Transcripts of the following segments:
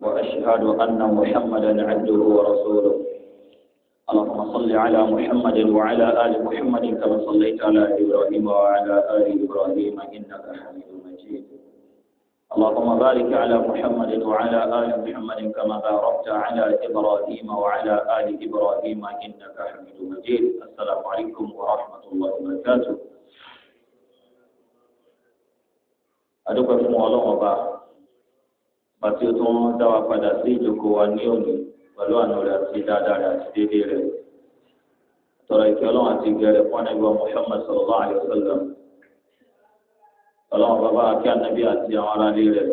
وأشهد أن محمدا عبده ورسوله اللهم صل على محمد وعلى آل محمد كما صليت على إبراهيم وعلى آل إبراهيم إنك حميد مجيد اللهم بارك على محمد وعلى آل محمد كما باركت على إبراهيم وعلى آل إبراهيم إنك حميد مجيد السلام عليكم ورحمة الله وبركاته أدعوكم الله وبركاته àti o tó ń dá wa padà sí ìjókòó wa ní òní pẹ̀lú àná rẹ̀ àti dáadáa rẹ̀ àti déédéé rẹ̀. tọrọ ìfẹ́ ọlọ́run àti ìgbẹ́ rẹ̀ fún anábíwá Muhammad sallallahu alayhi wa sallam. ọlọ́run bàbá kí anábí àti àwọn aráalé rẹ̀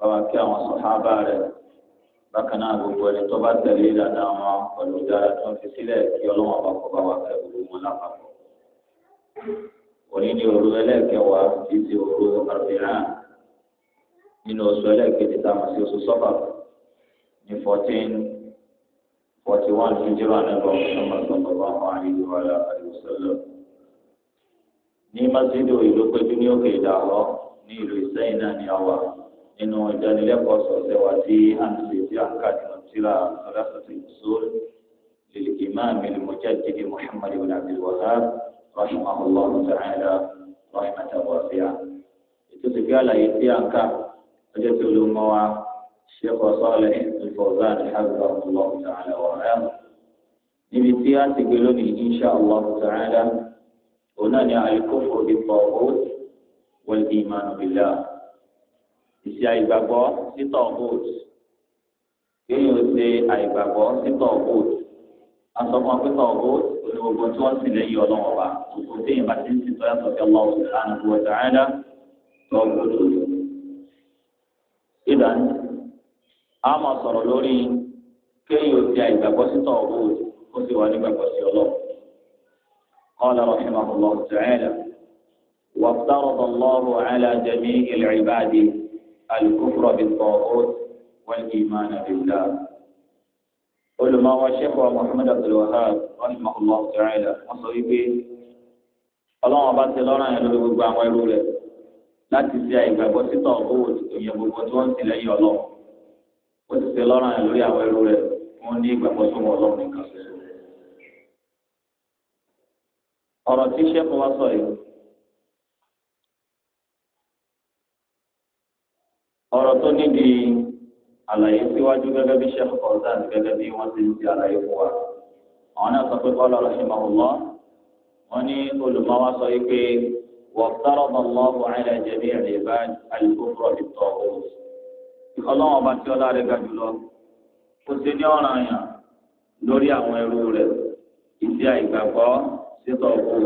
bàbá kí àwọn sọ̀hábà rẹ̀ bákan náà gbogbo ẹni tó bá tẹ̀lé ìlànà wọn pẹ̀lú dára tó ń fi sílẹ̀ kí ọlọ́run nínú oṣù ẹlẹ́ẹ̀kejì tá a mọ̀ sí oṣù sọ́fà ní fourteen forty one hijira nígbà Muhammad sallallahu alayhi wa alihi wa sallam. ní masjidu ìlú péjú ní òkè ìdàrọ́ ní ìlú Ìsẹ́yìn náà ní àwà nínú ìdánilẹ́kọ̀ọ́ sọ̀tẹ̀ wa tí a ń ṣe tí a ń kà nínú tíra ọ̀làṣọ̀tì ìṣòro lil-imam al-mujaddid Muhammad ibn Abdul Wahhab rahimahullahu ọjọ́ tí olùmọ̀ wa ṣẹ́kọ̀ sọ́ọ̀lẹ̀ ìfọ̀zán ìhàgbà ọ̀lọ́ ìtàlẹ̀ ọ̀rẹ́ níbi tí a ti gbé lónìí insha allah ta'ala òun náà ni alikófò ìfọ̀ òwò wal iman billah ìṣe àìgbàgbọ́ sítọ̀ òwòt kéèyàn ó ṣe àìgbàgbọ́ sítọ̀ òwòt asọ́kàn pípọ̀ òwòt onígbogbo tí wọ́n sì lẹ́yìn ọlọ́wọ́ wa òkú téèyàn bá ti ń sìn tọ́yàtọ̀ sí ọlọ́wọ́ ìlànà ìdá a máa sọ̀rọ̀ lórí kéèyàn ò ti àìgbàgbọ́ sí tọ̀ọ̀bù ó sì wà nígbàgbọ́ sí ọlọ́run. قال رحمه الله تعالى وافترض الله على جميع العباد الكفر بالطاغوت والإيمان بالله قل ما هو الشيخ محمد عبد الوهاب رحمه الله تعالى وصيبه الله أبارك لنا يا رب láti fi àìgbàgbọ́ títọ̀ owó ìyẹn gbogbo tí wọ́n ń tilẹ̀ yọ lọ. ó ti ṣe lọ́rùn àyè lórí àwọn ẹrú rẹ̀ wọ́n ní ìgbàgbọ́ tó wọ́n lọ́rùn nìkan ṣoṣo. ọ̀rọ̀ tí sẹ́kù wá sọ yìí. ọ̀rọ̀ tó níbi àlàyé síwájú gẹ́gẹ́ bí sẹ́kù kọ̀ọ̀dán gẹ́gẹ́ bí wọ́n ti ń ti àlàyé fún wa. àwọn náà sọ pé kọ́ lọ́rọ̀ وافترض الله على جميع العباد الكفر بالطاغوت ọlọ́run ọba tí ọlá rẹ̀ ga jùlọ ó ṣe ní ọ̀ràn àyàn lórí àwọn ẹrú rẹ̀ ìdí àìgbàgbọ́ ṣètò ọ̀gbọ́n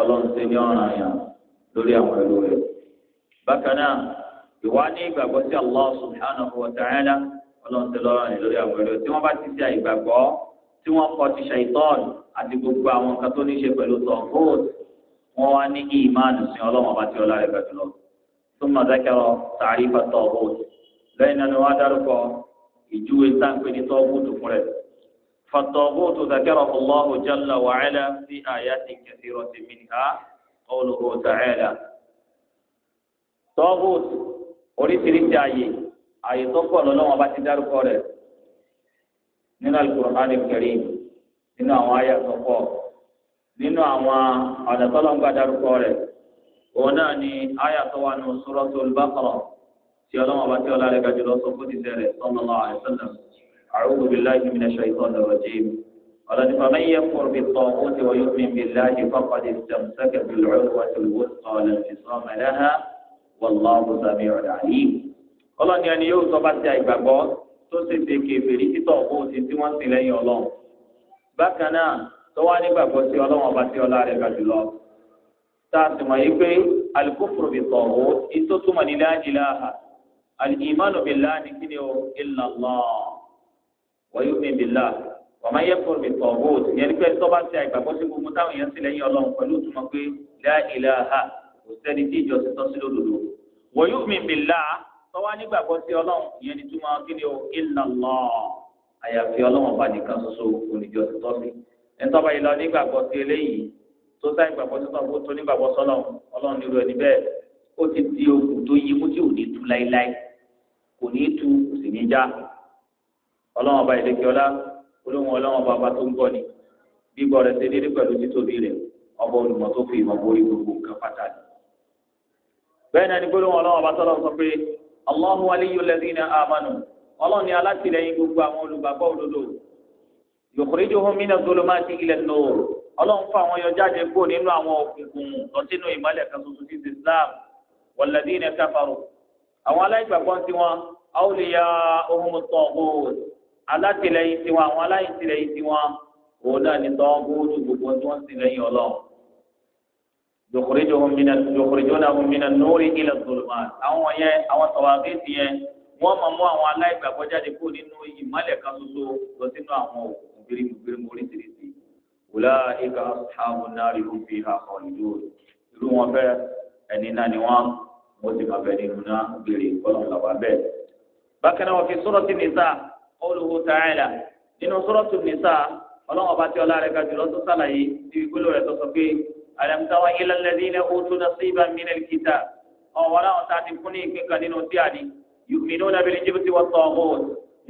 ọlọ́run ṣe ní ọ̀ràn àyàn lórí àwọn ẹrú rẹ̀. bákan náà ìwà ní ìgbàgbọ́ sí Allah subhanahu wa ta'ala ọlọ́run ṣe lọ́ràn ní lórí àwọn ẹrú rẹ̀ tí wọ́n bá ti ṣe àìgbàgbọ́ tí wọ́n kọ́ ti ṣàìtọ́ọ̀nù àti gbogbo àwọn nǹkan tó ní ṣe pẹ̀lú tọ̀gbọ́ọ̀tì wọn wá ní ìmáàdù sí ọlọ́run ọba tí ọlá rẹ̀ bẹ̀ jùlọ. súnmọ́ dákẹ́rọ tààrí pàtó ọ̀bọ̀ lẹ́yìn náà ni wọ́n á dárúkọ ìjúwe sáńpé ní tọ́gùtù fún rẹ̀. فالطاغوت ذكره الله جل وعلا في آيات كثيرة منها قوله تعالى طاغوت oríṣiríṣi ààyè ààyè tó pọ̀ lọ́lọ́wọ́n bá ti dárúkọ rẹ̀ nínú Al-Qur'an al nínú àwọn àdàtọ́lọ́ngbà dárúkọ rẹ̀ òun náà ni àyà tó wà nù Suratul Baqarah tí ọlọ́wọ́n bá tí ọlá rẹ̀ gàjù lọ sọ fún ti sẹ́rẹ̀ sallallahu alaihi wasallam a'udhu billahi minash shaitanir rajim ọlọ́ni fàmẹ́ yẹ kúrò bí tọ́ ó ti wọ́n yóò fi billahi faqad istamsaka bil urwatil wuthqa la ti wọ́n ti tó wá nígbàgbọ́ sí ọlọ́wọ́n ọba sí ọlá rẹ̀ ga jùlọ. tá a sì mọ̀ yí pé alikófòrò bí tọ̀wọ́ ìtó túmọ̀ ní láàjìláha alìmánu bí láàní kí ni o illa Allah wàyí mi bí lá wàmá yẹ fòrò bí tọ̀wọ́ yẹn ní pé tó bá ti àgbàgbọ́ sí gbogbo táwọn èèyàn sì lẹ́yìn ọlọ́run pẹ̀lú túmọ̀ pé láàjìláha kò sẹ́ni tí ìjọ ti sí lódodo wàyí mi bí lá tọ́wá nígbàgbọ́ sí ọlọ́run ìyẹn ní túmọ̀ kí ni o illa ẹ̀ńtọ́ba yìí lọ nígbàgbọ́ sí eléyìí tó sáyé gbàgbọ́ sí sọ́nà tó nígbàgbọ́ sọ́nà ọlọ́run nírú ẹni bẹ́ẹ̀ ó ti di okùn tó yí kó tí ò ní tu láéláé kò ní tu kò sì ní já ọlọ́run ọba ìlẹ́kẹ́ ọlá olóhùn ọlọ́run ọba ọba tó ń gbọ́ ni bíbọ̀ rẹ̀ ṣe déédéé pẹ̀lú títóbi rẹ̀ ọba olùmọ̀ tó fi ìmọ̀ borí gbogbo nǹkan pàtàkì. bẹ́ẹ̀ náà ni gbólóhùn ọlọ́run ọba tọ́lọ́ sọ pé Allahu waliyul ladina amanu ọlọ́run ni alátìlẹ́yìn gbogbo àwọn olùgbàgbọ́ òdodo yukhrijuhum mina dhulumati ila an-nur ọlọ́run fún àwọn yọ jáde kó nínú àwọn òkùnkùn lọ sínú ìmọ̀lẹ̀ kan tuntun ti islam walladhina kafaru àwọn aláìgbàgbọ́ tiwọn awliya'uhum at-taghut alátìlẹyìn tiwọn àwọn aláìtìlẹyìn tiwọn òun náà ní tọ́gùtù gbogbo tí wọ́n sì lẹ́yìn ọlọ́run yukhrijuhum mina yukhrijunahum mina an àwọn yẹn àwọn aláìgbàgbọ́ gbérímù gbérímù oríṣiríṣi wùlá ìka ṣàmù náà rí fún fi hàn kàn ìlú irú wọn fẹ́ ẹni náà ni wọn wọn sì máa bẹ nínú náà gbére ọlọ́run làwà bẹ́ẹ̀. bákan náà wọ́n fi sọ́rọ̀ sí nìsa olùwò tààlà nínú sọ́rọ̀ sí nìsa ọlọ́run ọba tí ọlá rẹ̀ ga jùlọ tó sàlàyé níbi gbólóhùn rẹ̀ tó sọ pé àlẹ́mùtáwá ilẹ̀ lẹ́dí ilẹ̀ ó tó dasí ibà mílẹ̀ kìtà ọ̀wọ́ láwọn tá a ti fún ní ìpín kan nínú tíà ni yùmínú nàbẹ̀lẹ̀ jìbìtì wọ́n tọ̀ ọ́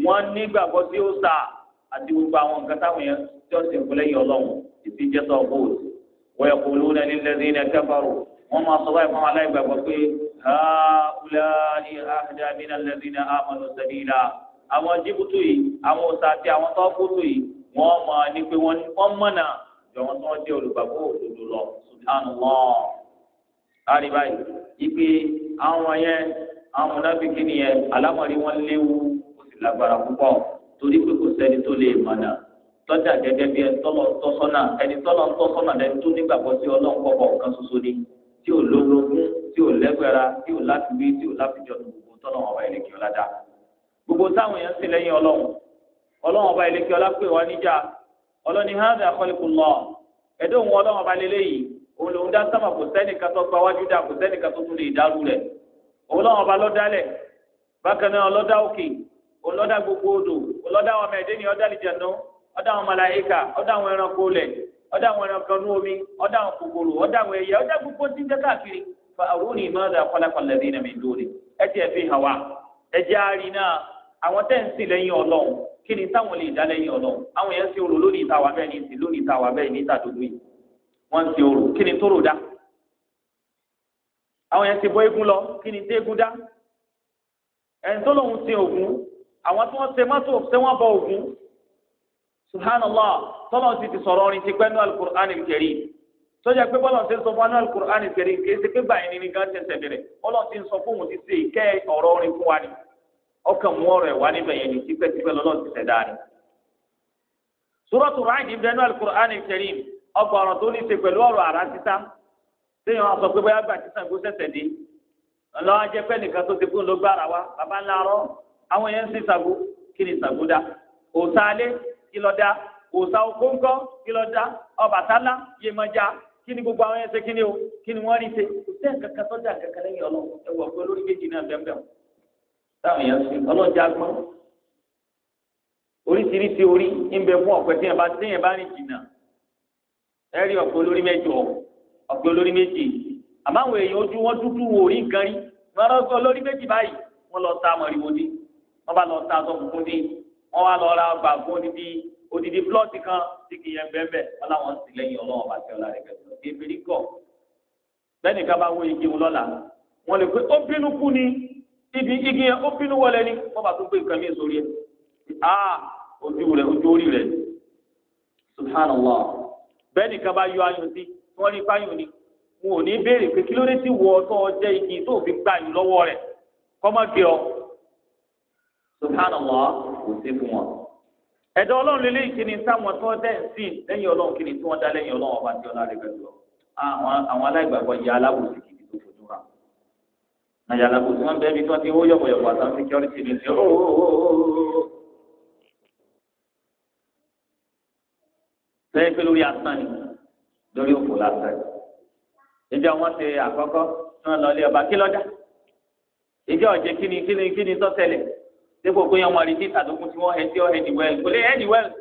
wọ́n nígbàgbọ́ sí ó sà àti gbogbo àwọn nǹkan táwọn yẹn tí wọ́n ti kú lẹ́yìn ọlọ́run ìfi jẹ́ sọ bóòt wọ́n yẹ kó ló ní ẹlẹ́sìn ilẹ̀ kẹfàrò wọ́n máa sọ báyìí fún aláìgbàgbọ́ pé haula ahda min alladhina amanu sabila àwọn jìbùtù yìí àwọn òsà àti àwọn tọ́kùtù yìí wọ́n máa ní pé wọ́n mọ̀nà jọ tó jẹ́ olùgbàgbọ́ òdodo lọ sẹ́ni tó lè a tọ́jà gẹ́gẹ́ bí ẹni tọ́lọ̀ tọ́sọ́nà ẹni tọ́lọ̀ tọ́sọ́nà lẹ́ni tó nígbàgbọ́ sí ọlọ́run kọ́kọ́ kan ṣoṣo ni tí ò lórogún tí ò tí ò tí gbogbo ọba ìlẹ̀kì ọ̀la dá. gbogbo táwọn èèyàn sì lẹ́yìn ọlọ́run ọlọ́run ọba pè wá níjà ọlọ́ni ọlọ́run ọba olọ́dà gbogbo odò olọ́dà àwọn ọmọ ẹ̀dẹ́ ni ọ̀dà àlìjẹ̀nu ọ̀dà àwọn màláíkà ọ̀dà àwọn ẹranko lẹ̀ ọ̀dà àwọn ẹranko omi ọ̀dà àwọn kòkòrò ọ̀dà àwọn ọ̀dà gbogbo tí ń jẹ́ káàkiri fa kọ́lákọ́lá bí nàmi ẹ ti ẹ̀ fi hàn wá ẹ jẹ́ àárín náà àwọn tẹ́ ń sìn lẹ́yìn ọlọ́run kí ni àwọn tí wọ́n ṣe mọ́tò ṣé wọ́n bọ ògún subhanallah tọ́lọ̀ ti ti sọ̀rọ̀ orin ti pẹ́ alukur'an kẹrì sọ́jà pé bọ́lọ̀ ti ń sọ fún ní alukur'an kẹrì kì í ṣe pé báyìí ní ti ń sọ fún òun ti ṣe ìkẹ́ ọ̀rọ̀ orin fún wa ni ọkàn mú ọ̀rọ̀ ẹ̀ wá níbẹ̀ yẹn ni tipẹ́tipẹ́ ti ni. suratu Ra'd àwọn yẹn ń sin sago kí ni sago dá òòṣà alẹ́ kí ló dá òòṣà oko ńkọ́ kí ló dá Ọbàtálá Yemọja kí ni gbogbo àwọn yẹn ṣe kí ni o kí ni wọ́n rí ṣe kò sí ẹ̀kankan tó dá kankan lẹ́yìn ọlọ́run ẹ wọ̀ pé olórí méjì náà bẹ́ẹ̀ bẹ́ẹ̀ táwọn yẹn ń sin ọlọ́jà gbọ́n oríṣiríṣi orí ń bẹ fún ọ̀pẹ tí yẹn bá tí yẹn bá rìn jìnnà ẹ rí ọ̀pẹ olórí mẹ́jọ ọ̀pẹ olórí méjì àmọ́ àwọn èèyàn ojú wọn dúdú wò rí nǹkan rí wọn lọ sọ olórí méjì báyìí wọn lọ ta àmọ̀rìwò ní wọ́n bá lọ ta aṣọ funfun ní wọ́n wá lọ ra ọgbà fún odidi odidi plọ́ọ̀tì kan tí kì í yẹn bẹ́ẹ̀ bẹ́ẹ̀ wọ́n láwọn sì lẹ́yìn ọlọ́wọ́n bá ti ọ̀la rẹ̀ kẹ́kọ̀ọ́ ebèrè kọ̀ bẹ́ẹ̀ nìkan bá wó igi wọn lọ́la wọ́n lè pé ó bínú kú ni ibi igi yẹn ó bínú wọlé ni wọ́n bá tún gbé nǹkan mí sórí ẹ̀ ah ojú rẹ̀ ojú orí rẹ̀ subhanallah bẹ́ẹ̀ nìkan bá yọ ayọ̀ sí wọ́n rí fáyọ̀ ni wọn ò ní béèrè pé kí ló dé tí wọ́ ọ tó ọ jẹ́ igi tó fi gbà yín lọ́wọ́ rẹ̀ kọ́mọ́gẹ́ ọ subhanallah kò sí fún wọn. ẹ̀dọ́ ọlọ́run lè léyìí kíni táwọn tó dẹ́ sí lẹ́yìn ọlọ́run kíni tí wọ́n dá lẹ́yìn ọlọ́run ọba tí ọlá rẹ̀ bẹ̀ lọ. àwọn aláìgbàgbọ́ yẹ alábòsí kìí tó fojú hàn. àyà alábòsí wọn bẹ́ẹ̀ bí tí wọ́n ti hó yọ̀bọ̀yọ̀bọ̀ àtàwọn security ní ti sẹ́yìn pé lórí asán ni lórí òfò lásán ìjọ wọn ṣe àkọ́kọ́ dépò pé ọmọ rí títà tó kún tí wọ́n ẹtí ọ̀ ẹni wẹ́ẹ̀lì kò lè ẹni wẹ́ẹ̀lì.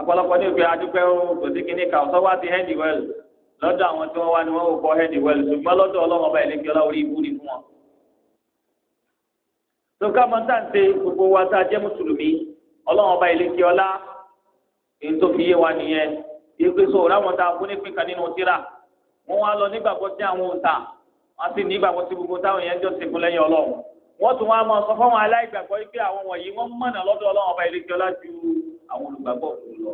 ọ̀pọ̀lọpọ̀ ní ìgbé adúpẹ́ ó kò sí kíní kà ọ̀sọ́ wá ti ẹni wẹ́ẹ̀lì lọ́dọ̀ àwọn tí wọ́n wá ni wọ́n ò kọ́ ẹni wẹ́ẹ̀lì ṣùgbọ́n lọ́dọ̀ ọlọ́run ọba ìlẹ́kẹ́ ọlá orí ibú ni fún wọn. tó ká mọ táǹtẹ gbogbo wa tá a jẹ́ mùsùlùmí ọlọ́run ọba ìlẹ́kẹ́ ọlá èyí tó fi yé wa nìyẹn ìgbé so ráwọn tá a fún nípìn kan nínú tíra wọn wá lọ nígbàgbọ́ sí àwọn òòtà wọn sì nígbàgbọ́ sí gbogbo táwọn yẹn jọ sìnkú lẹ́yìn ọlọ́run wọ́n tún wá máa sọ fáwọn aláìgbàgbọ́ yìí pé àwọn wọ̀nyí wọ́n mọ̀nà lọ́dọ̀ ọlọ́run ọba ìlẹ́kẹ́ ọlá ju àwọn olùgbàgbọ́ òkú lọ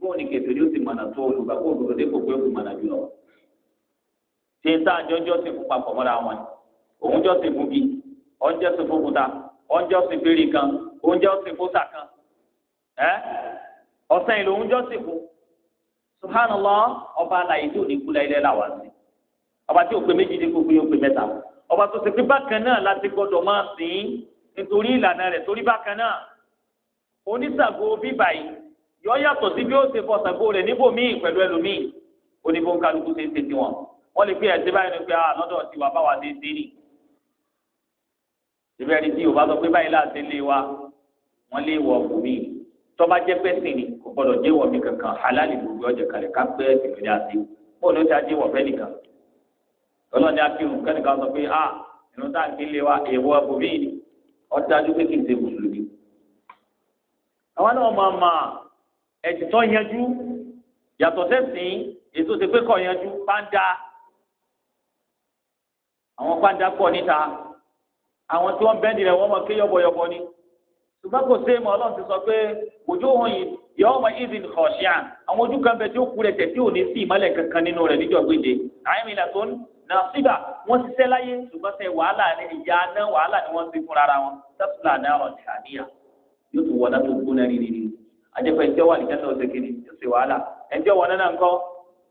bóun ni kẹfìrí ó ti mọ̀nà tó olùgbàgbọ́ òkú lọdẹ kò pé ó ti mọ̀nà jù lọ. ṣé n táà jọ́ jọ́sìn fún papọ̀ mọ́ra wọn òun jọ́sìn fún bi òun jọ́sìn fún kuta òun jọ́sìn fún eré kan òun jọ́sìn fún sà kan ẹ́ ọ̀sẹ̀ ìlú òun jọ́sìn fún subhanallah ọba aláìdó tí ò ọba tó ṣe pé bákan náà láti gbọdọ̀ máa sìn nítorí ìlànà rẹ̀ torí bákan náà oníṣàgó bíbà yìí yọ yàtọ̀ sí bí ó ṣe fọ ṣàgó rẹ̀ níbòmíì pẹ̀lú ẹlòmíì oníbòǹkálukú ṣe ń ṣe tiwọn wọn lè pé ẹsẹ báyìí ni pé ànọ́dọ̀ ah, ti wà báwa ṣe ń ṣe nì síbẹ̀ ni tí yorùbá sọ pé báyìí láti lé wa wọn lé wọ bùnmí tọ́ba jẹ́ pẹ́ sìn ni kò gbọdọ̀ jẹ́wọ́ mi kankan halálì gbogbo ọjà kalẹ̀ ká pẹ́ ẹ̀sìn mi ní àti ọlọ́ni akéwù kẹ́nìkan sọ pé a inú tá à ń kílé wa èèwọ̀ ẹ̀bùnmí ni ọ̀dájú pé kì í ṣe mùsùlùmí. àwọn náà máa ma ẹ̀tìtọ́ yanjú yàtọ̀ sẹ́sìn èso ṣe pé kọ̀ yanjú pàǹdà àwọn pàǹdà pọ̀ níta àwọn tí wọ́n bẹ́ẹ̀ nílẹ̀ wọ́n mọ̀ ké yọ̀bọ̀yọ̀bọ̀ ni ṣùgbọ́n kò sí ìmọ̀ ọlọ́run ti sọ pé òjò wọn yìí yọ ọmọ izin kọ̀ọ̀ṣíà àwọn ojú kan bẹ tí ó kú rẹ̀ tẹ̀ tí ò ní sí ìmọ̀lẹ̀ kankan nínú rẹ̀ níjọ́ gbèdé àyẹ̀mí làtọ́nù nàṣíbà wọ́n ti sẹ́ láyé ṣùgbọ́n sẹ́ wàhálà ìyá ná wàhálà ni wọ́n ti fúnra ra wọn sẹ́tùlà náà rọ̀ ṣàníyà yóò tún wọ́n dátó gbóná rírì ni ajẹ́pẹ́ ẹ̀jẹ̀ wà nìkan náà ṣe kiri yóò ṣe wàhálà ẹ̀jẹ̀ wọ́n náà ńkọ́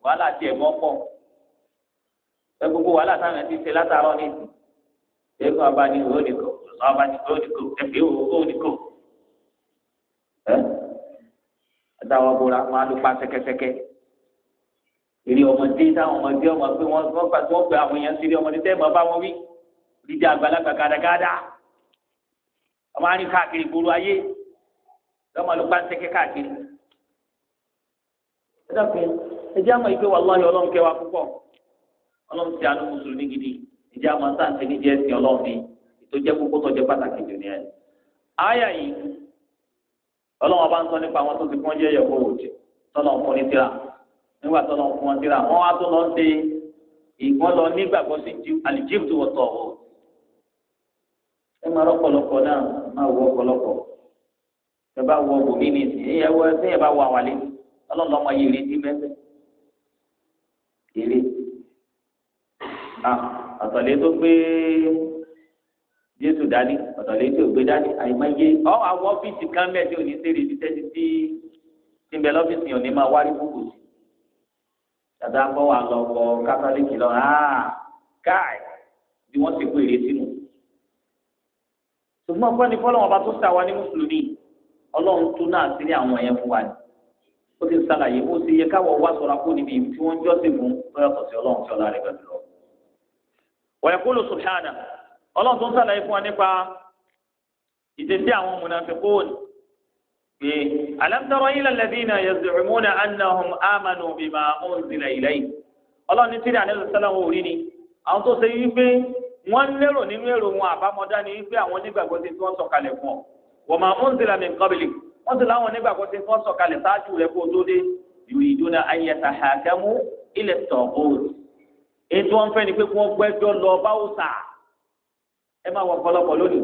wàhálà tiẹ̀ mọ́ pọ̀ ẹ gbogbo wàhálà táwọn ẹ̀ ti ṣe látàárọ̀ ní ìsìn ẹ̀kọ́ abáni ìwé òdìkọ̀ ọ̀sán abáni ìwé òdìkọ̀ ẹ̀fẹ̀ ìwé èrè ọmọdé táwọn ọmọdé ọmọ pé wọn wọn gbà tí wọn gbà àwọn èèyàn sí rí ọmọdé tẹ́ mọ bá wọn wí dídí àgbàlagbà gàdàgàdà ọmọ àárín káàkiri gbòòrò ayé lọmọ ló bá ń tẹkẹ káàkiri. ẹ dàpẹ́ ẹ jẹ́ àmọ́ ìgbé wàhálà yọ ọlọ́run kẹwàá púpọ̀ ọlọ́run ti àánú mùsùlùmí gidi ẹ jẹ́ àmọ́ sáǹtì ní jẹ́ ẹ̀sìn ọlọ́run ni ètò jẹ́ kókó tó jẹ́ pàtàkì jù ní ẹ̀. àyà yìí ọlọ́run ọba ń sọ nípa àwọn tó ti pọ́njẹ́ yẹ̀ kó nígbà tó lọ fún wọn síra wọn wá tó lọ ṣe ìgbọ́n lọ nígbàgbọ́ sí àlìjíìbù tó wọ̀tọ̀ o ẹ máa rọpọlọpọ náà máa wọ ọpọlọpọ ẹ bá wọ bòmí ní ìsìn ẹ wọ ẹsẹ ẹ bá wọ àwàlẹ ọlọ́ọ̀lọ́ ọmọ yìí retí mẹ́fẹ́ eré àtọ̀lẹ́ tó gbé jésù dání ọ̀tọ̀lẹ́ tí ò gbé dání àìmọye ọ àwọn ọ́fíìsì kan mẹ́ẹ̀ tí ò ní sèrè ní tẹ́tí tí tí ń bẹ lọ́fíìsì yàn ní máa wárí fún kò dada kọ́ wa lọ kọ kátólíkì lọ hàn ah, káì bí wọ́n ti kó èrè sínú. ṣùgbọ́n ọgbọ́n ni fọlọ́wọ́n bá tó sàwa ní mùsùlùmí ọlọ́run tún náà sí ní àwọn yẹn fún wa ni ó ti ṣàlàyé ó ti yẹ káwọ wá sọra kó níbi tí wọ́n jọ́sìn fún lọ́yọ̀tọ̀ sí ọlọ́run tí ọlá rẹ̀ bẹ̀rẹ̀ lọ. wọ̀nyẹ̀kúlù subhana ọlọ́run tó ń ṣàlàyé fún wa nípa ìdèsí pé alámtọ́rọ yìí lọ́lẹ́bí náà yaz'umuna annahum amanu bima unzila ilayhi ọlọ́run ní tíra nílùú sálọ́wọ́ orí ni àwọn tó ṣe wípé wọ́n lérò nínú èrò wọn àbámọ́dá ni wípé àwọn onígbàgbọ́ ti wọ́n sọ̀kalẹ̀ fún ọ wa ma unzila min qablik wọ́n ti láwọn onígbàgbọ́ ti wọ́n sọ̀kalẹ̀ sáájú rẹ̀ kó tó dé yuriduna an yatahakamu ila at-taghut ètò wọn fẹ́ ni pé kí wọ́n lọ báwo ẹ má wọ ọ̀pọ̀lọpọ̀ lónìí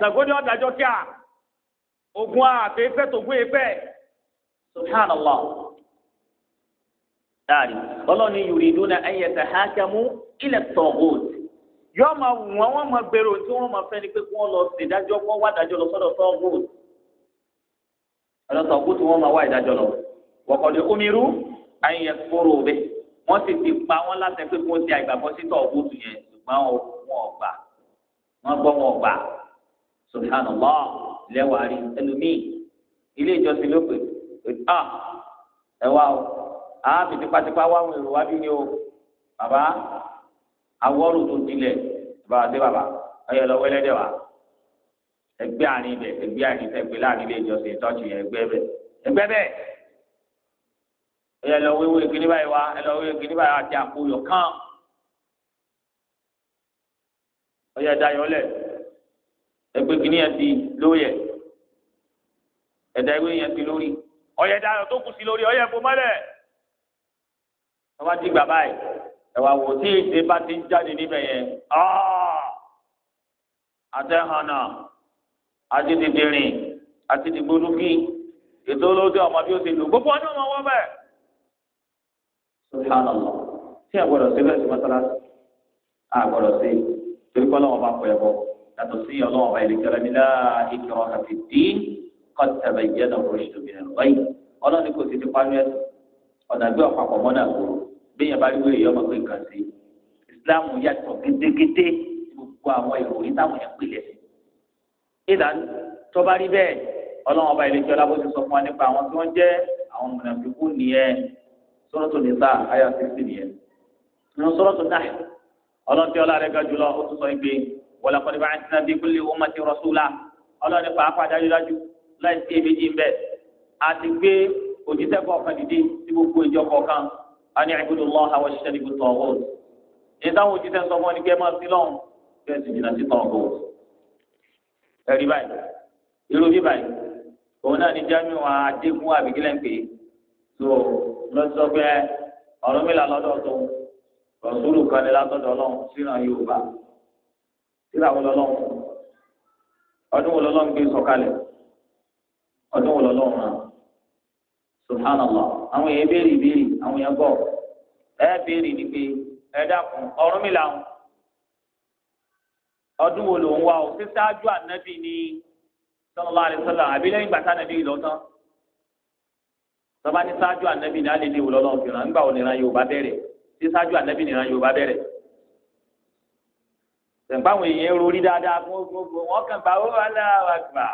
Ṣàngó ni ọ̀dàjọ́ kí a ogun àfẹ́fẹ́ tó gún efẹ́ subhanallah dáàrí ọlọ́ni yuriduna an yatahakamu ila taghut yọ ma wọ́n wọ́n ma gbèrò tí wọ́n ma fẹ́ ni pé kí wọ́n lọ sí ìdájọ́ wọ́n wá ìdájọ́ lọ sọ́dọ̀ taghut ọ̀dọ̀ taghut wọ́n ma wá ìdájọ́ lọ wa qad umiru an yakfuru bih wọ́n sì ti pa wọ́n láti pé kí wọ́n ti àgbàgbọ́ sí taghut yẹn ṣùgbọ́n wọn ò gbà wọn gbọ́ wọn gbà subhanallah lẹ́wàárí ẹlòmíì ilé ìjọsìn ló pè á ẹ wá o á fi tipátipá wá àwọn èrò wá bí ni o bàbá awọ́rò tó dilẹ̀ bàbá sí bàbá ẹ̀yẹ lọ wẹ́lẹ́dẹ̀ wá ẹgbẹ́ àárín bẹ̀ ẹgbẹ́ àárín bẹ̀ ẹgbẹ́ láàrin ilé ìjọsìn ìtọ́jú yẹn ẹgbẹ́ bẹ̀ ẹgbẹ́ bẹ̀ ẹ̀yẹ lọ wíwí kíní báyìí wá ẹ lọ wíwí kíní báyìí wá àti àpò yọ̀ kán ọyọ ẹdá yọ lẹ ẹgbẹ kìíní yẹn ti lóyè ẹdá ẹgbẹ yẹn ti lórí ọyọ ẹdá yọ tó kù sí lórí ọyọ ẹfọ mọlẹ ẹ wá ti gbà báyìí ẹ wá wò tí èsè bá ti ń jáde níbẹ̀ yẹn ah! àtẹ̀hànà àti dìdìrìn àti dìgbòlùkì ètò olóde ọmọ bí ó ti lò gbogbo ọdún ọmọ wọn bẹ́ẹ̀. subhanallah tí a gbọ́dọ̀ sí bẹ́ẹ̀ mọ́tàlá a sí torí kọ́ lọ́wọ́ bá kọ ẹ̀bọ yàtọ̀ sí ọlọ́wọ́ bá ilé kẹrẹ nílá ìkẹrọ àti dín kọ́ tẹ̀lé ìyẹn náà rọ̀ ṣètò mìíràn lọ́yìn ọlọ́ni kò sí ti parí ẹ̀sìn ọ̀nà bí ọ̀pọ̀ mọ́nà kúrò bí yẹn bá rí wéyìí ọmọ pé nǹkan sí Islam yàtọ̀ gédégédé gbogbo àwọn ìròyìn táwọn yẹn pè lẹ́sìn. ìdá tó bá rí bẹ́ẹ̀ ọlọ́run ọba ilé ìjọba bó ti sọ fún wa nípa àwọn tí wọ́n jẹ́ àwọn mùnàfíkù nìyẹn Suratu Nisa àyà sixty nìyẹn nínú Suratu Nahl ọlọ́tí ọlá rẹ̀ ga jùlọ ó tún sọ ìgbé wọlé kọ́ni bá ń sinna bí kúlẹ̀ ó ma ti rọ́ṣúlá ọlọ́ni pàápàá dájúdájú láì sí ebi jí bẹ́ẹ̀ àti gbé òjíṣẹ́ kọ̀ọ̀kan dìde sí gbogbo ìjọ kọ̀ọ̀kan a ní àgbẹ̀dọ̀ lọ́ àwọn òṣìṣẹ́ níbi tọ̀wọ́ ìdáhùn òjíṣẹ́ sọ fún ọ ní kẹ́ máa sí jìnnà sí tọ̀wọ́ rọ̀súlù kan ní látọ̀dọ̀ ọlọ́run síran yorùbá síra wo lọ́lọ́run ọdún wo lọ́lọ́run gbé sọ̀kalẹ̀ ọdún wo lọ́lọ́run náà subhanallah àwọn èèyàn béèrè ìbéèrè àwọn èèyàn bọ̀ ẹ béèrè ni pé ẹ dákun ọ̀run mi làwọn ọdún wá o ànábì sísájú ànábì nìran yorùbá bẹ̀rẹ̀ tẹ̀gbọ́n àwọn èèyàn rori dáadáa fún gbogbo wọn kàn bá ó wà láwà gbà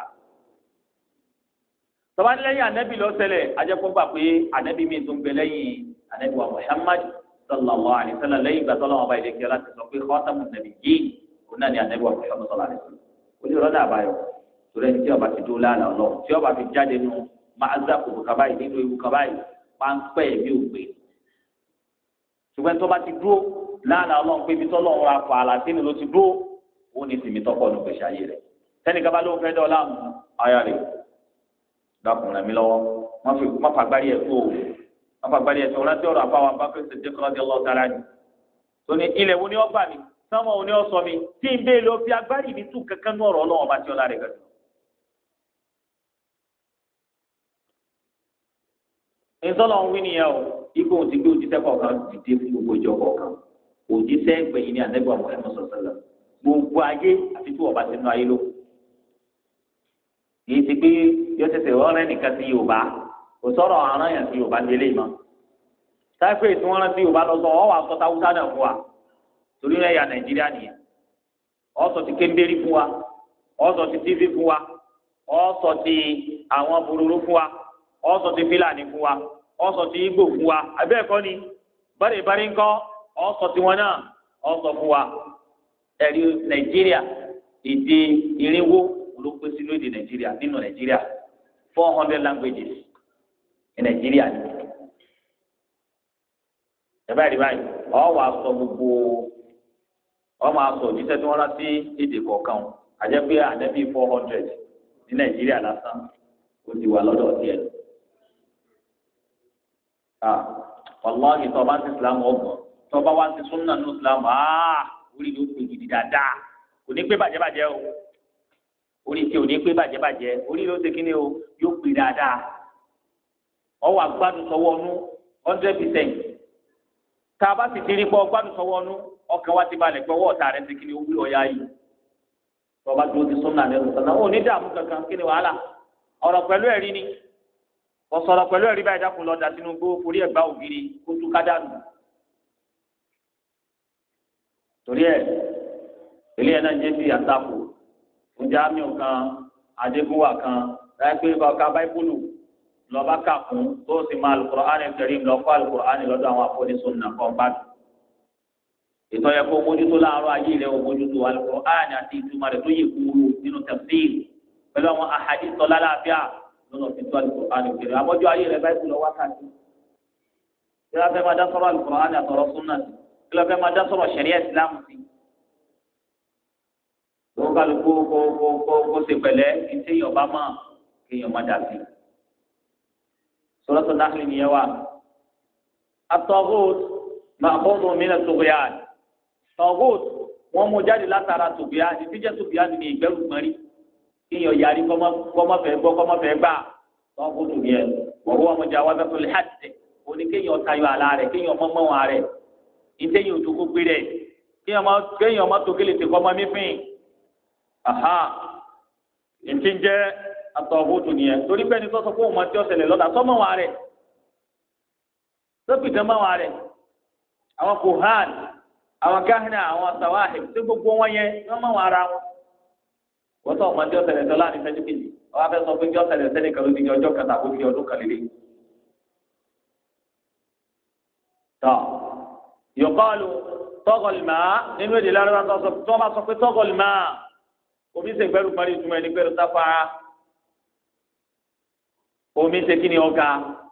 tọ́ba lẹ́yìn ànábì ló ṣẹlẹ̀ ajẹ́kọ́gbà pé ànábì mi tó ń bẹ lẹ́yìn ànábì wa Muhammad sallallahu alayhi wa sallam lẹ́yìn ìgbà tọ́lọ́wọ́n ọba ìdẹ́kẹ́ láti sọ pé khatamun nabiyyin òun náà ni ànábì wa Muhammad sallallahu alayhi wa sallam olùrọ̀dà àbáyọ̀ torí ẹni tí ọba ti dúró lánàá ọlọ́run tí ọba ti jáde nu máa zá kòkò kaba yìí nínú ewu kaba yìí máa ń pẹ́ ẹ̀mí ògbé ṣùgbọ́n tó bá ti dúró láàlà ọlọ́run pé ibi tó lọ́run ra fà àlà sínú ló ti dúró ó ní tìmí tọ́pọ̀ ní gbèsè ayé rẹ̀ tẹ́nìkan bá ló fẹ́ dọ́ láàmú ayá rẹ̀ dákùnrin mi lọ́wọ́ má fà gbárí ẹ̀ tó má fà gbárí ẹ̀ tó rántí ọ̀rọ̀ àfáwọn bá fẹ́ sèdè kọ́ ọdẹ ọlọ́ọ̀ tara ni tó ní ilẹ̀ wo ni ó bà mí sánmọ̀ wo ni ó sọ mi tí n bẹ́ẹ̀ lọ fi agbárí mi tún kankan ní ọ̀rọ̀ ọlọ́wọ́n bá ti ọlá rẹ̀ gàdú. ìtọ́lọ̀ ń wí nìyẹn o ipò òun ti gbé òjíṣẹ́ kọ̀ọ̀kan dìde fún gbogbo ìjọ kọ̀ọ̀kan òjíṣẹ́ gbẹ̀yìn ní ànábì Muhammad sọ̀sọ̀lọ̀ gbogbo ayé àti tí wọ́n bá ti nu ayé ló kì í ti pé yọ tẹsẹ̀ ọ̀rẹ́ nìkan sí Yorùbá kò sọ̀rọ̀ àrán yàn sí Yorùbá délé mọ́ táìpẹ́ tí wọ́n rántí Yorùbá lọ sọ ọ́ wà sọ táwùsá náà fún wa torí rẹ̀ yà Nàìjíríà nìyẹn ọ́ sọ ti kéńbérí fún wa ọ́ sọ ti tífì fún wa ọ́ sọ ti àwọn burúkú fún wa ọ́ sọ ti fílàní fún wa. ọsọ ti Igbo wa àbí ni bárẹ̀bárẹ̀ ọsọ ti wọn náà ọsọ fún wa ẹ̀rí Nàìjíríà èdè irinwó ló pé sínú èdè Nàìjíríà nínú four hundred languages Nàìjíríà ni ẹ̀bá ìdìbò àyè ọ̀wà sọ gbogbo ọmọ asọ òjíṣẹ́ tí wọ́n rán sí èdè kọ̀ọ̀kan o four hundred ní Nàìjíríà lásán ó ti wà lọdọ Ah, wàláhì tó o ti islam ọgbọ̀n tó o bá wá ń ti súnà islam ah, orí ló pè gidi dáadáa kò ní pé bàjẹ́bàjẹ́ o orí tí o ní pé bàjẹ́bàjẹ́ orí ló ṣe kíni o yóò pè dáadáa ọwọ́ agbádùn sọwọ́ ọnú hundred percent tá a bá sì ti rí pọ́ agbádùn sọwọ́ ọnú ọkàn wa ti balẹ̀ pé ọwọ́ ọ̀tá rẹ̀ ṣe kíni o wúlò ọ̀yá yìí tó o bá dúró ti súnà ní ọ̀sán náà ní dààmú kankan kíni wàhálà ọ̀rọ̀ pẹ̀lú ẹ̀rí ni wọ́n sọ̀rọ̀ pẹ̀lú ẹ̀rí báyìí dákun lọ́dà sínú gbó forí ẹ̀ gbá ògiri kó tú ká dànù. torí ẹ̀ ilé ẹ̀ náà jẹ́ bí àtakò ọjà mi kan adégúnwà kan láyé pé ọ̀ka báíbùlù lọ́ba kà fún tó sì máa Al-Qur'an Karim lọ́kọ́ Al-Qur'an lọ́dọ̀ àwọn àfọ́nisọ́nù náà kọ́ bá dùn ìtọ́yẹ kó mójútó láàárọ̀ ayé rẹ̀ mójútó Al-Qur'an àti ìtumọ̀ rẹ̀ tó yẹ kúrú nínú tafsir pẹ̀lú àwọn ahadith lálàáfíà lọ́nà tí tó àlùkò àlùkèrè àmọ́jọ́ ayé rẹ̀ báyìí lọ wákàtí. kílá fẹ́ máa dá sọ̀rọ̀ àlùkò àlè àtọ̀rọ̀ súnà sí kílá fẹ́ máa dá sọ̀rọ̀ sẹ̀ríà ìsìlámù sí. kó kálukú kó kó kó kó ṣe pẹ̀lẹ́ ìṣe yọ̀bá mọ̀ kí yọ̀ má dà sí. sọ̀rọ̀ náà ní wà. àtọ̀gùt màbọ́dọ̀ mi náà tó gbé tọ̀gùt wọ́n mú jáde látara tòbíà ní kéèyàn yarí kọ́mọ́fẹ́ gbọ́ kọ́mọ́fẹ́ gbà wọn kò tún yẹ wọ́n wọ́n mọ̀jà wọn fẹ́ tó lè hàtì òní kéèyàn tayọ àlá rẹ̀ kéèyàn mọ́ mọ́ wọn rẹ̀ ìtẹ̀yìn òtún kó gbé rẹ̀ kéèyàn má tó kéle tè kọ́mọ́ mífìn aha ìtì jẹ́ àtọ̀hútù nìyẹn torí pé ẹni tó sọ fún òun ti ọ̀sẹ̀lẹ̀ lọ́dà sọ́mọ́ wọn rẹ̀ sọ́pìtàn mọ́ wọn rẹ̀ àwọn kohan àwọn káhínà àwọn wọ́n tó ọmọdé ọ̀sẹ̀lẹ̀ tó láàrin fẹ́jú kejì wọ́n á fẹ́ sọ pé kí ọ̀sẹ̀lẹ̀ sẹ́ni kan ló ti di ọjọ́ kẹta kó di ọdún kan lélẹ̀. tọ́ yòókọ́lù tọ́gọ̀lìmá nínú èdè lárúbá tó bá sọ pé tọ́gọ̀lìmá omi ṣe gbẹrù parí ìtumọ̀ ẹni gbẹrù sáfara omi ṣe kí ni ọ̀gá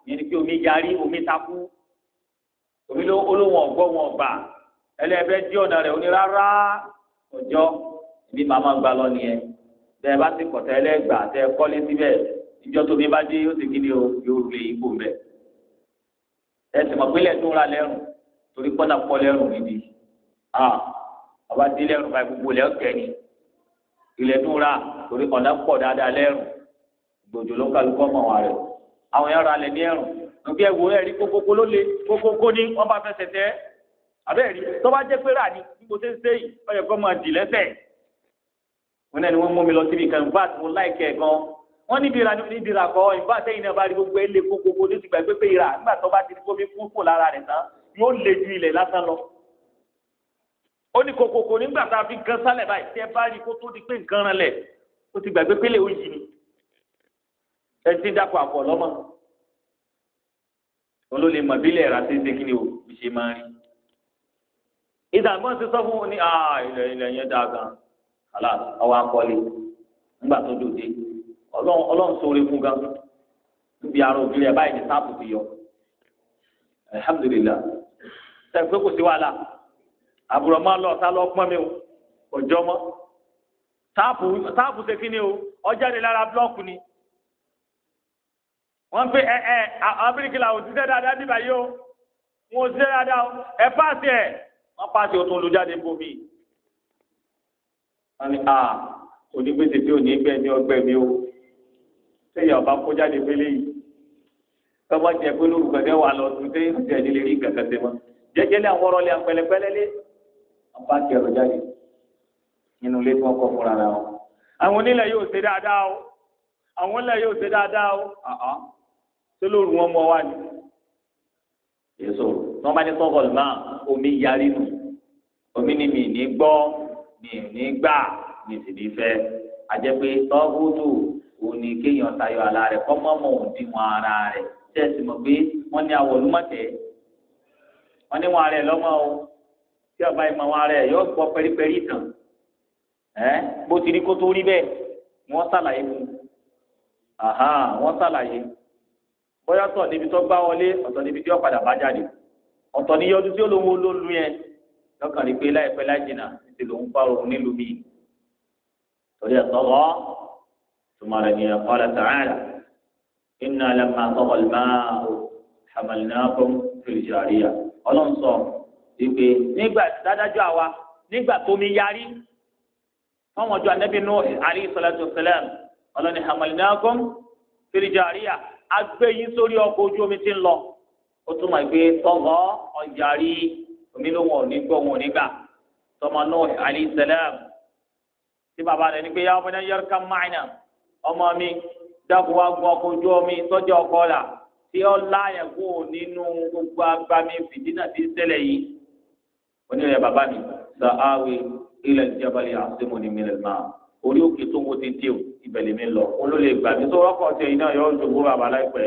yẹn kí omi yarí omi takú omi olóhùn ọ̀gbọ́ wọn ọ̀gbà ẹlẹ́ẹ̀bẹ́ dí ọ̀nà rẹ̀ onírárá ọjọ́ ìbí màmá gbà lọ nìyẹn tẹ bá ti kọ̀tà ẹlẹ́gbà tẹ kọ́lé síbẹ̀ ìjọ tóbi bá dé yóò ti kí ni o yóò lè ibò mbẹ. ẹ sì mọ̀ pé ilẹ̀ tó ra lẹ́rùn torí pọ́nà kọ́ lẹ́rùn níbi ọba dé lẹ́rùn báyìí gbogbo lẹ́rùn kẹ́ni ilẹ̀ tó ra torí ọ̀nà pọ̀ dáadáa lẹ́rùn gbòjò ló ń kálukọ́ mọ̀ wọn rẹ̀ àwọn yàrá alẹ̀ ní ẹ̀rùn níbi ẹ̀wò ẹ̀rí kókókó ló le kókókó ní wọ́n bá fẹsẹ̀ tẹ́ abẹ́ẹ̀rí tó bá jẹ́ pé rà ní gbogbo ṣe ń ṣe yìí ọ wọn náà ni wọ́n mú mi lọ síbi nǹkan infact mo láìkẹ́ gan wọ́n níbi ìra níbi ìra kọ́ infact ẹ̀yin náà bá rí gbogbo ẹ̀ lé gbogbo ní ti gbà pé pé ìra nígbà tó bá ti ní kómi kú kò lára rẹ̀ tán yóò le ju ilẹ̀ lásán lọ. ó ní kòkòkò nígbà tá a fi gan sálẹ̀ báyìí tí ẹ bá rí kó tó di pé nǹkan rán lẹ̀ ó ti gbàgbé pélé òyì ni ẹ ti dákọ̀ àpọ̀ lọ́mọ olólè mọ̀ bílẹ̀ ẹ̀rà tí ń ṣe kíni o ìṣe máa rí ìdàgbọ́n ti sọ fún ala ọwọ akọ́lé nígbà tó dòde ọlọrun sóore fún gan níbi ara ògiri ẹ̀ báyìí ní sáàpù ti yọ alihamudulilayi sẹ́yìn kò sí wàhálà lọ ọ̀tá lọ pọ́n mi o ni o ọjà ni lára ni pe ẹ ẹ dáadáa níbàyí o wọn dáadáa ẹ paasi wọn ni a onígbèsè tí ò ní gbẹ ní ọgbẹ mi o sẹyìn ọba kó jáde pélé yìí tọmọ jẹ pé lóru gbẹgẹ wà lọ tún dé ọjà ìdílé rí gàgà sí ma jẹjẹlẹ àwọn ọ̀rọ̀ lẹ apẹlẹpẹlẹ lé ọba ti ọ̀rọ̀ jáde nínú ilé tí wọn kọ fúnra rẹ wọn. àwọn onílẹ̀ yóò ṣe dáadáa o àwọn onílẹ̀ yóò ṣe dáadáa o ṣé lóru wọn mọ wá ni. èso tí wọn bá ní sọkọlù náà omi yarí nù omi ni mi ní gbọ́ mi ò ní gbà mi sì ní fẹ́ àjẹpé tọ́gùtù òní kéèyàn tayọ àlà rẹ̀ kọ́mọ́mọ́ òdiwọ̀n ara rẹ̀ tẹ̀sí mọ̀ pé wọ́n ní awọ olúmọ̀tẹ́ wọ́n ní wọn ara rẹ̀ lọ́mọ o tí ọba ìmọ̀ wọn ara rẹ̀ yóò gbọ́ pẹ́rípẹ́rí tàn ẹ́ bó ti rí kó tó rí bẹ́ẹ̀ wọ́n ṣàlàyé fún wọ́n ṣàlàyé bóyá tọ̀ níbi tó gbá wọlé ọ̀tọ̀ níbi tí ó padà bá jáde ọ̀tọ̀ níyọdún tí ó lówó lólu yẹn lọ́kàn rí pé láìpẹ́ láì jìnnà ti lòun pààrọ̀ nílùú mi torí ẹ̀ tọ́wọ́ tùmọ̀ rẹ̀ ni ẹ̀kọ́ rẹ̀ tààrà iná lẹ́mà tọ́wọ́ lẹ́màá hamalnakum fil jariya ọlọ́run sọ ìpè nígbà dádájọ́ àwa nígbà tómi yarí fáwọn ọjọ́ anábì nù alayhi salatu wassalam ọlọ́run ni hamalnakum fil jariya agbẹ́yìn sórí ọkọ̀ ojú omi ti ń lọ ó túmọ̀ ìpè tọ́wọ́ ọ̀yàrí omi ló wọn ò wọn ò tọmọ Nuh alayhi salam tí bàbá rẹ̀ ní pé yàrá ọmọdé yẹrù kan máìnà ọmọ mi dákun wá gun ọkọ̀ ojú omi sọ́jà ọkọ là tí ó láàyè kú nínú gbogbo agbami fìdínà tí ń ṣẹlẹ̀ yìí onírẹ̀ bàbá mi sọ àwẹ̀ ilẹ̀ ìjọbalẹ̀ àṣemọ̀nì mi lẹ́nu máa orí òkè tó wo ti dé o ìbẹ̀lẹ̀ mi lọ olólè gbà mí sọ ọkọ̀ ọ̀tẹ̀ iná yọ ọ́jọ́gbó bàbá láìpẹ́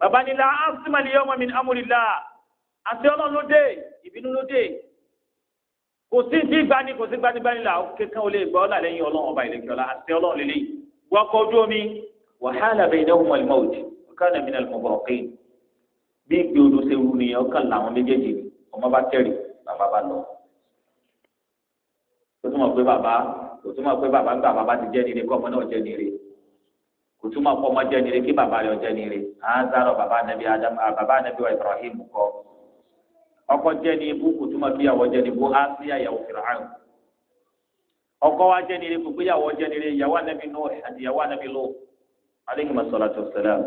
bàbá nílá àṣìmọ̀lẹ̀ yọmọ mi ní amúlilá àti ọlọ́run ìbínú ló kò sí ti gbani kò sí gbanigbani la kankan ó lè gbọ́ ọ́lá lẹ́yìn ọlọ́run ọba ìlẹ́kẹ́ ọ̀la àti ọlọ́run lélẹ́ yìí wọ́kọ̀ ojú omi wàhálà bẹ́ẹ̀ iná wọn ìmọ̀ òjì ọ̀ká nàmi nà lọ́mọ bọ̀ ọ̀kẹ́ bí ìgbé odò ṣe wù nìyẹn ọ̀ká làwọn méjèèjì ọmọ bá tẹ̀rì bàbá bá lọ. kò túmọ̀ pé bàbá kò túmọ̀ pé bàbá gbà bàbá ti jẹ́ kọ́ ọmọ náà jẹ́ kò túmọ̀ ọkọ jẹ́ ní ibú kò túmọ̀ bí ìyàwó jẹ́ ní ibú á sí àyàwó fìràhàn ọkọ wa jẹ́ ní ibú pé ìyàwó jẹ́ ní ìyàwó anabi nù àti ìyàwó anabi lò aleyhi masalatu salam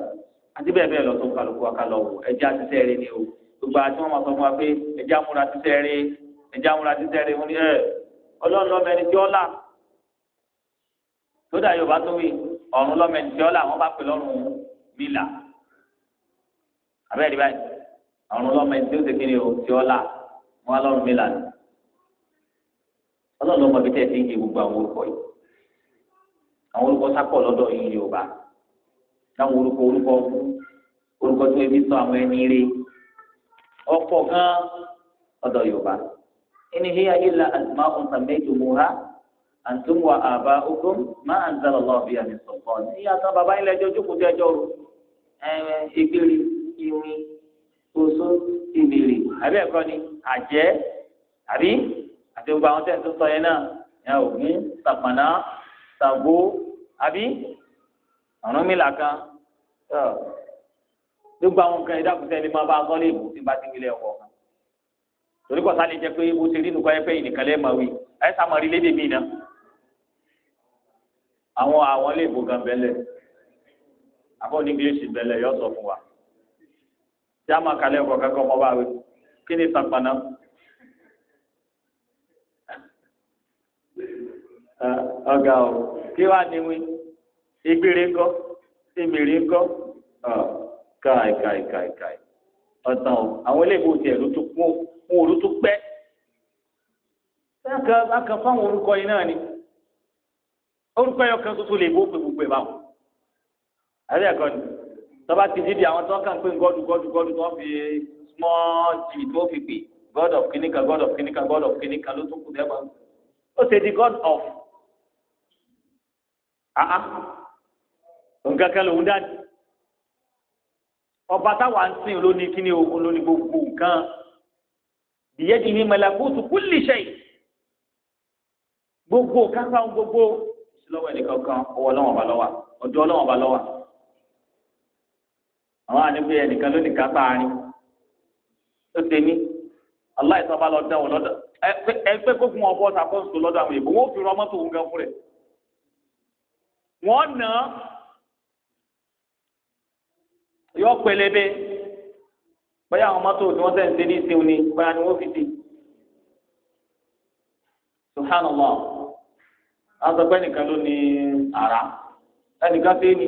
àti bẹ́ẹ̀ bẹ́ẹ̀ lọ tó kálukú wa ká lọ wò ẹja títẹ́ rẹ ni o gbogbo àti wọn máa sọ fún wa pé ẹja múra títẹ́ rẹ ẹja múra títẹ́ rẹ wọn ni ẹ ọlọ́run ẹni tí ọlá tó dà yorùbá tó wí ọ̀run lọ́mọ ẹni tí ọlá wọn bá pè lọ́rùn mílà abẹ́rẹ́ báyìí ọ̀run lọ́mọ ẹni tí ó ti kí ni o ti ọ́ là wọn lọ́run mi là ní. ọlọ́run lọ́mọ bí tẹ́ ẹ ti ń yí gbogbo àwọn orúkọ yìí àwọn orúkọ sápọ̀ lọ́dọ̀ yìí Yorùbá táwọn orúkọ orúkọ orúkọ tó ebi sọ àwọn ẹni rí ọ̀pọ̀ gan ọ̀dọ̀ Yorùbá ẹni híyà ilà àtùmá ọ̀sán méjì mú ha àtúm àbá ogun má ń zàlọ̀ lọ́ọ̀bì àmì sọ̀kọ́ oṣó ìbìrì àbí ẹ̀kọ́ ni àjẹ́ àbí àti gbogbo àwọn tẹ̀sán sọ yẹn náà yẹn ògún sàpàná sàgbó àbí ọ̀run mìlà kan gbogbo àwọn nǹkan ìdákùtẹ́ ni máa bá a sọ léèbù tí n bá ti wílẹ̀ ọ̀pọ̀ kan torí kọ́ta lè jẹ́ pé bó ṣe rí nùkọ́ ẹ̀fẹ́ ìnìkan lẹ́ẹ̀ máa wí ẹ̀ sàmọ́ rí lédè mí náà àwọn àwọn léèbù gan bẹ́lẹ̀ àbọ̀ ní English bẹ́lẹ̀ yọ sọ fún wa jáma kalẹ̀ ọkọ̀ kankan ọmọ bá wẹ̀ kí ni sàpànà. ọ̀gá o kí wàá ní wí ìgbèrè ńkọ́ ìmìrì ńkọ́ káì káì káì káì ọ̀tàn o àwọn eléyìí ò tiẹ̀ ló tún kún òun ò ló tún pẹ́. bákan bákan fáwọn orúkọ yìí náà ni orúkọ yẹn kan tuntun lè bó pé gbogbo báwọn. àbí ẹ̀kọ́ ni tọ́ba ti dídì àwọn tó kàn pé gọ́dù gọ́dù gọ́dù tó fi small g tó fi pè god of kìnìkan god of kìnìkan god of kìnìkan ló tún kù dẹ́gbà ó ṣe di god of àá nǹkan kan lòun dá ọba táwa ń sìn ló ní kíní ogun ló ní gbogbo nǹkan ìyẹ́dì ní mẹlẹ́kùtù kulli shay gbogbo kápá gbogbo ìṣúlọ́wọ́ ẹnìkan kan ọwọ́ ọlọ́wọ́n ọba lọ́wọ́ ọ̀dọ́ ọlọ́wọ́n ọba lọ́wọ́ àwọn àníbí ẹnìkan ló ní kápá arin tó ṣe ní aláìsọba lọ dẹwọn lọ́dọ̀ ẹgbẹ́ gbogbo wọn bọ ṣàkóso lọ́dọ̀ àwọn èèbó wọn ò fi rọmọ tó ń gan fún rẹ wọn nà yọ pẹlẹbẹ bóyá àwọn mọ́tò tí wọn sẹ ń ṣe ní ìṣẹun ni bóyá ni wọn fi dì subhanallah azọpẹ nìkan ló ní ara ẹnìkan ṣe é ní.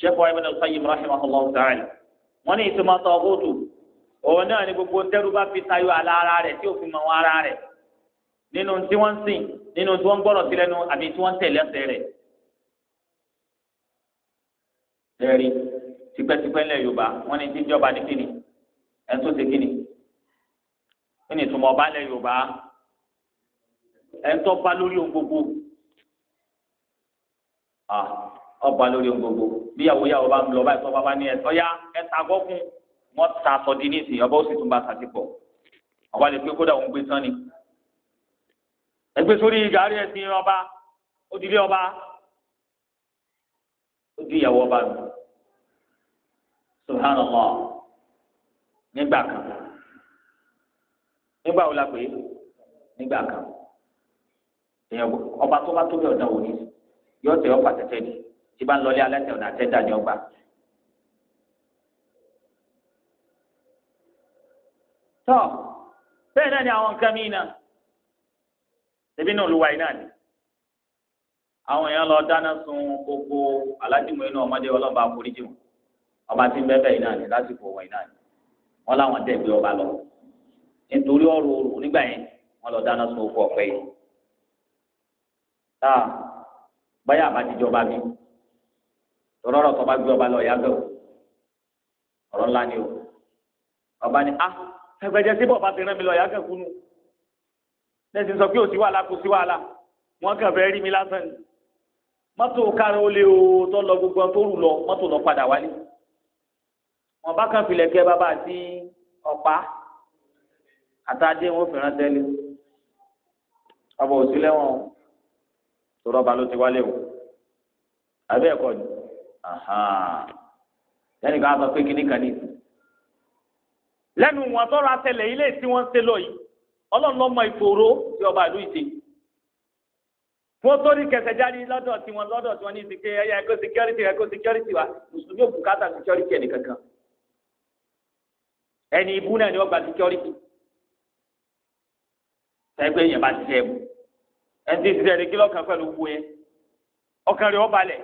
sheikh wa ibn al-qayyim rahimahullah ta'ala wọn ní ìtumọ̀ tọ́gùtù òun náà ni gbogbo ntẹ́rù bá fi tayọ àlà ara rẹ̀ tí òfin mọ̀ wọn ara rẹ̀ nínú tí wọ́n ń sìn nínú tí wọ́n ń gbọ́rọ̀ sílẹ̀ nu àbí tí wọ́n ń tẹ̀lé ẹsẹ̀ rẹ̀. ẹ̀rí tipẹ́tipẹ́ ńlẹ̀ yorùbá wọ́n ní tíjọba ní kíni ẹ̀ tó kíni kí ni ìtumọ̀ ọba ńlẹ̀ yorùbá ẹ̀ bá lórí ohun gbogbo. Ah, ọba lórí ohun gbogbo bíyàwó yàwó bá ń lọ báyìí sọ́ba bá ní ẹ̀sọ́ yá ẹ̀ta gọ́kùn wọ́n ta aṣọ di ní ìsìn ọba ó sì tún bá sàtì pọ̀ ọba lè pé kódà òun gbé tán ni. ẹgbẹ́ sórí gàárì ẹ̀sìn ọba ó di ilé ọba ó di ìyàwó ọba nù. subhanallah nígbà kan nígbà wo la pè é nígbà kan ọba tó bá tóbi ọ̀dàn òní yóò tẹ̀ ọ́ pàtẹ́tẹ́ ni tí bá ń lọlé alẹ́ tẹ̀ ọ̀nà àtẹ́jà ni ọgbà. tọ́ bẹ́ẹ̀ náà ni àwọn nǹkan mí náà ṣẹbi náà ló wáyé náà ni àwọn èèyàn lọ dáná sun gbogbo aládìmọ̀ inú ọmọdé ọlọ́ba àforíjì wọn ọba tí ń bẹ́ bẹ́ẹ̀ náà ni lásìkò wọ̀nyí náà ni wọ́n láwọn tẹ̀ gbé ọba lọ nítorí ọrọ̀ òru nígbà yẹn wọ́n lọ dáná sun òkú ọ̀pẹ yìí. táà báyà bá ti jọba bí tọrọ ọ̀rọ̀ tọba gbé ọba lọ ya gbẹ o ọ̀rọ̀ ńlá ni o ọba ni a ah, ẹgbẹjẹ sí bọba ti rán mi lọ ya gbẹ kunu lẹsí sọ pé o sí wàhálà kò sí wàhálà wọn kàn fẹ́ rí mi lásán ni mọ́tò kárin ó lé o tó lọ gbogbo tó rù lọ mọ́tò lọ padà wálé wọn bá kàn filẹ̀ kẹ bàbá àti ọ̀pá àtàdé wọn fi ránṣẹ́ lé ọba òsínlẹ̀ tọrọ ọba ti wálé o àbẹ́ ẹ̀kọ́ ni lẹ́nu kan sọ pé kíní kan ní ìsìn lẹ́nu wọn tọrọ àtẹlẹ̀ ilé tí wọ́n ṣe lọ yìí ọlọ́run lọ́mọ ìfòòró tí ọba ìlú ìṣe wọ́n tó ní kẹsẹ̀jáde lọ́dọ̀ tí wọ́n lọ́dọ̀ tí wọ́n ní ìsìnkú ẹ̀yà ẹ̀kọ́ security ẹ̀kọ́ security wa mùsùlùmí ò bùkátà security ẹnì kankan ẹni ibú náà ni wọ́n gba security ẹgbẹ́ yẹn bá ti ṣẹ́ mu ẹni tí ti ṣẹ́ ni kí lọ́kàn pẹ̀lú owó yẹn ọkàn rẹ̀ ó balẹ̀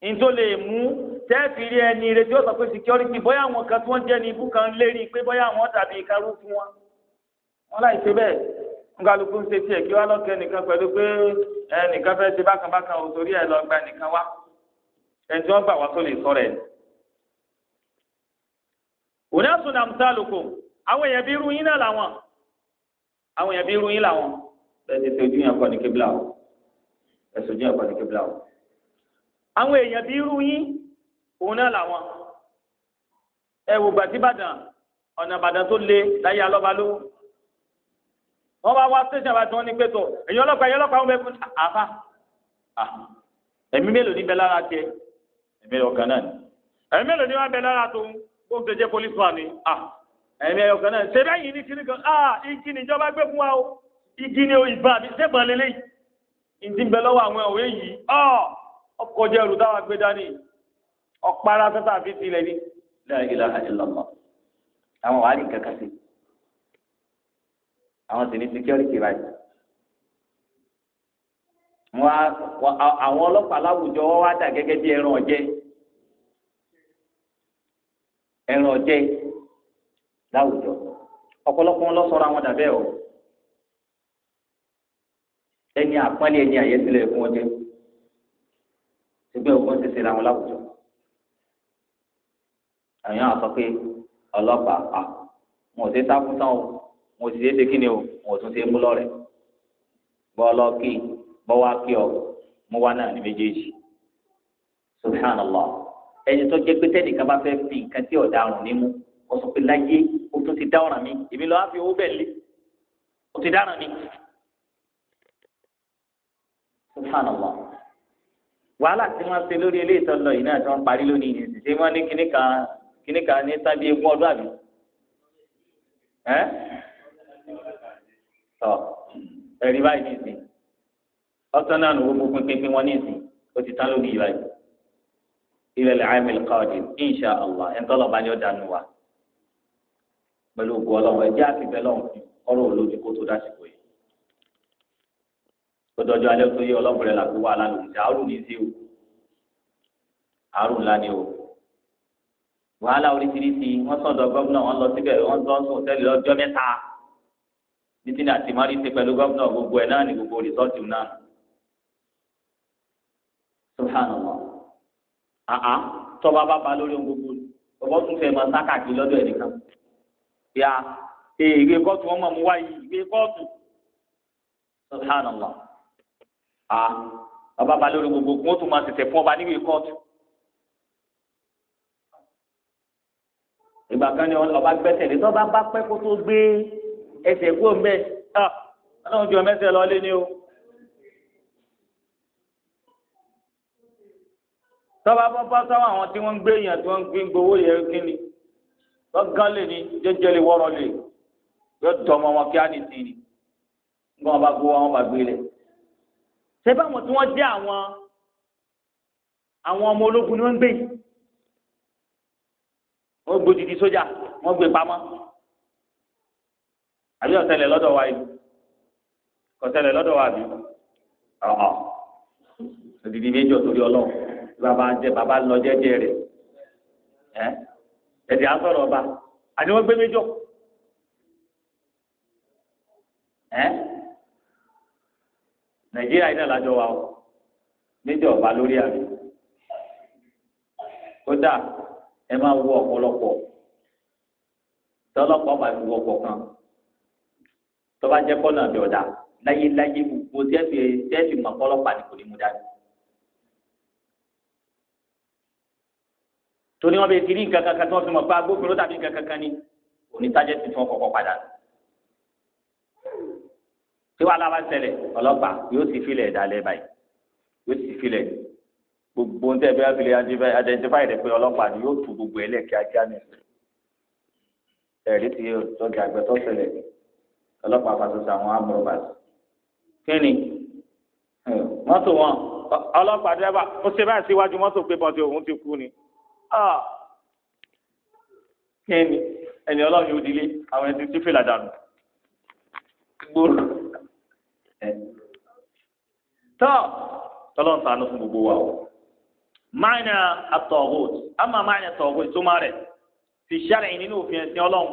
nítorí lè mú tẹ́ẹ̀fì rí ẹni rẹ tí ó sọ pé security bóyá àwọn kan tí wọ́n jẹ́ ní ibú kan lérí pé àwọn tàbí ìkarú fún wọn wọn láì ṣe bẹ́ẹ̀ ń ṣe tiẹ̀ kí lọ́kẹ́ nìkan pẹ̀lú pé ẹnìkan fẹ́ ṣe bákan bákan ò torí ẹ̀ lọ gba nìkan wá ẹni tí wá tó sọ rẹ̀. òní àwọn èèyàn bí irú yín náà làwọn àwọn èèyàn bí irú àwọn èèyàn bíi irú yín òun náà làwọn ẹ wò gbà tí Ìbàdàn ọ̀nà Ìbàdàn tó le láyé alọ́ba ló wọ́n bá wá tẹ̀sán àbá tí wọ́n ní pẹ́tọ̀ ẹ̀yin ọlọ́pàá ẹ̀yin ọlọ́pàá wọn bẹ fún àfa ẹ̀mí mélòó ní bẹ lára tiẹ̀ ẹ̀mí ọ̀kan náà ni ẹ̀mí mélòó ní wọn bẹ lára tó ń bó ń tẹ jẹ́ pólísì ni ẹ̀mí ọ̀kan náà ṣe bẹ́yìn ní kíní kan igi níjọba gbé fún wa o igi ni ìbá mi ṣé ọkọ̀ jẹ́ olùdáwà gbé dání ọ̀pára tata àfi tilẹ̀ ní. la ilaha illallah àwọn wàá ní kankan sí àwọn sì ní security right wọn àwọn ọlọ́pàá láwùjọ wọn wá dà gẹ́gẹ́ bí ẹran ọ̀jẹ́ ẹran ọ̀jẹ́ láwùjọ ọ̀pọ̀lọpọ̀ wọn lọ sọ̀rọ̀ àwọn dàbẹ́ o ẹni àpọ́nlé ẹni àyẹ́sílẹ̀ fún ọjẹ́ pé òun ti ṣera wọn láwùjọ àwọn yàrá sọ pé ọlọ́pàá à wọn ò ṣe sá fún tán o wọn ò sì ṣe é ṣe kí ni o wọn ò tún ṣe é mú lọ́rẹ̀ bọ́ ọlọ́kì bọ́ wá kí ọ mú wá náà ní méjèèjì subhanallah ẹni tó jẹ́ pé tẹ́nìkan bá fẹ́ fi nǹkan tí ọ̀daràn ní mú ó sọ pé láyé ó tún ti dá ọ̀ràn mi èmi lọ́wọ́ fi owó bẹ́ẹ̀ lé ó ti dáràn mi subhanallah wàhálà tí wọ́n ṣe lórí ilé ìtọ́ lọ yìí náà tí wọ́n parí lónìí yìí ṣe wọ́n ní kíní kan kíní kan ní sábì egun ọdún àbí. ẹ tọ ẹrí báyìí ní ìsìn ọtún náà lówó gbogbo pínpín wọn ní ìsìn ó ti tán lónìí báyìí ilẹ̀ lẹ́hàmìlì káwọ́dì insha allah ẹ̀ ń tọ́lọ̀ bá ní ọ̀dà nù wa pẹ̀lú ògùn ọlọ́run ẹ̀jẹ̀ àti bẹ́ẹ̀ ọ̀rọ̀ olójú kó tó dásìkò yìí tọ́jọ́jọ́ alẹ́ tó yẹ ọlọ́pẹ̀rẹ́ la fi wá lánàá ìṣe àrùn ní sí o àrùn lánàá o wàhálà oríṣiríṣi wọ́n sọ̀dọ̀ gómìnà wọn lọ síbẹ̀ wọ́n lọ sùn tẹ́lẹ̀ lọ́jọ́ mẹ́ta nítorí àti mari ṣe pẹ̀lú gómìnà gbogbo ẹ̀ náà ní gbogbo rìsọ́ọ̀tì náà subhanallah àá tọ́ba bá ba lórí ohun gbogbo ọ̀bọ̀ tún fẹ́ máa sákàkiri lọ́dọ̀ ẹ̀ nìkan ya èèrè kóòtù wọn mọ̀ mú wáyé ìwé kóòtù subhanallah a ọba bá lórí gbogbo kó tó máa tètè fún ọba níwèé kóòtù. ìgbà kan ni ọba gbẹ́sẹ̀ lé tọ́ba bá pẹ́ kó tó gbé ẹsẹ̀ kó mbẹ́ ọlọ́run jọ mẹ́sẹ̀ lọ lé ní o. tọ́ba bá bá sáwọn àwọn tí wọ́n ń gbé èèyàn tí wọ́n ń gbé gbowó yẹn kí ni lọ́gán lè ní jẹ́jẹ́ lè wọ́rọ̀ lè yọ dọ̀mọ́ wọn kí á ní tì ní. ń gbọ́n bá gbowó wọn bá gbé ṣebí àwọn tí wọ́n jẹ́ àwọn àwọn ọmọ ológun ni wọ́n ń gbé yìí wọ́n gbòdìdì sójà wọ́n gbé pamọ́ àbí ọ̀tẹlẹ̀ lọ́dọ̀ wa yìí ọ̀tẹlẹ̀ lọ́dọ̀ wa bí ọ̀hún òdìdí méjọ torí ọlọ́run bàbá jẹ bàbá lọ jẹjẹ rẹ ẹ ẹdì asọ̀rọ̀ ọba àti wọ́n gbé méjọ ẹ nàìjíríà yìí náà lájọ wa o níjọba lórí àmì kódà ẹ máa wọ ọ̀pọ̀lọpọ̀ tọlọpọ máa fi wọpọ kan tọba jẹ kọ náà bí ọdà láyéláyé gbogbo tẹfì tẹfì mọ ọ̀pọ̀lọpọ̀ àti kò ní mú dání. torí wọn bẹ ti rí nǹkan kankan tí wọn fi mọ pé agbófinró tàbí nǹkan kankan ni onítàjẹ tuntun ọkọ̀ kọ̀ padà nù tí wàhálà bá ṣẹlẹ̀ ọlọ́pàá yóò ti filẹ̀ ìdálẹ́ báyìí yóò ti filẹ̀ gbogbo ń tẹ̀bí àfilẹ̀ identify rẹ̀ pé ọlọ́pàá ni yóò tu gbogbo ẹ̀ lẹ́kíákíá ni ẹ̀rí ti ọjà àgbẹ̀ tó ṣẹlẹ̀ ọlọ́pàá fàṣọṣọ àwọn amúrọ̀bàs kíni mọ́tò wọn ọlọ́pàá dẹ́bà ó ṣe báyìí síwájú mọ́tò pé bọ́tì òun ti kú ni ah! kíni ẹni ọlọ́run yóò dilé àwọn ẹni tí fìlà dànù gbòòrò tọ́ tọ́lọ́n sànú fún gbogbo wa o máàyìn àtọ̀hóòt àmà máàyìn àtọ̀hóòt tó máa rẹ̀ fi ṣàlàyé nínú òfin ẹ̀sìn ọlọ́run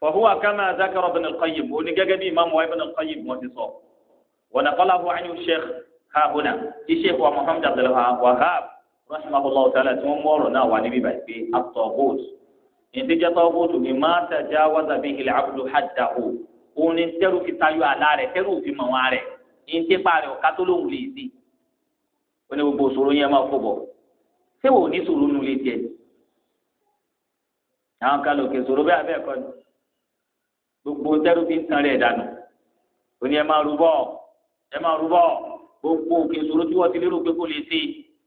fọ̀húwà kama zakaro bin al-qayyim ó ní gẹ́gẹ́ bí imaamu wa ibn al-qayyim wọ́n ti sọ wọn àkọlà fún anyu sheikh haahuna ti sheikh wa muhammad abdullah wahab rahimahullah ta'ala tí wọ́n mú ọ̀rọ̀ náà wà òun ni tẹ́rù fi tayọ àlá rẹ̀ tẹ́rù fi mọ̀ wọn rẹ̀ ní tẹ́pà rẹ̀ ọ̀ká tó lóun lè di ó ní gbogbo òṣòro yẹn máa fò bọ̀ ṣé wò ní sòrò nu lè tiẹ̀ àwọn kan lòkè sòrò bẹ́ẹ̀ bẹ́ẹ̀ kọ́ ni gbogbo tẹ́rù fi ń tan rẹ̀ dànù ó ní ẹ máa rúbọ ẹ máa rúbọ gbogbo òkè sòrò tí wọ́n ti lérò pé kò lè ṣe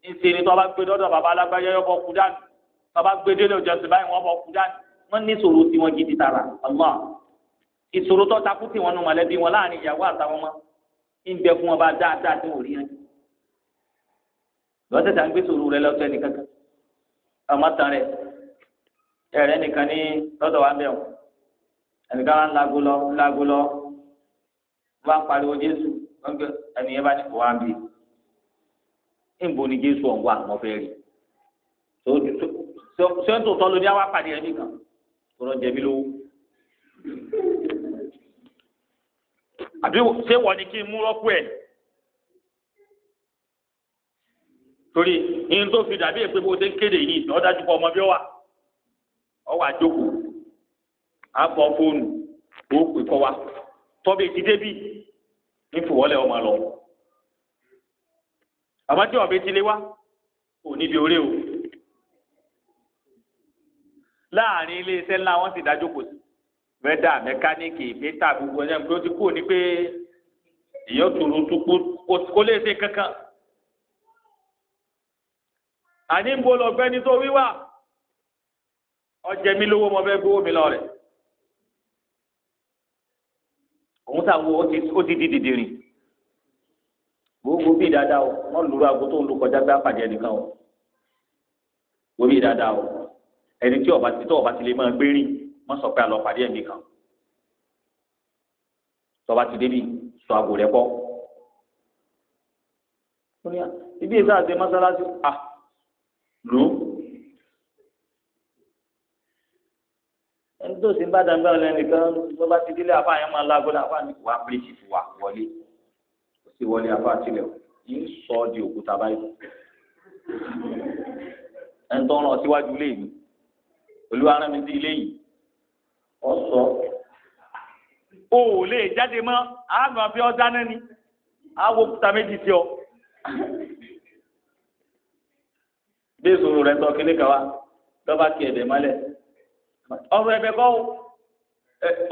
ń ṣe ni tó bá gbé dọ́dọ̀ bàbá alágbáyé yọ bọ́ kú dànù tó bá gbé délé òjọ́sìn báyìí wọ́n bọ́ kú dànù wọ́n ní sòrò tí wọ́n jí ti tara Allah ìṣòro tó takú tí wọn nu mọ̀lẹ́bí wọn láàrin ìyàwó àtàwọn ọmọ ń bẹ fún wọn bá dáadáa tí wọn ò rí yẹn lọ́sẹ̀ tá à ń gbé sòrò rẹ lọ́sẹ̀ nìkan kan ọmọ tán rẹ ẹ̀rẹ́ nìkan ní lọ́dọ̀ wa ń bẹ̀ wọ́n ẹnìkan wa ń lago lọ ń lago lọ wọ́n á pariwo Jésù wọ́n gbé ẹnìyẹn bá ní kó wá bí níbo ni Jésù ọ̀hún wà wọ́n fẹ́ rí sọ́ńtò tọ́lódé àwa pàdé ẹ̀ nìkan tó lọ jẹ̀bi lówó àbí ṣé wọ́n ni kí n mú rọ́pò ẹ̀ torí ihun tó fi dàbí èpè bó ṣe ń kéde yìí ìtàn dájú pọ̀ ọmọ bí ó wà ọ wà jókòó á bọ fóònù ó pè kọ́ wa tọ́bi ti débì ní fìwọ́lẹ̀ ọmọ lọ àmọ́ tí ọ̀bẹ ti lé wá kò níbi orí o láàrin iléeṣẹ́ ńlá wọ́n ti dájókòó sí wẹ́dà mẹkáníìkì pétà gbogbo ẹ̀ pé ó ti kú ni pé èèyàn tòrò tó kó lè ṣe kankan. àní ń bo lọ́gbẹ́ni tó wíwà ọjẹ́ mi lówó mo fẹ́ gbówó mi lọ rẹ̀. òun táwo ó ti di dìde rìn gbogbo bíi dáadáa o wọn lùrọ aago tó ń lu kọjá gbá pàdé ẹnìkan o gbogbo bíi dáadáa o ẹni tí ọba ti lè máa gbé rìn wọ́n sọ pé àlọ́ pàdé ẹ̀mí kan tọba ti débi sọ àgò rẹ kọ́ ibi èsì àti mọ́sálásí à lò ó ẹni tó sì ń bá dàgbà ọ̀lẹ́ nìkan tó bá ti délé àbá yẹn máa lágbóná àbá ní wàá bíríkì fún wa wọlé ó sì wọlé àbá tilẹ̀ yìí sọ ọ́ di òkúta báyìí ẹni tó ń lọ síwájú léyìí olúwa rán mi sí ilé ọ̀sọ̀. o ò lè jáde mọ́ àánú àbí ọ̀dá náà ni àwọ̀ òkúta méjì tí ọ. bí ìṣòro rẹ̀ tọ́ kíní kan wá lọ́ba kí ẹ̀dẹ̀ mọ́lẹ̀ ọ̀rọ̀ ẹ̀bẹ̀ kọ́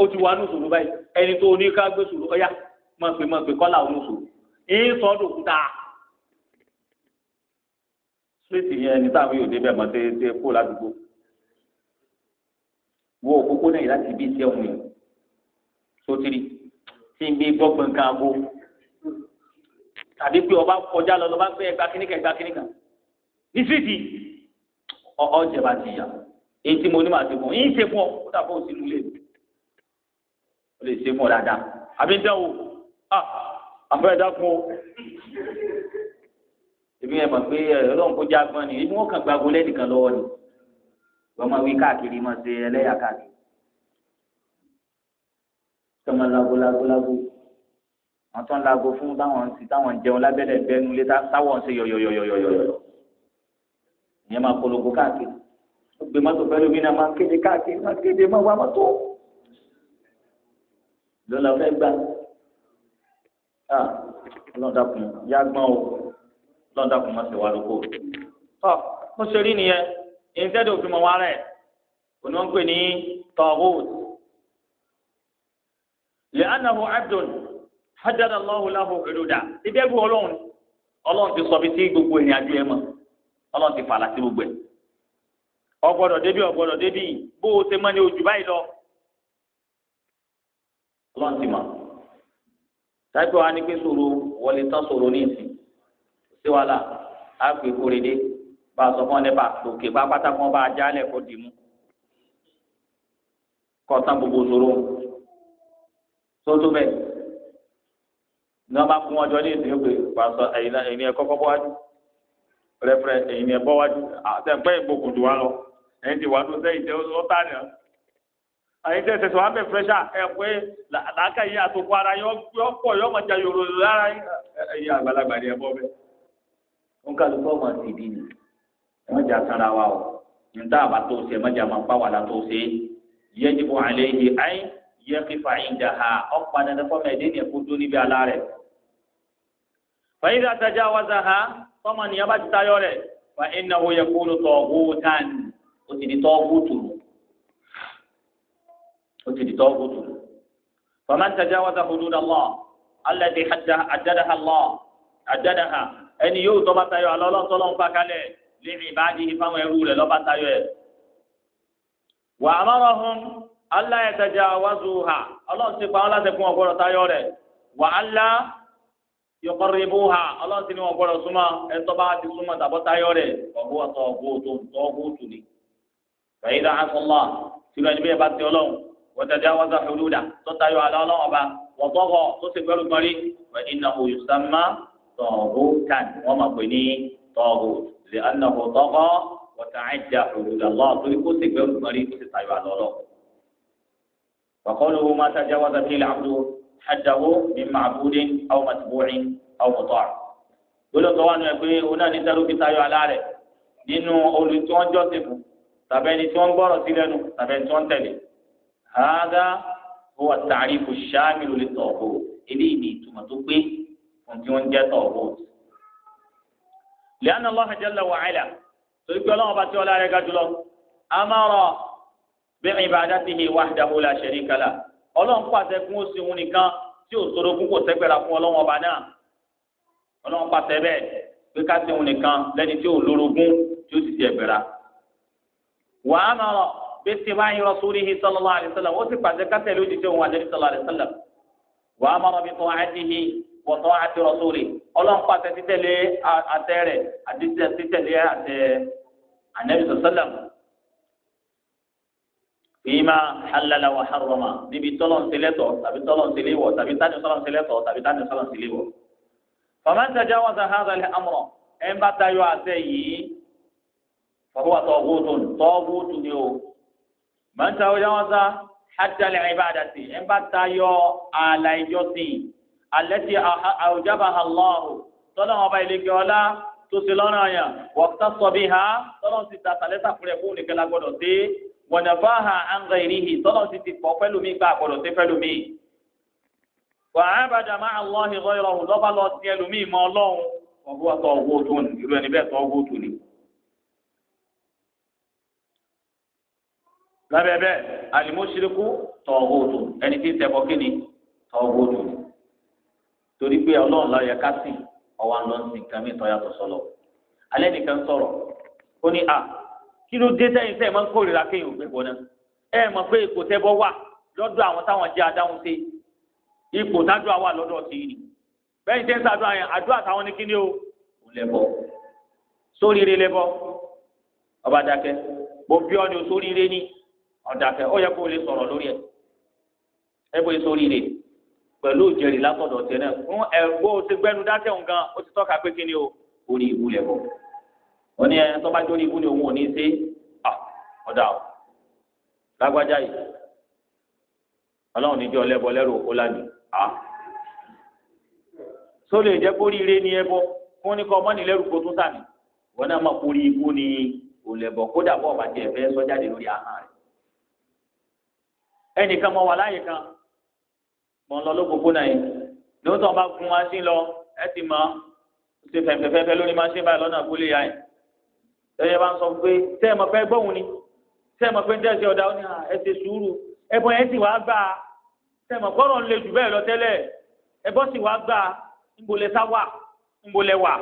o ti wà ní ìṣòro báyìí ẹni tó ní ká gbé ìṣòro ọ̀yá mọ̀ pé mọ̀ pé kọ́là òun ìṣòro èyí sọ ọ́ dòkúta síìtì yẹn ní táwọn yóò débẹ̀ mọ́ tẹ́ tẹ́ kó ládùúgbò wo òpópónà yìí láti bí iṣẹ́ òun yìí sotiri tí n bí gbọ́gbọ̀n kan abo tàbí pé ọba kọjá lọ lọ́ba pé ẹgbà kíníkà ẹgbà kíníkà ní sídìí ọ̀ọ́jẹ̀ bá ti yà èyí tí mo ní màá ti fún yín ṣe fún ọ kó dàbọ̀ òsínú lè o lè ṣe fún ọ dáadáa àbí o ah àfẹ́ dákun o èmi ẹ̀ mọ̀ pé ọlọ́run kó já gbọ́n ni èmi wọ́n kàn gbago lẹ́nìkan lọ́wọ́ ni lọ́mọ wí káàkiri mọ̀ ṣe ẹlẹ́yà káàkiri tọmọ lago lago lago wọn tán lago fún táwọn ń sin táwọn ń jẹun lábẹ́lẹ̀ bẹ́nu lé táwọn ń ṣe yọ̀yọ̀yọ̀yọ̀yọ̀ ìyẹn máa polongo káàkiri ó gbé mọ́tò fẹ́ lómi náà máa kéde káàkiri máa kéde máa wá mọ́tò lọ́la fẹ́ gbà á lọ́dàkùn yá gbọ́n o lọ́dàkùn má ṣe wà lóko. ọ mo ṣe rí nìyẹn. irinṣẹ́ tó fi mọ̀ wọn rẹ̀ òní wọn pè ní allahu lahu ìlúdà ibi ẹgbẹ́ ọlọ́run sọ gbogbo ìrìn àjò ẹ mọ̀ ọlọ́run ti fàlà sí gbogbo ẹ̀ ọgbọdọ debi ọgbọ́dọ̀ débi bó ti bá a sọ fún ọ nípa òkè pápátá kan bá a jálẹ̀ kó dì mú kọ́ tán gbogbo sòrò sótó bẹ́ẹ̀ ní wọ́n bá kún ọjọ́ ní ìsìn pé pàṣọ ẹ̀yin ẹ̀kọ́ kọ́kọ́ wájú rẹ́fẹ́rẹ́ ẹ̀yin ẹ̀bọ́ wájú àtẹ̀pẹ́ ìgbòkùn jù wá lọ ẹ̀yin ti wá tó sẹ́yìn tẹ́ ó tà nìyà ẹ̀yin tẹ́ tẹ̀sán wá bẹ̀ fẹ́ṣà ẹ̀ pé làákàyè àtòkù ara yọ pọ̀ yọ mọ̀ jà yòrò lára ẹ̀yin àgbàlagbà ni ẹ̀bọ́ bẹ́ẹ̀. ó ń kálukọ́ ọmọ àti ìdí nìyí ẹmẹjà sanra wa o níta àbá tó ṣe ẹmẹjà máa ń pa wàhálà tó ṣe yajibu alayhi ayé yẹ kífà ìjà ha ọ̀pá dandan fọmọ ẹ̀dẹ́ ni ẹ̀kú dún níbi ala rẹ̀. fa idha tajawaza ha tọ́mọ nìyẹn bá ti tayọ rẹ̀ fa innahu yakunu taghutan ó ti di tọ́gùtù ó ti di tọ́gùtù. faman tajawaza hudud Allah allati haddadaha Allah haddadaha ẹni yóò tọ́ bá tayọ alọ́lọ́tọ́lọ́ ń fa kalẹ̀ lè ìbáàdì ìfáwọn ẹrú rẹ̀ lọ́ba tayọ ẹ̀. wà á mọ̀rọ̀ hun aláyẹ̀tẹ̀jà wáṣù ha ọlọ́run ti pa wọn láti fún ọgbọ́rọ̀ tayọ rẹ̀ wà á lá yọkọrìbù ha ọlọ́run ti ní wọn gbọ́dọ̀ súnmọ́ ẹ̀ tọ́ bá ti súnmọ́ tàbọ̀ tayọ rẹ̀ ọ̀gbọ́n ọ̀tọ̀ ọ̀gbọ́n òtún ni. fẹ̀yìndà tọ́gù lè anahu tọ́gọ́ wọ́tà ẹ̀já òwúlò lọ́wọ́ torí kó sì gbẹ́rù gbọ́n rí kó sì tayọ àlọ́ lọ. وقوله ما تجاوز فيه العبد حده من معبود أو متبوع أو مطاع gbọ́dọ̀ tó wà nù ẹ pé òun náà ní sẹ́rù fi tayọ àlá rẹ̀ nínú olú tí wọ́n jọ́sìn fún tàbí ẹni tí wọ́n gbọ́rọ̀ sí lẹ́nu tàbí ẹni tí wọ́n tẹ̀lé. hàdá huwa tààrí kò ṣáàmì lórí tọ̀ọ̀bù eléyìí ni ìtumọ̀ tó pé fún tí wọ́n jẹ́ tọ̀ọ̀bù lẹ́yìn Allah jalla wa ala torí pé ọlọ́run ọba tí ọlá rẹ̀ ga jùlọ amara bi ibadatihi wahdahu la sharika lah ọlọ́run pàṣẹ fún oṣù òun nìkan tí ò sọ̀rọ̀ fún kò sẹ́gbẹ̀rà fún ọlọ́run ọba náà ọlọ́run pàṣẹ bẹ́ẹ̀ pé ká sí òun nìkan lẹ́ni tí ò lórogún tí ó ti ẹ̀gbẹ̀rà. wa amara bi ittiba'i rasulihi sallallahu alaihi wasallam ó sì pàṣẹ ká tẹ̀lé òjijì òun àdébí sallallahu alaihi wasallam wọtọ àti rọsúlì ọlọ́nkọ́ àti títẹ̀lé àtẹ rẹ̀ àti títẹ̀lé àtẹ anabi sọsọlẹm fìmà halala wà harrama níbi tọ́lọ̀ ńsẹlẹ̀tọ̀ tàbí tọ́lọ̀ ńsẹlẹ̀wọ̀ tàbí tani tọ́lọ̀ ńsẹlẹ̀tọ̀ tàbí tani tọ́lọ̀ ńsẹlẹ̀wọ̀. fama tajawaza hadha al-amra ẹ̀ ń bá tayọ àtẹ yìí fahuwa tọ́gùtùn tọ́gùtùn ni o. man tajawaza hatta al-ibadati ẹ̀ ń bá tayọ àlàyé jọ́sìn àlẹ́tì àwùjábà aláhù tọ́lọ́ ọba ìlẹ́gẹ́ ọlá tó ṣe lọ́rùn àyàn wọ́pútà sọ bí ha tọ́lọ́ ti ta tàlẹ́tà fúnrẹ́ fún nìkan lágbọ́dọ̀ sí wọ̀nàfà ha àǹgà ìrìhì tọ́lọ́ ti ti pọ̀ fẹ́lómi gbà àgbọ̀dọ̀ sí fẹ́lómi. wàá bàjá máa aláhi rọ́ọ̀rọ̀hùn lọ́ba lọ sí ẹlòmí ìmọ̀ ọlọ́run ọ̀gbọ́n àtọ̀ ọ̀gbọ́n tó tọ̀ ọ̀gbọ́n torí pé ọlọ́run la yẹ ká sìn ọwọ́ àlọ́ sìn kan mi tọ́ yàtọ̀ sọlọ alẹ́ nìkan sọ̀rọ̀ ó ní a kí ló dé sẹ́yìn sẹ́yìn máa ń kórìíra kéèyàn ògbé bọ̀ náà ẹ mọ̀ pé ipò tẹ́bọ́ wà lọ́dọ̀ àwọn táwọn jẹ́ adáhùn sí ipò tádùá wà lọ́dọ̀ sí i bẹ́ẹ̀ tẹ́ ń sàdúrà yẹn àdúrà táwọn ní kíni o kò lẹ́bọ̀ sóríire lẹ́bọ̀ ọba dákẹ́ bó bí ọ́ ni o sóríire ní ọ̀dàkẹ́ ó yẹ kó o lè sọ̀rọ̀ lórí ẹ̀ ẹ bó e sóríire pẹ̀lú òjẹ̀rì látọ̀dọ̀ tẹ̀ náà fún ẹ̀gbọ́ o ti gbẹ́nu dáṣẹ́ òun gan o ti tọ́ka pé kí ni o orí ìbú lẹ̀ bọ̀ wọ́n ní ẹni tó bá jórí ìbú ni òun ò ní í ṣe ọ̀dà o lágbájá yìí ọlọ́run níjọ́ ọlẹ́bọ lẹ́rù òkú lánìí a tó lè jẹ́ kó ríire ní ẹbọ fún ní kọ́ mọ́nì lẹ́rù kó tún sàmì wọn náà máa kórìí ibú ni òlẹ̀bọ kódà bọ́ọ̀ bàjẹ́ fẹ́ sọ́jáde mọ̀ ń lọ lókòókòónà yìí lóun tó ń bá gun machine lọ ẹ ti mọ̀ ṣe fẹ̀fẹ̀fẹ̀fẹ̀ lórí machine báyìí lọ́nà kúlẹ̀ yá yìí tẹ́lẹ̀ bá ń sọ pé tẹ́ ẹ mọ̀ fẹ́ gbóhùn ni tẹ́ ẹ mọ̀ pé ń tẹ́sí ọ̀dà ọ̀nà ẹ ti sùúrù ẹbọ yẹn sì wàá gbà tẹ́ ẹ mọ̀ kọ́rọ̀ ń le jù bẹ́ẹ̀ lọ tẹ́lẹ̀ ẹbọ sì wàá gbà ńbolẹ̀ sá wà ńbolẹ̀ wà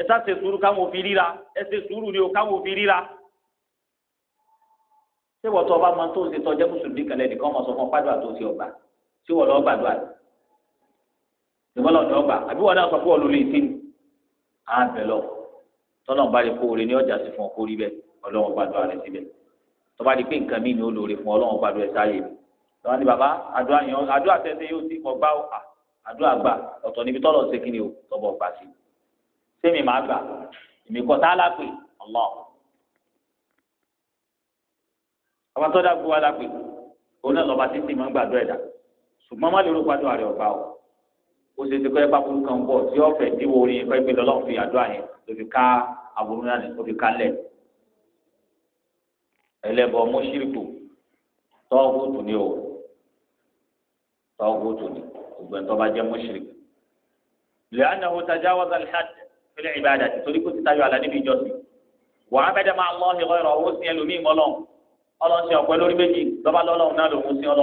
ẹ ṣe sùúrù káwọn òfin ríra ẹ sùúrù ni o káwọn òfin ríra. ṣé wọ́n tó ọba máa tó ń ṣe tọ́jẹ́ mùsùlùmí kan lẹ́nìkan ọmọ tí wọ́n lọ gbàdúrà rẹ̀ ìwọ́n lọ́dọ̀ ọgbà àbí wọ́n náà sọ pé wọ́n lulẹ̀ ìsìn á bẹ̀ lọ tọ́lọ̀ bá lè kó oore ní ọjà sí fún ọ kó rí bẹ́ẹ̀ ọlọ́wọ́n gbàdúrà rẹ̀ síbẹ̀ tọ́ba di pé nǹkan míì ni ó lóore fún ọlọ́wọ́n gbàdúrà rẹ̀ sáyé mi lọ́wọ́n ní bàbá àdúrà yẹn àdúrà tẹ́tẹ́ yóò ti kọ́ gbá ọ̀hà àdúrà gbà ọ̀tọ̀ níbi tọ́lọ̀ ṣe kí o tọ́bọ̀ gbà sí i sẹ́mi máa gbà èmi kọ́ tá a lápè ọlọ́ àwọn tó dá gbogbo wa lápè òun náà lọ́ba títí máa ń gbàdúrà ẹ̀dá ṣùgbọ́n má lè rò pàdé àrẹ ọba o ó ṣe ti kọ́ ẹ̀pá burú kan bọ̀ tí ọ̀fẹ́ díwọ̀ orin ẹ̀fẹ́ gbé lọ́lọ́ fi àdúrà yẹn ló fi ká àbúrú náà ló fi ká lẹ̀ ẹlẹ́bọ mọ́ṣíríkù tọ́gùtù ni o tọ́gùtù ni gbogbo ẹ̀ tó bá jẹ́ mọ́ṣíríkù lẹ́yìn tajawaza al-hadd fil ibadati torí kò ti tayọ àlá níbi ìjọsìn wà á bẹ́ẹ̀ máa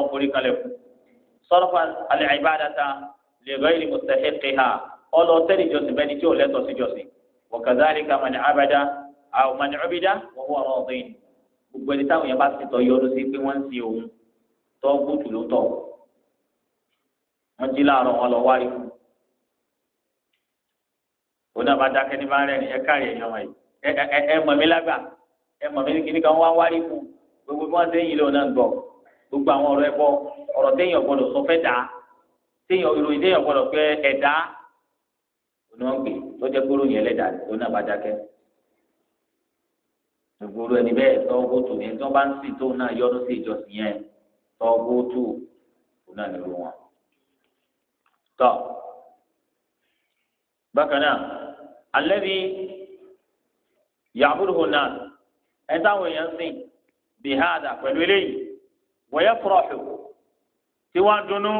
lọ́ sọ́rọ́fà alẹ́ àìbáadàta lè gbẹ́rì mùsàhẹ́kì ha ọlọ tẹ́lẹ̀ jọ̀sìn bẹ́ni tí ò lẹ́tọ̀ sí jọ̀sìn wọ̀kàzárì ka mani abada àwọn mani ọbídà wọ́n wọ́n ọ̀rọ̀ ọ̀gbìn gbogbo ẹni táwọn yẹn bá sì tọ́ yọdún sí pé wọ́n ń sin òun tọ́ gúdù ló tọ̀ wọ́n jí láàárọ̀ wọn lọ wáyé fún òun náà bá dákẹ́ bá rẹ̀ ẹ káàrí ẹ̀yàn wọ̀nyí ẹ mọ̀ mí lágbà ẹ mọ̀ mí wá wáyé fún gbogbo bí wọ́n ṣe ń yí lóun gbọ́ gbogbo àwọn ọ̀rọ̀ ẹbọ ọ̀rọ̀ téèyàn gbọ́dọ̀ sọ fẹ́ dà téèyàn ìròyìn téèyàn gbọ́dọ̀ pé ẹ̀dá òní wọn gbé tó jẹ́ pé ròyìn ẹlẹ́dà tó náà bá dákẹ́ gbogbo ẹni bẹ́ẹ̀ tọ́gbótù ní tí wọ́n bá ń sìn tóun náà yọ́nú sí ìjọsìn yẹn tọ́gbótù òun náà nílò wọn. tọ́ bákan náà alẹ́ bíi yàgùrù hùnà ẹ táwọn èèyàn sìn bìhádà pẹ̀lú eléyìí. wọ́yẹ́fọ̀rọ̀ṣù tí wọ́n dunnú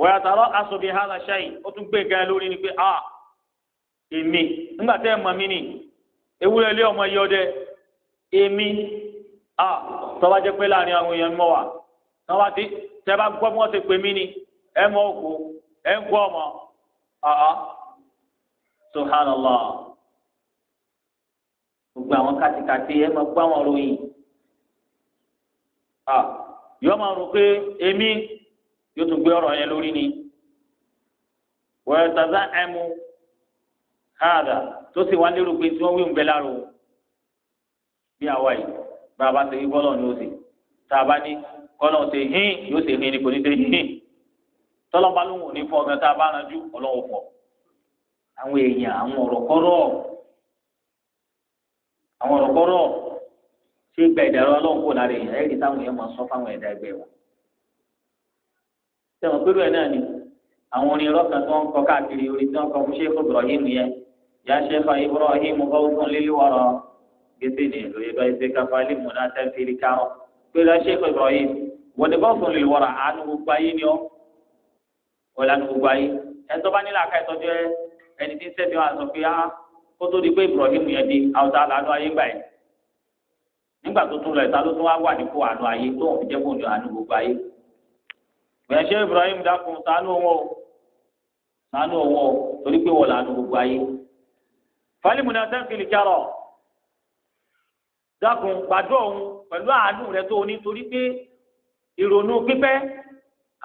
wọ́yàtàrọ̀ asòbí hàlà ṣáì ó tún gbé nǹkan lórí ni pé a èmi nígbà tẹ́ ẹ̀ mọ̀ mí nì ewúrẹ́ ilé ọmọ yìí ọdẹ èmi a tọ́ba jẹ́ pé láàrin àwọn èèyàn mọ̀ wá tọ́ba ti yọọ máa rò pé èmi yóò tún gbé ọ̀rọ̀ yẹn lórí ni wọ́n tàbí ẹmu káàdà tó sì wá lérò pé tí wọ́n wí ń láàrò bí àwa yìí bá a bá ṣe ni ó sì tá a bá ní ṣe hín yóò ṣe hín ni kò ní ṣe hín tọ́lọ́ba ló ń ní fún tá ṣé gba ìdàrọ Ọlọ́run kò lára èèyàn ẹ̀rí táwọn èèyàn máa sọ fáwọn ẹ̀dá ẹgbẹ́ wọn. sẹ́wọ̀n pẹ̀lú ẹ̀ náà ni àwọn orin rọ́ọ̀kan tí wọ́n ń kọ káàkiri orin tí wọ́n kọ fún Sheikh Ibrahim yẹn yà Sheikh Ibrahim bọ́ọ̀gùn lílíwọ̀rọ̀ gbèsè ní ìlú yẹn báyìí ṣe káfá lè mú náà pẹ̀lú Sheikh Ibrahim wọ́n ní bọ́ọ̀gùn nígbà tó tún lọ ìta ló tún wá wà nípò àánú ayé tó ń fi jẹ́ fún àánú gbogbo ayé. ìrẹsẹ̀ Ibrahim dákun ṣàánú òun o ṣàánú òun o torí pé wọ́n làánú gbogbo ayé. fálímù náà sẹ́ńkìlì kẹrọ dákun gbàdúrà òun pẹ̀lú àánú rẹ tó ní torí pé ìrònú pípẹ́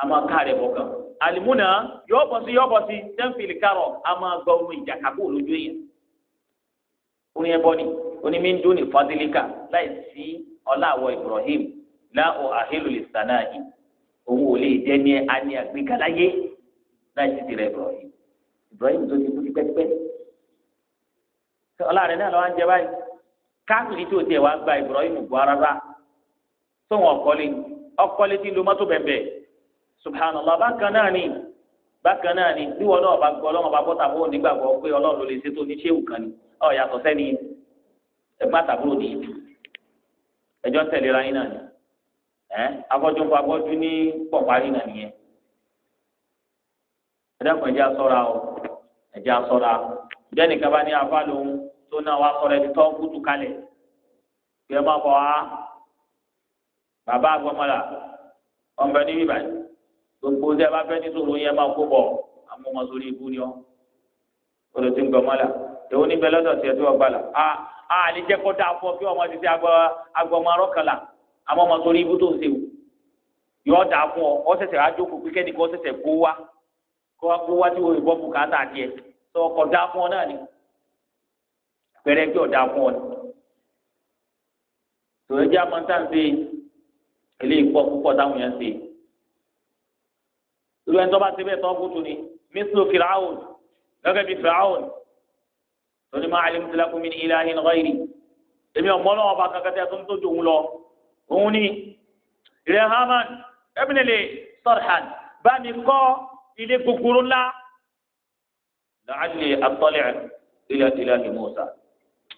àmọ́ ká rẹ̀ bọ̀ kan àlìmúnà yóò bọ̀ sí yóò bọ̀ sí sẹ́ńkìlì kẹrọ àmọ́ gbọ́ onímíndún ní fadilika láì sí ọlá àwọ Ibrahim láò àhílù lè sànà yìí òun ò lè jẹ́ ní ani àgbégaláyé láì sí tirẹ̀ Ibrahim Ibrahim tó ti kú ti pẹ́pẹ́ ọlá rẹ̀ náà lọ́wọ́ ń jẹ báyìí káàkiri tí o tiẹ̀ wá gba Ibrahim gbọ́ rárá tó wọn ọkọ́lé ọkọ́lé tí ló mọ́tò bẹ̀bẹ̀ subhanallah bákan náà ni bákan náà ni bí wọn náà bá gbọ́ ọlọ́run bá bọ́tà fún onígbàgbọ́ pé ọlọ́run ló lè ṣe tó kan ni ọ̀ yàtọ̀ sẹ́ni ẹgbẹ́ àtàbúrò ní ìtù ẹjọ́ ń tẹ̀léra yín náà ni ẹ afọ́jú ń fa afọ́jú ní pọ̀parí náà nìyẹn ẹ̀dẹ́kun ẹ̀jẹ̀ asọ́ra o ẹ̀jẹ̀ asọ́ra ìjẹ́ nìkan bá ní afá lòun tó náà wá sọ̀rọ̀ ẹni tó ń kútu kalẹ̀ kí ẹ má bọ̀ wá bàbá àgbọ̀mọ́là ọ̀nbẹ níbí báyìí gbogbo ṣẹ́ bá fẹ́ nítorí yẹn máa kó bọ̀ àmọ́ wọn sórí ibú ni ọ́ olùsìn gbọ̀mọ́là èwo níbẹ̀ lọ́dọ̀ tiẹ̀ tí wọ́n gbà là á á lè jẹ́ kó dáa fún ọ kí ọmọ ti ṣe agbọmọ arọ́kànlá àmọ́ ọmọ torí ibú tó ń ṣe wò yọ dáa fún ọ ọ ṣẹ̀ṣẹ̀ wá jókòó pé kẹ́nìkan ọ ṣẹ̀ṣẹ̀ kó wá kó wá kó wá tí wọ́n ìbọn bùkátà tiẹ̀ tó ọkọ̀ dáa fún ọ náà ni pẹ̀rẹ́ kí ọ̀dà fún ọ ni tòun jẹ́ àmọ́tàǹsẹ̀ eléyìí pọ̀ púpọ̀ táwọn yẹn ṣe irú ẹni tó bá ti bẹ́ẹ̀ tó ń kú tu ni mísìlò fìràwọ̀n gẹ́gẹ́ bí fìràwọ̀n torí ma alimtu lakum min ilahin ghairi èmi ọmọ náà ọba kankan tẹ tó ń tójú òun lọ òun ni ìrẹ haman ẹbìnrin sọrhan bá mi kọ́ ilé kúkúrú ńlá làálẹ àtọlẹ ilẹ ilẹ ni musa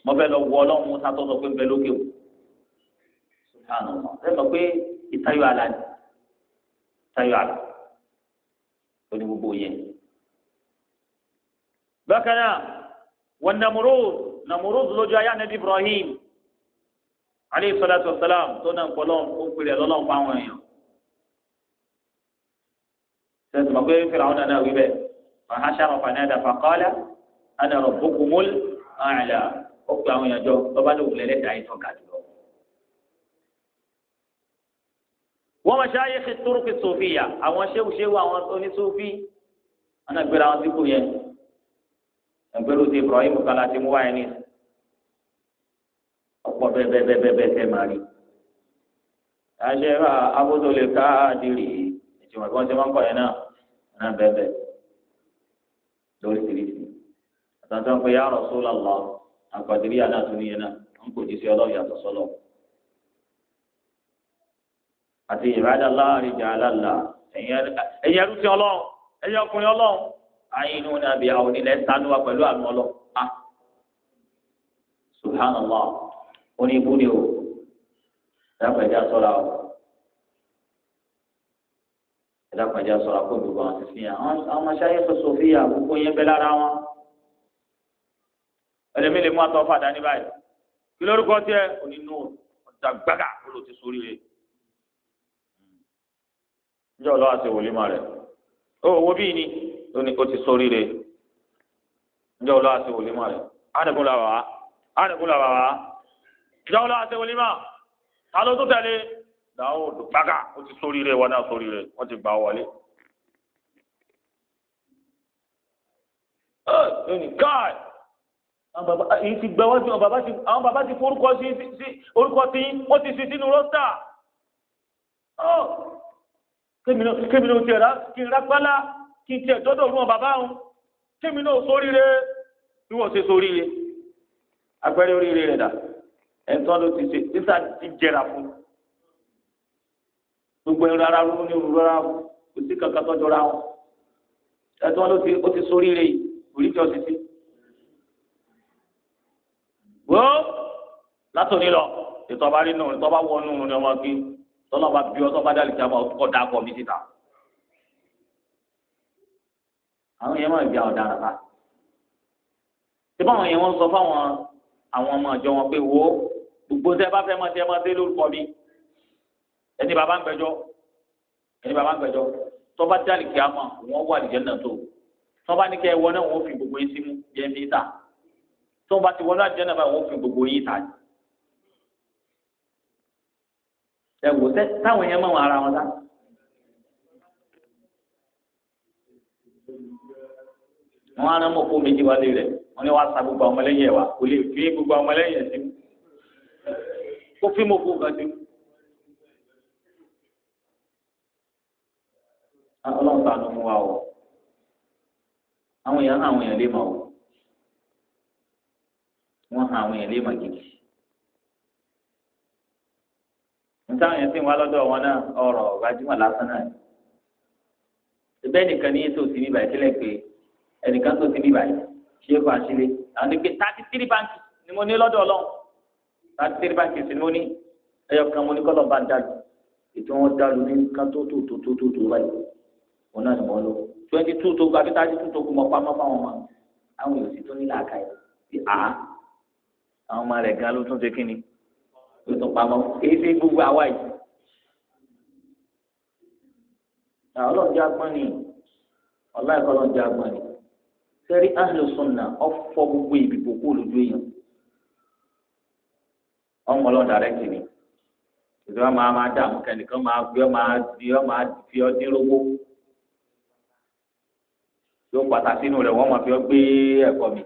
mo fẹ́ lọ wọ Ọlọ́run musa tó sọ pé ń bẹ lókè o subhanallah ẹ mọ̀ pé ìtayọ àlá ni ìtayọ àlá ó ní gbogbo yẹn bákan náà wọn namurud namurud lójú ayé anabi ibrahim aleyhi salatu wa salam tó náà ń pọ̀ lọ́wọ́ ó ń pèlè lọ́wọ́ fáwọn èèyàn sẹ́sìn ma pé fìràwọn nana wí bẹ́ẹ̀ fàhásàrò fanada fàkọ́lá ana rabbukumul a'la ó pe àwọn èèyàn jọ lọ́ba ní òwúlẹ̀ lẹ́dàá yìí tọ́ka jùlọ. wọ́n ma ṣááyé kí turuki sofiya àwọn ṣéwùṣéwù àwọn oníṣòfì anagbèrè àwọn tí kò yẹ ẹgbẹ́rú ti Ibrahim kala ti mú wáyé ní ọ̀pọ̀ bẹ́ẹ̀bẹ́ẹ̀bẹ́ẹ̀ tẹ́ máa rí. àṣẹwà abúlé káàdìrì ìtìmọ̀ bí ti máa ń kọ̀ yẹn náà náà bẹ́ẹ̀bẹ́ lórí tìrìtì. àtàntàn pé ya na àgbàdìrí na àtúnyẹn náà ń kò jí sí yàtọ̀ àti àríjà alálà ẹ̀yẹ ẹ̀yẹ ẹ̀rú ti ẹ̀yẹ ọkùnrin àyínú nàbí àwọn onílẹ̀ sanu wa pẹ̀lú àánú ọlọ́ a ah. subhanallah oníbú ni o dápẹ̀já sọ́ra o dápẹ̀já sọ́ra kó gbogbo àwọn sísìn yà àwọn amáṣáyé sọ̀sọ̀fíà gbogbo yẹn bẹ lára wọn ẹlẹ́mi lè mú àtọ́ fàdá ní báyìí kí lórúkọ tiẹ̀ onínú ọ̀dàgbàgà olùtí sórí rẹ̀ ǹjẹ́ ọlọ́wà ṣe wòlímọ̀ rẹ̀ ó wo bíi ni lónìí kó ti sóríire ǹjẹ́ ọlọ́wà ṣe wòlímọ̀ rẹ̀ àdẹ̀kùn làwà wá àdẹ̀kùn làwà wá ǹjẹ́ ọlọ́wà ṣe wòlímọ̀ ta ló tó tẹ̀lé Dáúdù dùgbàgà ó ti sóríire wọn náà sóríire wọ́n ti gbà wọlé. lónìí káì èyí ti gbẹ wájú àwọn bàbá ti forúkọ sí orúkọ tí wọ́n ti sí sínú rọ́stà kémi náà ti rà kí n rà pálá kí n tiẹ̀ dọ́dọ̀ rún bàbá òun kémi náà sóríire bí wọ́n ṣe sóríire agbẹ́rẹ́ oríire rẹ̀ dà ẹ̀ńtọ́ ló ti ṣe títà ti jẹrà fún gbogbo ẹ̀rọ ara rú ní òru rárá o kò sí kankan tó jọra wọn ẹ̀ńtọ́ ló ti ó ti sóríire yìí oríjọ́ ti ti wó látòní lọ ètò ọba rí nù ètò ọba wọ nù ní ọmọ kí tọ́lọ́ bá bí ọ tọ́ bá dálì kí a máa kọ́ dáa kọ́ mi àwọn yẹn máa gbé ọ̀daràn bá ṣé báwọn yẹn wọ́n sọ fáwọn àwọn ọmọ ìjọ wọn pé wo gbogbo tẹ bá fẹ́ máa tẹ máa dé lórúkọ mi ẹni bàbá ń gbẹ́jọ́ ẹni bàbá ń gbẹ́jọ́ tọ́ba dálì kí á mọ̀ wọ́n wà lìjẹ́ náà tó tọ́ba ní kẹ́ ẹ wọ́n náà wọ́n fi gbogbo yín sí mú yẹn fi ta tọ́ba ti wọ́n náà náà báyìí wọ́n fi gbogbo yín ta ẹ wò sẹ́ táwọn yẹn mọ̀ ara wọn dá. wọn a mọ̀ kó méjì wá lé rẹ̀ wọn ni wọ́n sa gbogbo àwọn ọmọlẹ́yìn ẹ̀ wá kò lè fi gbogbo àwọn ọmọlẹ́yìn ẹ̀ sí kó fi mọ̀ kó gàdú. ọlọ́run ta mú wa o àwọn èèyàn àwọn èèyàn lè mọ̀ o wọ́n hàn àwọn èèyàn lè mọ̀ gidi. èèyàn sì ń wá lọ́dọ̀ wọn náà ọ̀rọ̀ gbajúmọ̀ lásán náà. nìkan ní ẹnìkan tó ti ní ìbàyí ṣé kò àṣírí àwọn ìpè thirty three báńkì ni mo ní lọ́dọ̀ ọlọ́run thirty three báńkì sì ni mo ní ẹyọ kan mo ní kọ́lọ̀ bá dàlú ètò wọn dàlú ní kan tó tó tó tó tó tó báyìí wọn náà ni wọn lọ twenty two tó gbàgbé thirty two tó kù mọ́ pamọ́ fáwọn ọmọ àwọn èèyàn sì tó ní làákàyè ti à á àwọn ọmọ rẹ̀ gan ló tún ṣe kíni ló tún pamọ́ èyí ṣe gbogbo àwa yìí àwọn ọlọ́ọ̀dẹ́ agbọ́n ni ọ̀la sẹ́rí ahlùsùnà ọ̀fọ̀ gbogbo ìbìbò kó lójú èèyàn ọmọ ọlọ́dà rẹ kì ní ìdí wọn máa máa dààmú kẹ́nìkan máa gbé ọ máa di ọ fi ọ dín yóò pàtàkì sínú rẹ wọn máa fi ọ gbé ẹ̀kọ́ mi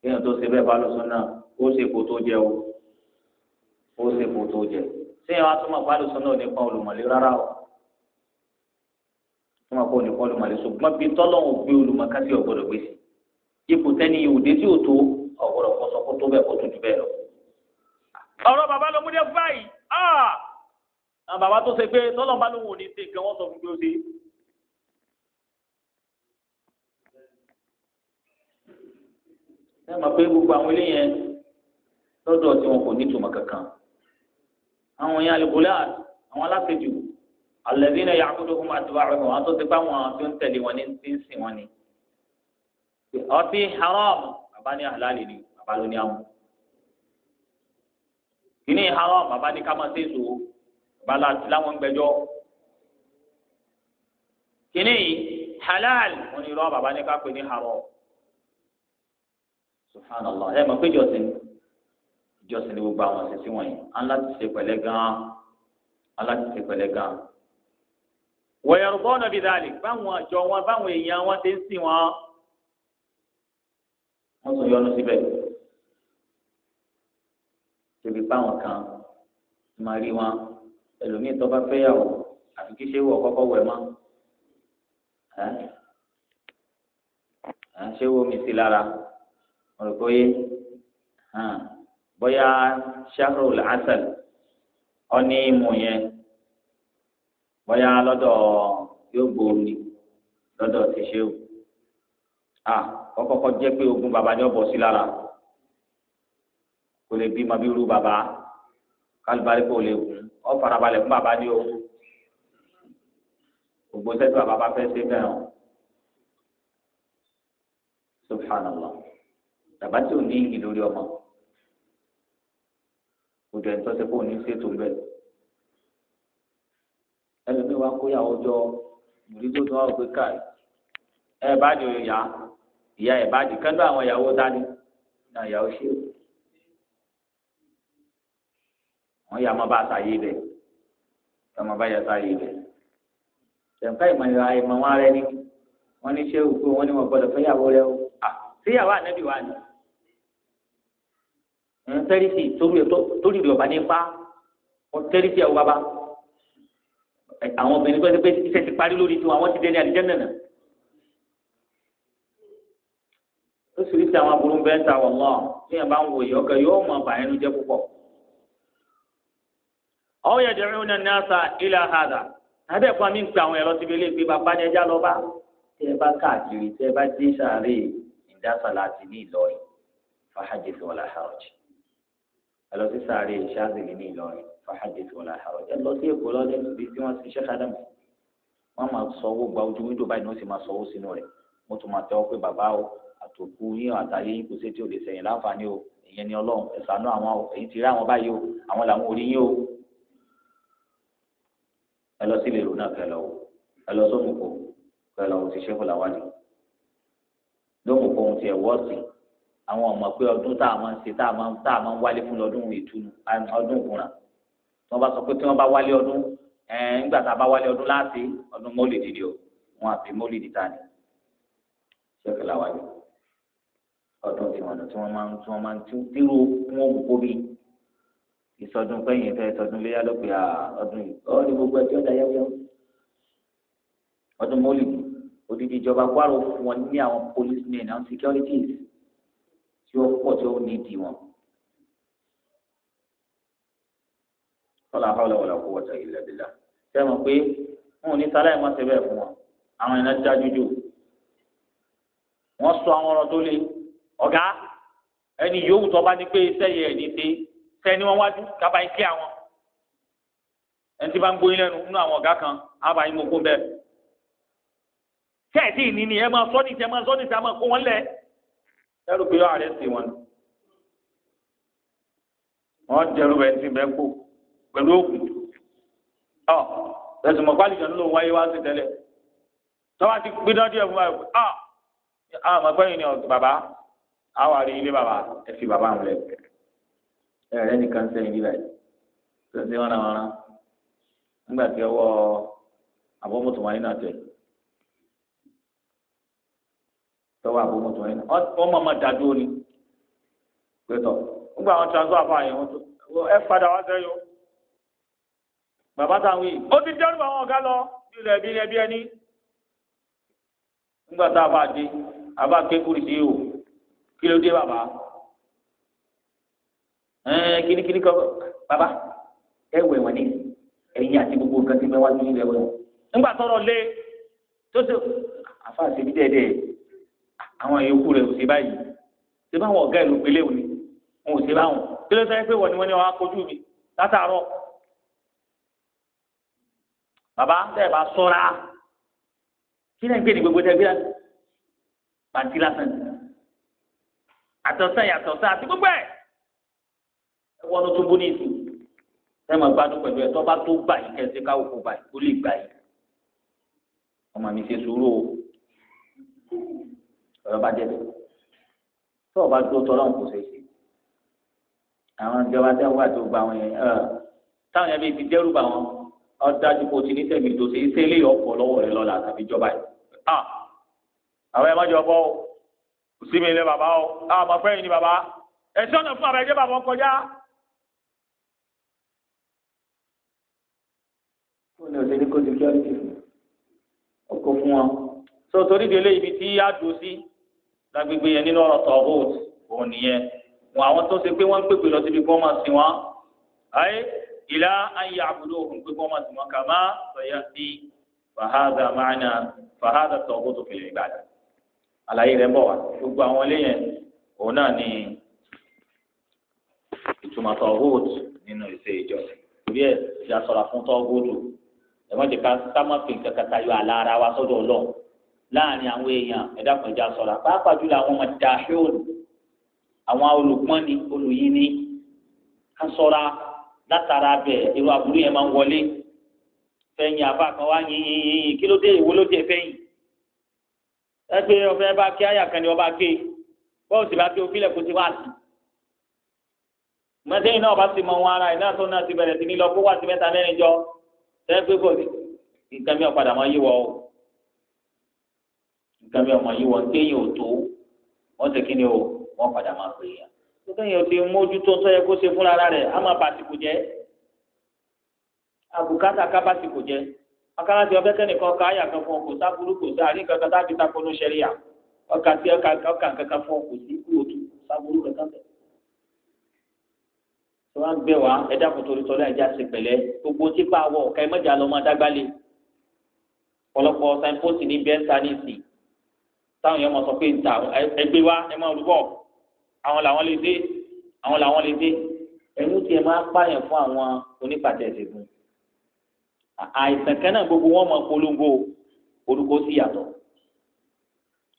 kéèyàn tó o ó ṣe kó tó jẹ wá túmọ̀ bá ò o. kó máa kó olùkọ́ olùmọ̀lẹ́ ṣùgbọ́n bí tọ́lọ́hùn gbé olùmọ̀kásí ọ̀gbọ́dọ̀ gbé sí ipò tẹ́ni òde tí ò tó ọ̀gbọ́dọ̀ kọ́ sọ kó tó bẹ́ẹ̀ kó tó ju bẹ́ẹ̀ lọ. ọ̀rọ̀ bàbá ló múdẹ́ fún báyìí ah! àwọn bàbá tó ṣe pé tọ́lọ́ bá lóun ò ní ṣe nǹkan wọ́n sọ fún ṣe. ẹ mọ̀ pé gbogbo àwọn ilé yẹn lọ́dọ̀ tí wọn kò ní ìtumọ̀ kankan àwọn yẹn alùpùpù alẹ́bínà yàgùdù kó máa tó bá rẹ̀ wọ́n tó ti bá wọn tó ń tẹ̀lé wọn ní ti ń sìn wọn ni. ọtí haram bàbá ní àlàlì ni bàbá ló ní àwọn. kìíní haram bàbá ní ká máa ṣe èso bàbá láti láwọn gbẹ́jọ́. kìíní halal wọn ni irọ́ bàbá ní ká pè ní haram. subhanallah ẹ mọ̀ pé jọ̀sìn jọ̀sìn ni gbogbo àwọn ṣe wọ̀nyí aláti ṣe pẹ̀lẹ́ gan-an aláti ṣe pẹ̀lẹ́ gan-an wọ̀yọ̀rùbọ́ nàbí dàlí báwọn àjọ wọn báwọn èèyàn wọn ti ń sìn wọn. wọ́n tún yọnu síbẹ̀. tóbi báwọn kan máa rí wọn ẹlòmíín tó bá fẹ́yàwó àfi kí ṣéwù ọ̀kọ́kọ́ wẹ̀ mọ́. ṣéwù omi sí lára wọn rò pé bóyá ṣáhùrù làásàl ọ ní ìmọ̀ yẹn bóyá lọ́dọ̀ yóò gbòòrì lọ́dọ̀ ti ṣe o à kọ́kọ́kọ́ jẹ́ pé ogun bàbá ni ó bọ̀ sí lára kò lè bímọ bí irú bàbá kálíbárí kò lè gùn ọ farabalẹ̀ fún bàbá ni o gbogbo sẹ́tù bàbá bá fẹ́ ṣe fẹ́ràn subhanallah bàbá tí ò ní ìyìn lórí ọmọ òjò ẹ̀ tọ́ sí pé òun ní ṣètò bẹ́ẹ̀ bá kó ìyàwó jọ ìrírí tó tún wà pé káì ẹ bá di ìyá ìyá ẹ bá di kẹ́ńdọ̀ àwọn ìyàwó dání náà ìyàwó ṣe wọn yà má bá a sàyè bẹ ẹ má bá yà sàyè bẹ tẹ̀ǹká ìmọ̀ ìlà ìmọ̀ wọn rẹ ni wọn ní sẹ́wù pé wọn ní wọn gbọdọ̀ fẹ́ yàwó rẹ o síyàwó ànábì wa ni ń tẹ́rì sí torí rẹ̀ ọba ní pa ọ tẹ́rì sí ẹ̀ wọ́n bá àwọn obìnrin pẹ́ pé iṣẹ́ ti parí lórí tiwọn àwọn ti dẹni àdìjẹ́nà náà. ó sì rí sí àwọn aburú bẹ́ẹ̀ ń ta wọ̀ mọ́ tí yẹn bá ń wòye ọkọ yóò mọ bàyẹnu jẹ́ púpọ̀. ọ̀hún yẹn dẹ̀rẹ́ ọ̀nà nàásà ilẹ̀ àhàdà tàbí ẹ̀kọ́ mi ń pe àwọn ẹ̀rọ síbi eléyìí pé bàbá ni ẹja lọ bá tẹ́ ẹ bá káàkiri tẹ́ ẹ bá dé sàárè ìdásàlá ti ní Ìlọrin fàájì tó wà láhàrọ̀jì ẹ lọ sí sàárè ìṣáàzìlì ní Ìlọrin fàhádé tí wọn là àrọ jẹ lọ sí èkó lọdẹ ibi tí wọn ti ṣe kádàmù wọn máa sọwọ gba ojú wíńdò báyìí ni wọn sì máa sọwọ sínú rẹ wọn tún máa tẹwọ pé bàbá o àtòkù yín àtàyè yín kò sí tí ò lè sẹyìn láǹfààní o ìyẹn ni Ọlọ́run ẹsànú àwọn èyí ti rí àwọn báyìí o àwọn làwọn ò yín o ẹ lọ sí ilé ìrònú àkẹlẹ o ẹ lọ sómùkò kẹlẹ o ti ṣẹkù làwálì lómùkò ohun ti ẹwọ ọsìn àwọn ọmọ pé ọdún tá a máa ń ṣe tá a máa ń wálé fún lọdún ìtùnú ọdún ìkúnra wọ́n bá sọ pé tí wọ́n bá wálé ọdún ẹ̀ẹ́n nígbà tá a bá wálé ọdún láti ọdún mólìdì ni o wọn àbí mólìdì ta ni ṣẹ́kẹ̀ làwájú ọdún tiwọn tí wọ́n máa ń tí wọ́n máa ń tírú wọn gbogbo bíi ìsọdún pẹ́yìn fẹ́ sọdún léyà ló pe ọdún yìí ọ́ ní gbogbo ẹtí ọ̀dà yẹ́wọ́ ọdún mólìdì odidi ìjọba kwaro fún wọn ní àwọn policemen àwọn securities tí ó pọ̀ tí ó nídìí wọn. wala hawla wala quwwata illa billah ṣé mọ̀ pé wọn ò ní sáláì má ṣe bẹ́ẹ̀ fún wọn àwọn iná já jújù wọ́n sọ àwọn ọ̀rọ̀ tó le ọ̀gá ẹni yòówù tó bá ní pé iṣẹ́ yẹ ẹni ṣe sẹ́ni wọn wájú kábà ń kí àwọn ẹni tí bá ń gbóyin lẹ́nu nínú àwọn ọ̀gá kan ábà yín mo kó bẹ́ẹ̀ sẹ́ẹ̀tì ní ni ẹ máa sọ́ ní ti ẹ máa sọ́ ní ti ẹ máa kó. pẹ̀lú òkun ọ ẹ̀sùn mọ̀ ìjọ̀nù ló wáyé wá sí tẹ́lẹ̀ tọ́wọ́ ti gbiná díẹ̀ fún wa ẹ̀ ọ àwọn àgbẹ̀yìn ni ọ̀sùn bàbá ilé bàbá fi bàbá nìkan sẹ́yìn níbẹ̀ sẹ́yìn wọn náà nígbà tí ọwọ́ àbọ̀mọ̀tò wáyé náà tẹ̀ tọ́wọ́ àbọ̀mọ̀tò wáyé náà dàdúró ni pẹ̀tọ̀ nígbà wọn transfer fún àyẹ̀wò ẹ padà wá sẹ́yìn o. bàbá táwọn yìí ó ti dẹ́rù àwọn ọ̀gá lọ bí ilẹ̀ bí ilẹ̀ bí ẹni. nígbà tá a bá dé a bá ké kúrì sí o kí ló dé bàbá ẹ̀ẹ́n kíníkíní kan bàbá ẹ wẹ̀ wọ́n ní ẹ̀yìn àti gbogbo nǹkan ti bẹ́ wá ní ilẹ̀ wẹ̀ nígbà tọrọ lé tó ṣe àfa àṣebí dẹ́ẹ̀dẹ́ àwọn yòókù rẹ̀ ò ṣe báyìí ṣe báwọn ọ̀gá ẹ̀ ló gbélé òní wọn ò ṣe báwọn kí ló sọ pé wọ́n ni wọ́n ní wọn á kojú mi látàárọ̀ bàbá tẹ́ ẹ bá sọ́ra kí lẹ́yìn gbé ní gbogbo tẹ́ gbé láti pàǹtí lásán àtọ̀sán yàtọ̀sán àti gbogbo ẹ̀ ẹ wọ́n tó bó ní ìsìn ẹ máa gbádùn pẹ̀lú ẹ̀ tọ́ba tó gbà yìí kẹ́sì káwọ́ kó gbà yìí kó lè gbà yìí ọmọ mi ṣe sùúrù o ọ̀rọ̀ bá jẹ́ tó o tó tọ́lọ́ kò ṣe ṣe àwọn ìjọba tẹ́ wà tó wọn yẹn táwọn yẹn bí ti dẹ́rù bà wọn ọdájú kò sí ní tẹ̀mí tó ṣe iṣẹ́ ilé ọ̀pọ̀ lọ́wọ́ rẹ lọ́la tàbí ìjọba yìí. àwọn ẹ̀ má jọ bọ́ kò sí mi ilé bàbá o àmọ́ pé yìí ni bàbá ẹ̀sìn ọ̀nà fún àbẹ̀jẹ́ bàbá kọjá. ó ní ọ̀sẹ̀ ní kó ti kí ọkọ̀ fún wọn. sọ torí délé ibi tí a dùn sí lágbègbè yẹn nínú ọ̀rọ̀ tọ̀hóòtù òun nìyẹn wọn àwọn tó ṣe pé wọ́n ń pèpè lọ síbi kí wọ́n ìlà ayé àbúrò òhun pé kọ́ máa tìmọ̀ kàmá sọ̀yà sí fàhádà máàna fàhádà tọ̀gbọ́ tó fìlẹ̀ ìgbàdà. àlàyé rẹ̀ ń bọ̀ wá gbogbo àwọn eléyẹn òun náà ni ìtumọ̀ tọ̀gbọ́t nínú ìṣe ìjọsìn torí ẹ̀ ti àsọ̀rọ̀ fún tọ̀gbọ́tò ẹ̀wọ́n ti ká sámà fi nǹkan kan tayọ àlà ara wa sọ́dọ̀ ọlọ́run láàrin àwọn èèyàn ẹ̀dá ìjà sọ̀rọ̀ pàápàá jùlọ àwọn ọmọ dàhíòlù àwọn olùpọ́nni olùyíní ká sọ́ra látara bẹ irú aburú yẹn máa ń wọlé fẹyìn àbá kan wá yín yín yín yín kí ló dé ìwo ló dé fẹyìn ẹgbẹ ọfẹ bá ké àyà kan ni ọba ké bọ́ọ̀ sì bá ké òfin lẹ́kùn sí wá sí mọ̀tẹ́yìn náà bá ti mọ wọn ara ẹ̀ náà tó náà ti bẹ̀rẹ̀ sí ní lọ kó wá sí mẹ́ta mẹ́rin jọ sẹ́gbẹ́ kò sí nǹkan mi ò padà máa yíwọ o nǹkan mi ò máa yíwọ nkéyìn ò tó wọ́n ti kí ni o wọ́n padà máa pè é yàn tó kẹ́yìn ò lè mójútó sọ́yẹ kó ṣe fúnra ara rẹ̀ á máa bàtìkù jẹ́ àbùkátà ká bàtìkù jẹ́ akálàtì ọbẹ̀ kẹ́nìkan ká àyà kan fún ọkọ̀ sábúrú kò sí àárín kankan tábí takonú sẹ́ríà ọkà tí ọkà kankan fún ọkọ̀ sí kú òtún sábúrú kankan bẹ̀. tí wọ́n á gbẹ wá ẹ̀dá kòtòrí tọ́lá ẹ̀já sí pẹ̀lẹ́ gbogbo tipa wọ ọ̀ka ẹ̀mẹ́jà lọ́mọ adágbálẹ̀ ọ̀pọ̀lọpọ̀ sáyẹ́ńpọ̀sì ní bẹ́ńsà ní ìsìn táwọn yẹn mọ̀ sọ pé ẹgbẹ́ wa ẹ máa rúbọ̀ àwọn làwọn lè dé àwọn làwọn lè dé ẹnu tiẹ̀ máa pààyàn fún àwọn onípàtẹ ìṣègùn àìsàn kan náà gbogbo wọn mọ polongo orúkọ sí yàtọ̀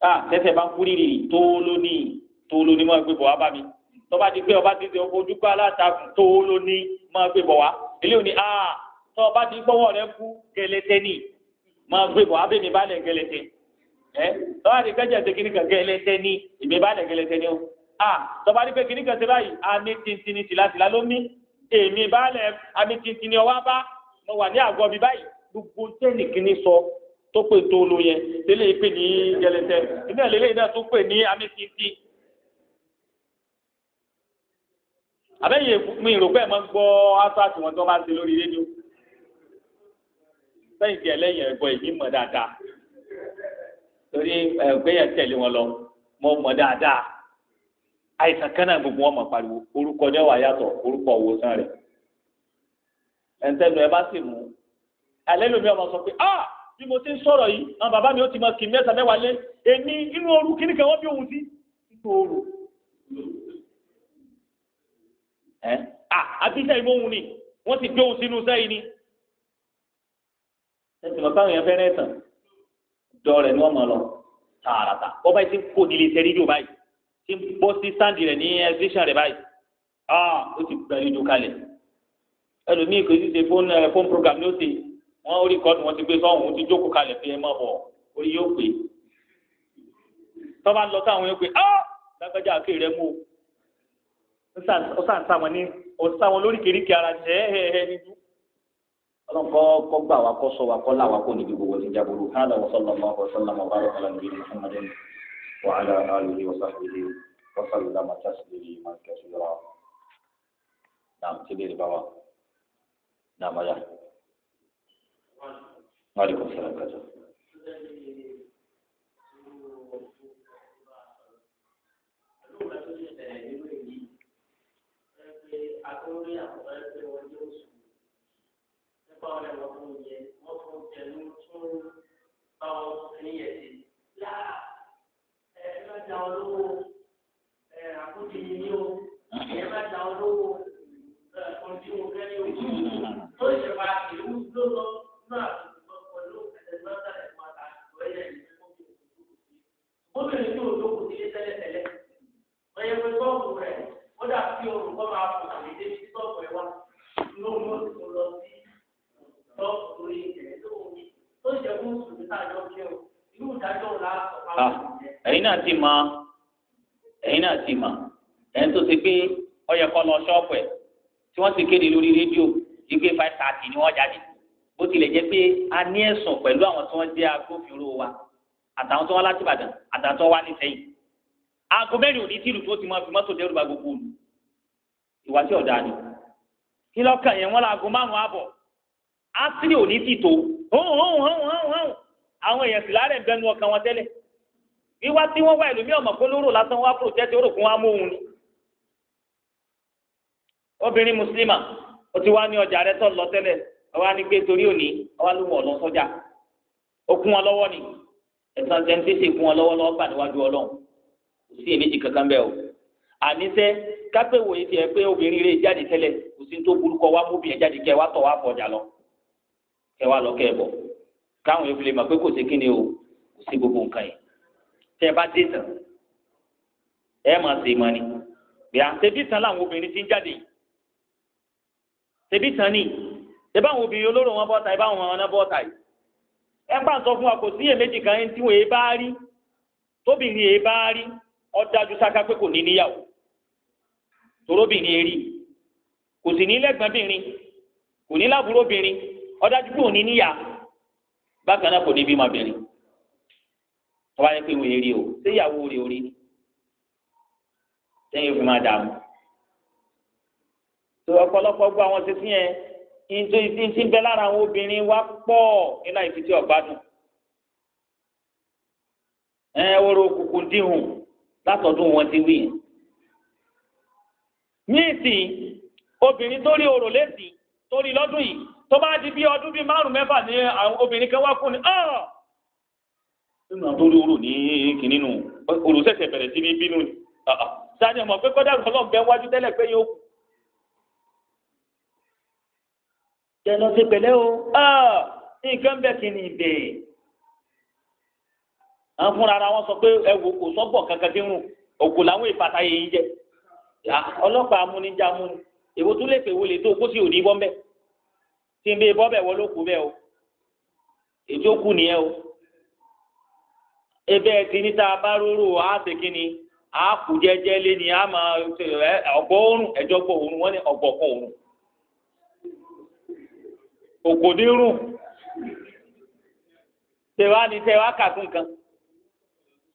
a tẹsẹ bá ń kú rírì tó lónìí tó lónìí máa gbé bọ̀ wá bá mi tọba ti pé ọba ti ṣe ojú pa alátakùn tó lónìí máa gbé bọ̀ wá eléyìí ni a tọba ti gbọ́wọ́ rẹ̀ kú gẹlẹtẹ ni máa gbé bọ̀ abẹ́mi bá lẹ̀ gẹlẹtẹ ẹ tọba ti kẹ́jẹ̀ ṣe kíní kan gẹlẹtẹ ni ìgbé bá lẹ̀ gẹlẹtẹ ni o. Ah, tọba ní pé kìnnì kan ṣe báyìí a ní tìǹtìǹ tìlátìlá ló ní èmi baálẹ̀ a ní tìǹtìǹ ọwá bá mo wà ní àgọ́ mi báyìí gbogbo tẹ́nì kìíní sọ tó pè tó lo yẹn lélẹ́yìí pè ní jẹlẹtẹ ìbílẹ̀ lélẹ́yìí náà tó pè ní amí tìǹtìǹ. àbẹ́yẹ mi rò pé ẹ̀ máa ń gbọ́ ásá tí wọ́n tó máa ń ṣe lórí rédíò sẹ́yìn tí ẹlẹ́yìn ẹ̀gbọ́ èyí mọ̀ dáadáa torí ẹ̀gbẹ́yẹ tẹ̀lé wọn lọ mọ̀ mọ̀ dáadáa àìsàn kan náà gbogbo wọn mọ̀ pariwo orúkọ ní ọ̀wà yàtọ̀ orúkọ òwòsàn rẹ̀ ẹ̀ńtẹ́nu ẹ bá sì mú alẹ́ lómi ọmọ sọ pé ah bí mo ti ń sọ̀rọ̀ yìí àwọn bàbá mi ó ti mọ kì í mẹ́ta mẹ́wàá lé èmi inú ooru kíní kan wọ́n bí òun sí inú ooru ẹ ah abíṣẹ́ ìmọ̀ òun ni wọ́n ti gbé òun sínú sẹ́yìn ni ẹ sì mọ̀ káwọn yẹn fẹ́rẹ́ tàn dọ́ rẹ̀ ní ọmọ lọ tààràtà bọ́ báyìí ti kó nílé iṣẹ́ rédíò tí bọ́ sí sáǹdì rẹ̀ ní ẹgbẹ́sàn rẹ̀ báyìí ah ó ti gbẹ̀rẹ̀ ìdò kalẹ̀ ẹlòmíì kò sí ṣe fóònù ẹ fóònù program ló ṣe wọn orí kọ́ọ̀tù wọn ti gbé sọ́hùn ó ti jókòó kalẹ̀ fi ẹ mọ̀ bọ̀ orí yóò pè tọ́ba lọ sáwọn yóò pè ah lágbájá àké rẹ mú o ó sàn sáwọn ní ó sáwọn lórí kèrékè ara jẹ́ ẹ̀ẹ́ẹ́ níjú ọlọ́nkọ́ kọ́ gbà wá kọ́ sọ wá kọ́ là wá kó níbi gbogbo ti jábọ̀ وعلى آله وصحبه وسلم تسليما كثيرا نعم كبير البابا نعم يا وعليكم السلام كذا Yeah. má da ọ lówó àkójọ yìí ni o ẹ má da ọ lówó ọ̀dùnmọ̀kẹ́ ni o tó ìjọba ìlú ló lọ náà. náà ti mọ ẹ̀yin náà ti mọ ẹ̀yin tó ti pé ọyẹ kọ́ lọ ṣọ́ọ̀pù ẹ̀ tí wọ́n ti kéde lórí rédíò ìgbé five thirty ni wọ́n jáde bó tilẹ̀ jẹ́ pé a ní ẹ̀sùn pẹ̀lú àwọn tí wọ́n jẹ́ agbófinró wa àtàwọn tó wá láti Ìbàdàn àtàwọn tó wá ní sẹ́yìn aago mẹ́rin ò ní tìlù tó ti máa fi mọ́tò dẹ́rù bà gbogbo olù ìwà tí ọ̀dà ni kí lọ́kàn yẹn wọ́n la aago márùn-ún àbọ̀ ásírì ò ní tì tó hóhùn hóhùn hóhùn àwọn wíwá tí wọ́n wá ìlú mi ọmọ polówó lásán wá protest orò fún wa mú òun ni. obìnrin mùsùlùmá o ti wá ní ọjà rẹ tó lọ tẹ́lẹ̀ ọwọ́ ni gbé torí òní ọwọ́ ló lọ sọ́jà ó kún wọn ni o. àníṣe kápẹ́ pé obìnrin jáde tẹ́lẹ̀ kò sí tó burúkọ wá mú lọ lọ bọ̀ káwọn èèyàn fi lè mọ̀ pé kò o kò sí tẹ bá dé tán ẹ máa ṣe mọ ni bíyà ṣebí tán làwọn obìnrin ti ń jáde yìí ṣebí tán ni ẹ bá àwọn obìnrin olóró wọn bọ́ta ẹ bá àwọn ọmọ bọ́ta yìí ẹ bá ń sọ fún wa kò sí èméjì kan ẹni tí wọn èé bá rí tóbìnrin èé bá rí ó dájú sáká pé kò ní níyàwó toróbìnrin èrí kò sì ní lẹ́gbẹ̀ẹ́bìnrin kò ní lábúróbìnrin ó dájú pé ò níyà bákan náà kò ní bímọ bìnrin wọ́n bá yẹ pé wèrè o ṣé ìyàwó rẹ̀ ò rí ni sẹ́yìn òfin máa dààmú. tó ọ̀pọ̀lọpọ̀ gbọ́ àwọn ṣe sí yẹn ìjọ ti ń bẹ lára àwọn obìnrin wa pọ̀ nínú àìsí tí ọ̀gbá dùn. ẹ oró kùkùn díhùn látọ̀dún wọn ti wí. ní ìsìn obìnrin tó rí orò lẹ́sìn tó rí lọ́dún yìí tó bá di bí ọdún bíi márùn-ún mẹ́fà ni obìnrin kan wá fún ni nínú àtòrí orò ní kìnínní nù olùsẹ̀sẹ̀ bẹ̀rẹ̀ sí ní bínú ni sani ọmọ pé kọ́dà ọlọ́run bẹ wájú tẹ́lẹ̀ pé yóò kù. jẹ lọ sí pẹ̀lẹ́ o nǹkan bẹ kí ni ibẹ àwọn fúnra ara wọn sọ pé ẹwò kò sọgbọ kankan tí ń rùn òkú làwọn ìfàtà yìí jẹ ọlọ́pàá amúnijà amúni èwo tún lè pè wọlé tó kó sí òní bọ́ńbẹ́ tí n bẹ bọ́bẹ̀ wọ ló kú bẹ́ẹ̀ o èjó kù nìyẹn o. ebe ti ní tá a bá rúrú a ṣe kí ni kù jẹjẹ lé ni a máa ọgbọ oorun ẹjọ gbọ oorun wọn ni ọgbọ kan oorun òkò tẹwa ni tẹwa kàkún kan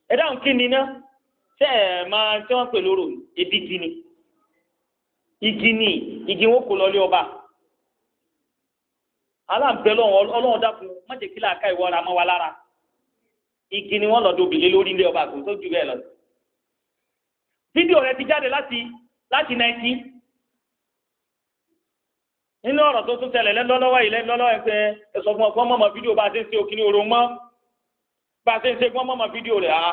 ẹ dáhùn kí ni ná tẹ ẹ máa tí wọn pè lóru ebi gini igi ni ọba Ọlọ́run dákun má jẹ́ kí làákà ìwọ wa lára. igi ni wọ́n lọ dobi lé lórí ilé ọba àgùn tó ju bẹ́ẹ̀ lọ. fídíò rẹ ti jáde láti láti náìtì nínú ọ̀rọ̀ tó tún tẹ̀lẹ̀ lọ́lọ́wọ́ yìí lọ́lọ́wọ́ ẹ̀fẹ́ ẹ̀sọ́ fún ọkọ mọ̀mọ́ fídíò bá a ṣe ń ṣe òkìní oró mọ́ bá a ṣe ń ṣe fún mọ̀mọ́ fídíò rẹ̀ á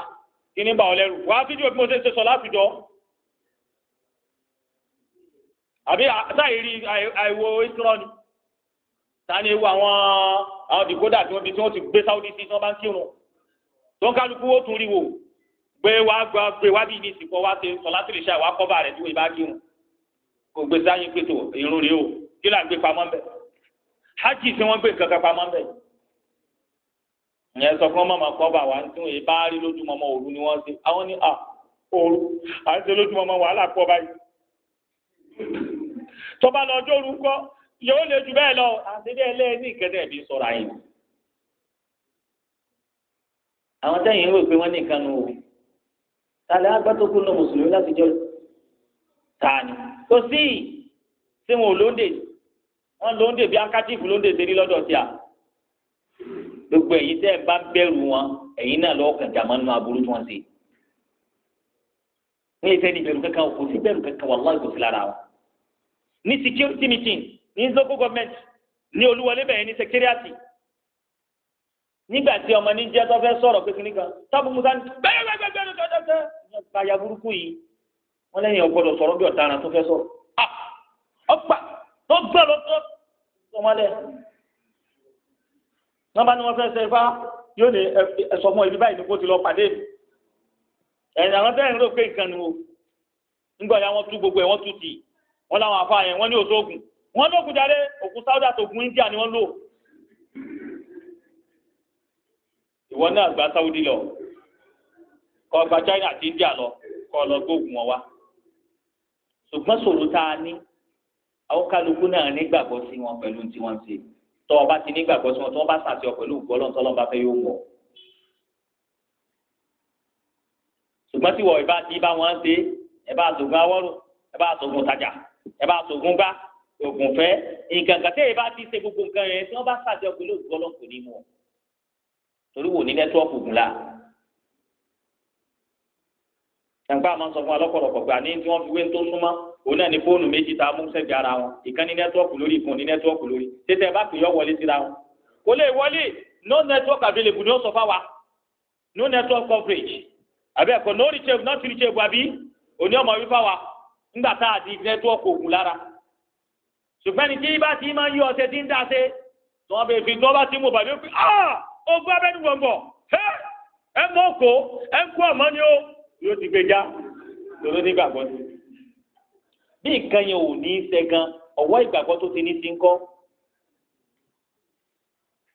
kíní bá ọ lẹ́rù wá fídíò bí mo ṣe ń ṣe sọ láti dọ́ àbí sáyé rí àìwo ìṣúná ni ta ni ewu àwọn àwọn dìkódà tí wọ́n ti gbé sáwọ́dí sí tí wọ́n bá ń kírun tó ń kálukú ó tún rí wò gbé wá gba gbé wá bíi ní ìsìnkú wá ṣe sọ láti lè ṣe àwọn akọ́bà rẹ̀ níwèé bá kírun kò gbé sáyé pé tó irun rèé o kí là ń gbé pamọ́ bẹ́ẹ̀ hajj tí wọ́n gbé kankan pamọ́ bẹ́ẹ̀ ìyẹn sọ fún mọ́mọ́ kọ́bà wa tí wọ́n yé bá rí lójúmọ́mọ́ òru ni wọ́n ṣe àwọn ní à òru à ń ṣe lójúmọ́mọ́ wàhálà pọ̀ báyìí tọ́ba lọ́jọ́ orúkọ yóò lè jù bẹ́ẹ̀ lọ àti àwọn táyìn rò pé wọ́n ní ìkànnì o tàlẹ́ agbátókù lọ mùsùlùmí láti jọ tààní kò sí ṣé wọn ò lóńdè wọn lóńdè bí akájíìfù lóńdè ṣe rí lọ́dọ̀ tí a gbogbo ẹ̀yin tẹ́ ẹ bá bẹ̀rù wọn ẹ̀yin náà lọ́ọ́ kàn jàmọ́ nínú aburú tí wọ́n ṣe ní ìfẹ́ ní bẹ̀rù kankan kò sí bẹ̀rù kankan wàláhì kò sí lára wọn ní security meeting ní local government ní olúwọlé bẹ̀rẹ̀ ní secretariat nígbà tí ọmọ ní jẹ́ tó fẹ́ sọ̀rọ̀ pé kínní kan tábù musa ní bẹ́ẹ̀ bẹ́ẹ̀ bẹ́ẹ̀ bẹ́ẹ̀ bẹ́ẹ̀ bẹ́ẹ̀ báyà burúkú yìí wọ́n lẹ́yìn ọ̀gbọ́dọ̀ sọ̀rọ̀ bí ọ̀daràn tó fẹ́ sọ̀rọ̀ ọgbà tó gbà ló tó sọmọlẹ̀ nọ́mbà ni wọ́n fẹ́ ṣe fá yóò ní ẹ̀sọ́ fún báyìí ti lọ pàdé ẹ̀yìn ìwọ náà gba Saudi lọ kó gba China àti India lọ kó lọ gbóògùn wọn wá ṣùgbọ́n ṣòro tá a ní àwọn kálukú náà nígbàgbọ́ sí wọn pẹ̀lú tí wọ́n ṣe tọ́ ọba ti nígbàgbọ́ sí wọn tí wọ́n bá ṣàṣeyọ pẹ̀lú gbọ́lọ́ tọ́lọ́ bá fẹ́ yóò mọ̀ ṣùgbọ́n tí wọ́n ìbá ti bá wọn ṣe ẹ bá ṣògùn awọ́rò ẹ bá ṣògùn tajà ẹ bá ṣògùn gbá ògùn fẹ́ nǹkan kan tẹ́ ẹ bá ti ṣe gbogbo nǹkan yẹn tí wọ́n bá ṣàṣeyọ pẹ̀lú gbọ́lọ́ kò ní mọ̀ torí wò ní nẹ́tíwọ́ọ̀kì gùn la ẹnpá àmọ́ sọ fún pé àní tí wọ́n fi wé tó súnmọ́ òun náà ní fóònù méjì tá a mú sẹ́gbẹ̀ ara wọn ìkan ní nẹ́tíwọ́ọ̀kì lórí ìkan ní nẹ́tíwọ́ọ̀kì lórí tètè bá pè wọlé síra wọn kò lè wọlé no network available ni ó sọ fáwa no network coverage àbí ẹ̀kọ́ no reachable not reachable àbí òní ọmọ wí fáwa ńgbà tá a di nẹ́tíwọ́ọ̀kì ògùn lára ṣùgbọ́n ní tí bá ti máa ń yọ ọ̀sẹ̀ tí ń dá ogún abẹ́nu gbọ̀ngbọ̀ ẹ mọ òkò ẹ kú ọmọ ni ó yóò ti gbé já lọ́dọ̀ nígbàgbọ́ sí. bí nǹkan yẹn ò ní í ṣe gan ọ̀wọ́ ìgbàgbọ́ tó ti ní ti ń kọ́.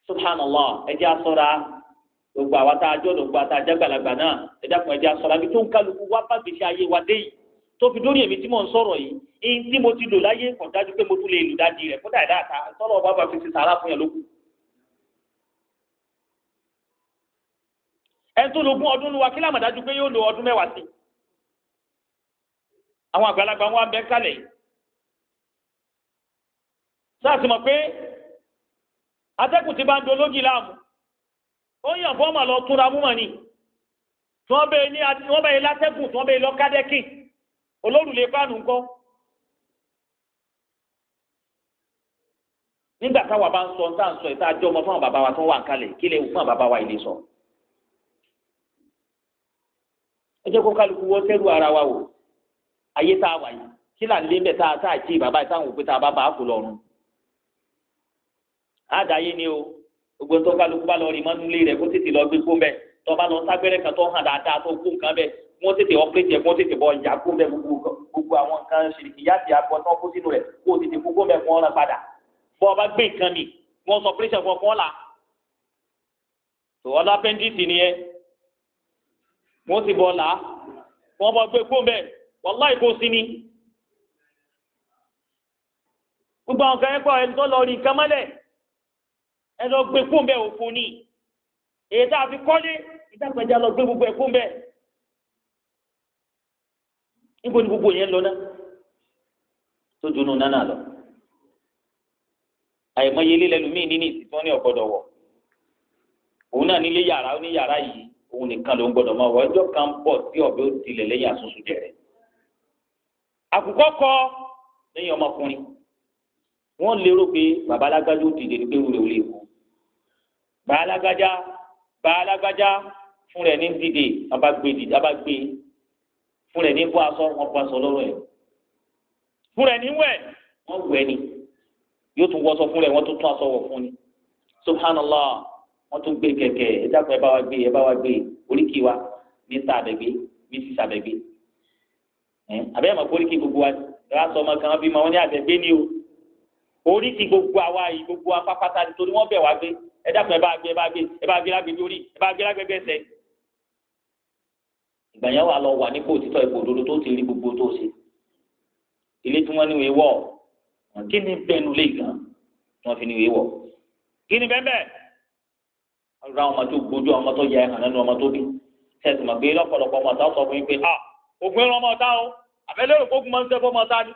subhanallah ẹ jẹ́ gbogbo àwa tá a jọ lọ gbogbo àtà àjàgbàlagbà náà ẹ dákun ẹ jẹ́ bí tó ń kálukú wá bá gbèsè ayé wa dé yìí tó fi dórí èmi tí mò ń yìí èyí tí mo ti lò láyé kò dájú pé mo tún lè lù dájú kó dáadáa ta bá fi ti sàrà fún yẹn lókun ẹni tó lógún ọdún wa kí lámà dájú pé yóò lo ọdún mẹ́wàá sí àwọn àgbàlagbà wọn bẹ kálẹ̀ yìí sáàsì mọ̀ pé atẹ́kùn ti bá ń dolójì láàmú ó yàn fún ọmọ lọ túnra mú mọ̀ ni tí wọ́n bẹ̀rẹ̀ ní wọ́n bẹ̀rẹ̀ látẹ́kùn tí wọ́n bẹ̀rẹ̀ lọ kádẹ́kì olórùlé fáànù ńkọ́ nígbà táwa bá ń sọ ń tà ń sọ ìta àjọ ọmọ fún àwọn bàbá wa tó wà ń kalẹ̀ kí lè fún àwọn bàbá wa ilé sọ. ẹ jẹ́ kó kálukú wọ́ sẹ́rù ara wa wò ayé tá a wà yìí kí là ń lé bẹ́ẹ̀ tá a tá a jí bàbá yìí táwọn òpin tá a bá bá a kò lọ́rùn. àdáyé ni o gbogbo tó kálukú bá lọ rí mọ́nú ilé rẹ̀ kó tètè lọ gbé kó bẹ́ẹ̀ tó bá lọ ságbẹ́rẹ́ kan tó hàn dáadáa tó kó nǹkan bẹ́ẹ̀ wọ́n tètè ọ́pẹ́rẹ́tì ẹ̀ wọ́n tètè bọ́ ìyá kó bẹ́ẹ̀ gbogbo àwọn nǹkan ṣìrìkì yá ti àgbọ̀ tán kó sínú rẹ̀ kó tètè kó kó bẹ́ẹ̀ wọ́n rán padà bọ́ ọba gbé nǹkan mi wọ́n sọ pẹ́rẹ́sì ọ̀pọ̀ kan là. tòwọ́lá pẹ́ńdíìsì ni ẹ wọ́n ti bọ̀ là wọ́n bọ̀ gbé kó mẹ́ wàláì kó sí ni. gbogbo àwọn kan ẹgbẹ́ ẹni tó lọ rí lọ gbé ni èyí tá a fi kọ́lé lọ gbé gbogbo ẹ̀ kó ni gbogbo yẹn lọ tó dunu lọ lẹnu nínú ìsìn ní ọ̀gbọ́dọ̀ wọ̀ òun náà nílé yàrá òun nìkan ló ń gbọ́dọ̀ máa wọ ọjọ́ kan bọ̀ tí ọ̀bẹ ó tilẹ̀ lẹ́yìn àsunṣu jẹrẹ àkùkọ kọ lẹ́yìn ọmọkùnrin wọn lérò pé bàbá alágbájá ó dìde ní pé wúre ò lè wò bàbá alágbájá bàbá alágbájá fún rẹ ní dìde abágbé dìde abágbé fún rẹ ní bọ́ aṣọ wọn bọ́ aṣọ lọ́rùn ẹ̀ fún rẹ ní wẹ̀ wọn wẹ̀ ni yóò tún wọṣọ fún rẹ wọn tún tún aṣọ wọ̀ fún ni subhanallah wọ́n tún gbé kẹ̀kẹ́ ẹ dákun ẹ bá wa gbé ẹ bá wa gbé oríkì wa ní sàbẹ̀gbé ní sísàbẹ̀gbé ẹ àbẹ́yẹ mọ̀ pé oríkì gbogbo wa ìlà sọ ọmọ kan bí ma wọ́n ní àbẹ̀gbé ni o oríkì gbogbo àwa yìí gbogbo apápátá nítorí wọ́n bẹ̀ wá gbé ẹ dákun ẹ bá gbé ẹ bá gbé ẹ bá gbé lágbègbè orí ẹ bá gbé lágbègbè ẹsẹ̀ ìgbà yẹn wà lọ wà ní kó ipò òdodo tó ti rí gbogbo tó ṣe ilé tí wọ́n níwèé wọ̀ kí ni bẹ́ẹ̀ ra ọmọ tó gbójú ọmọ tó yẹ ẹhàn lẹ́nu ọmọ tó bí tẹsí ma gbé lọ́pọ̀lọpọ̀ ọmọ tá ó sọ fún yín pé ah ògùn ẹran ọmọ ọ̀tá o àbẹlẹ òkú ogun máa ń sẹfọ ọmọ ọ̀tá ni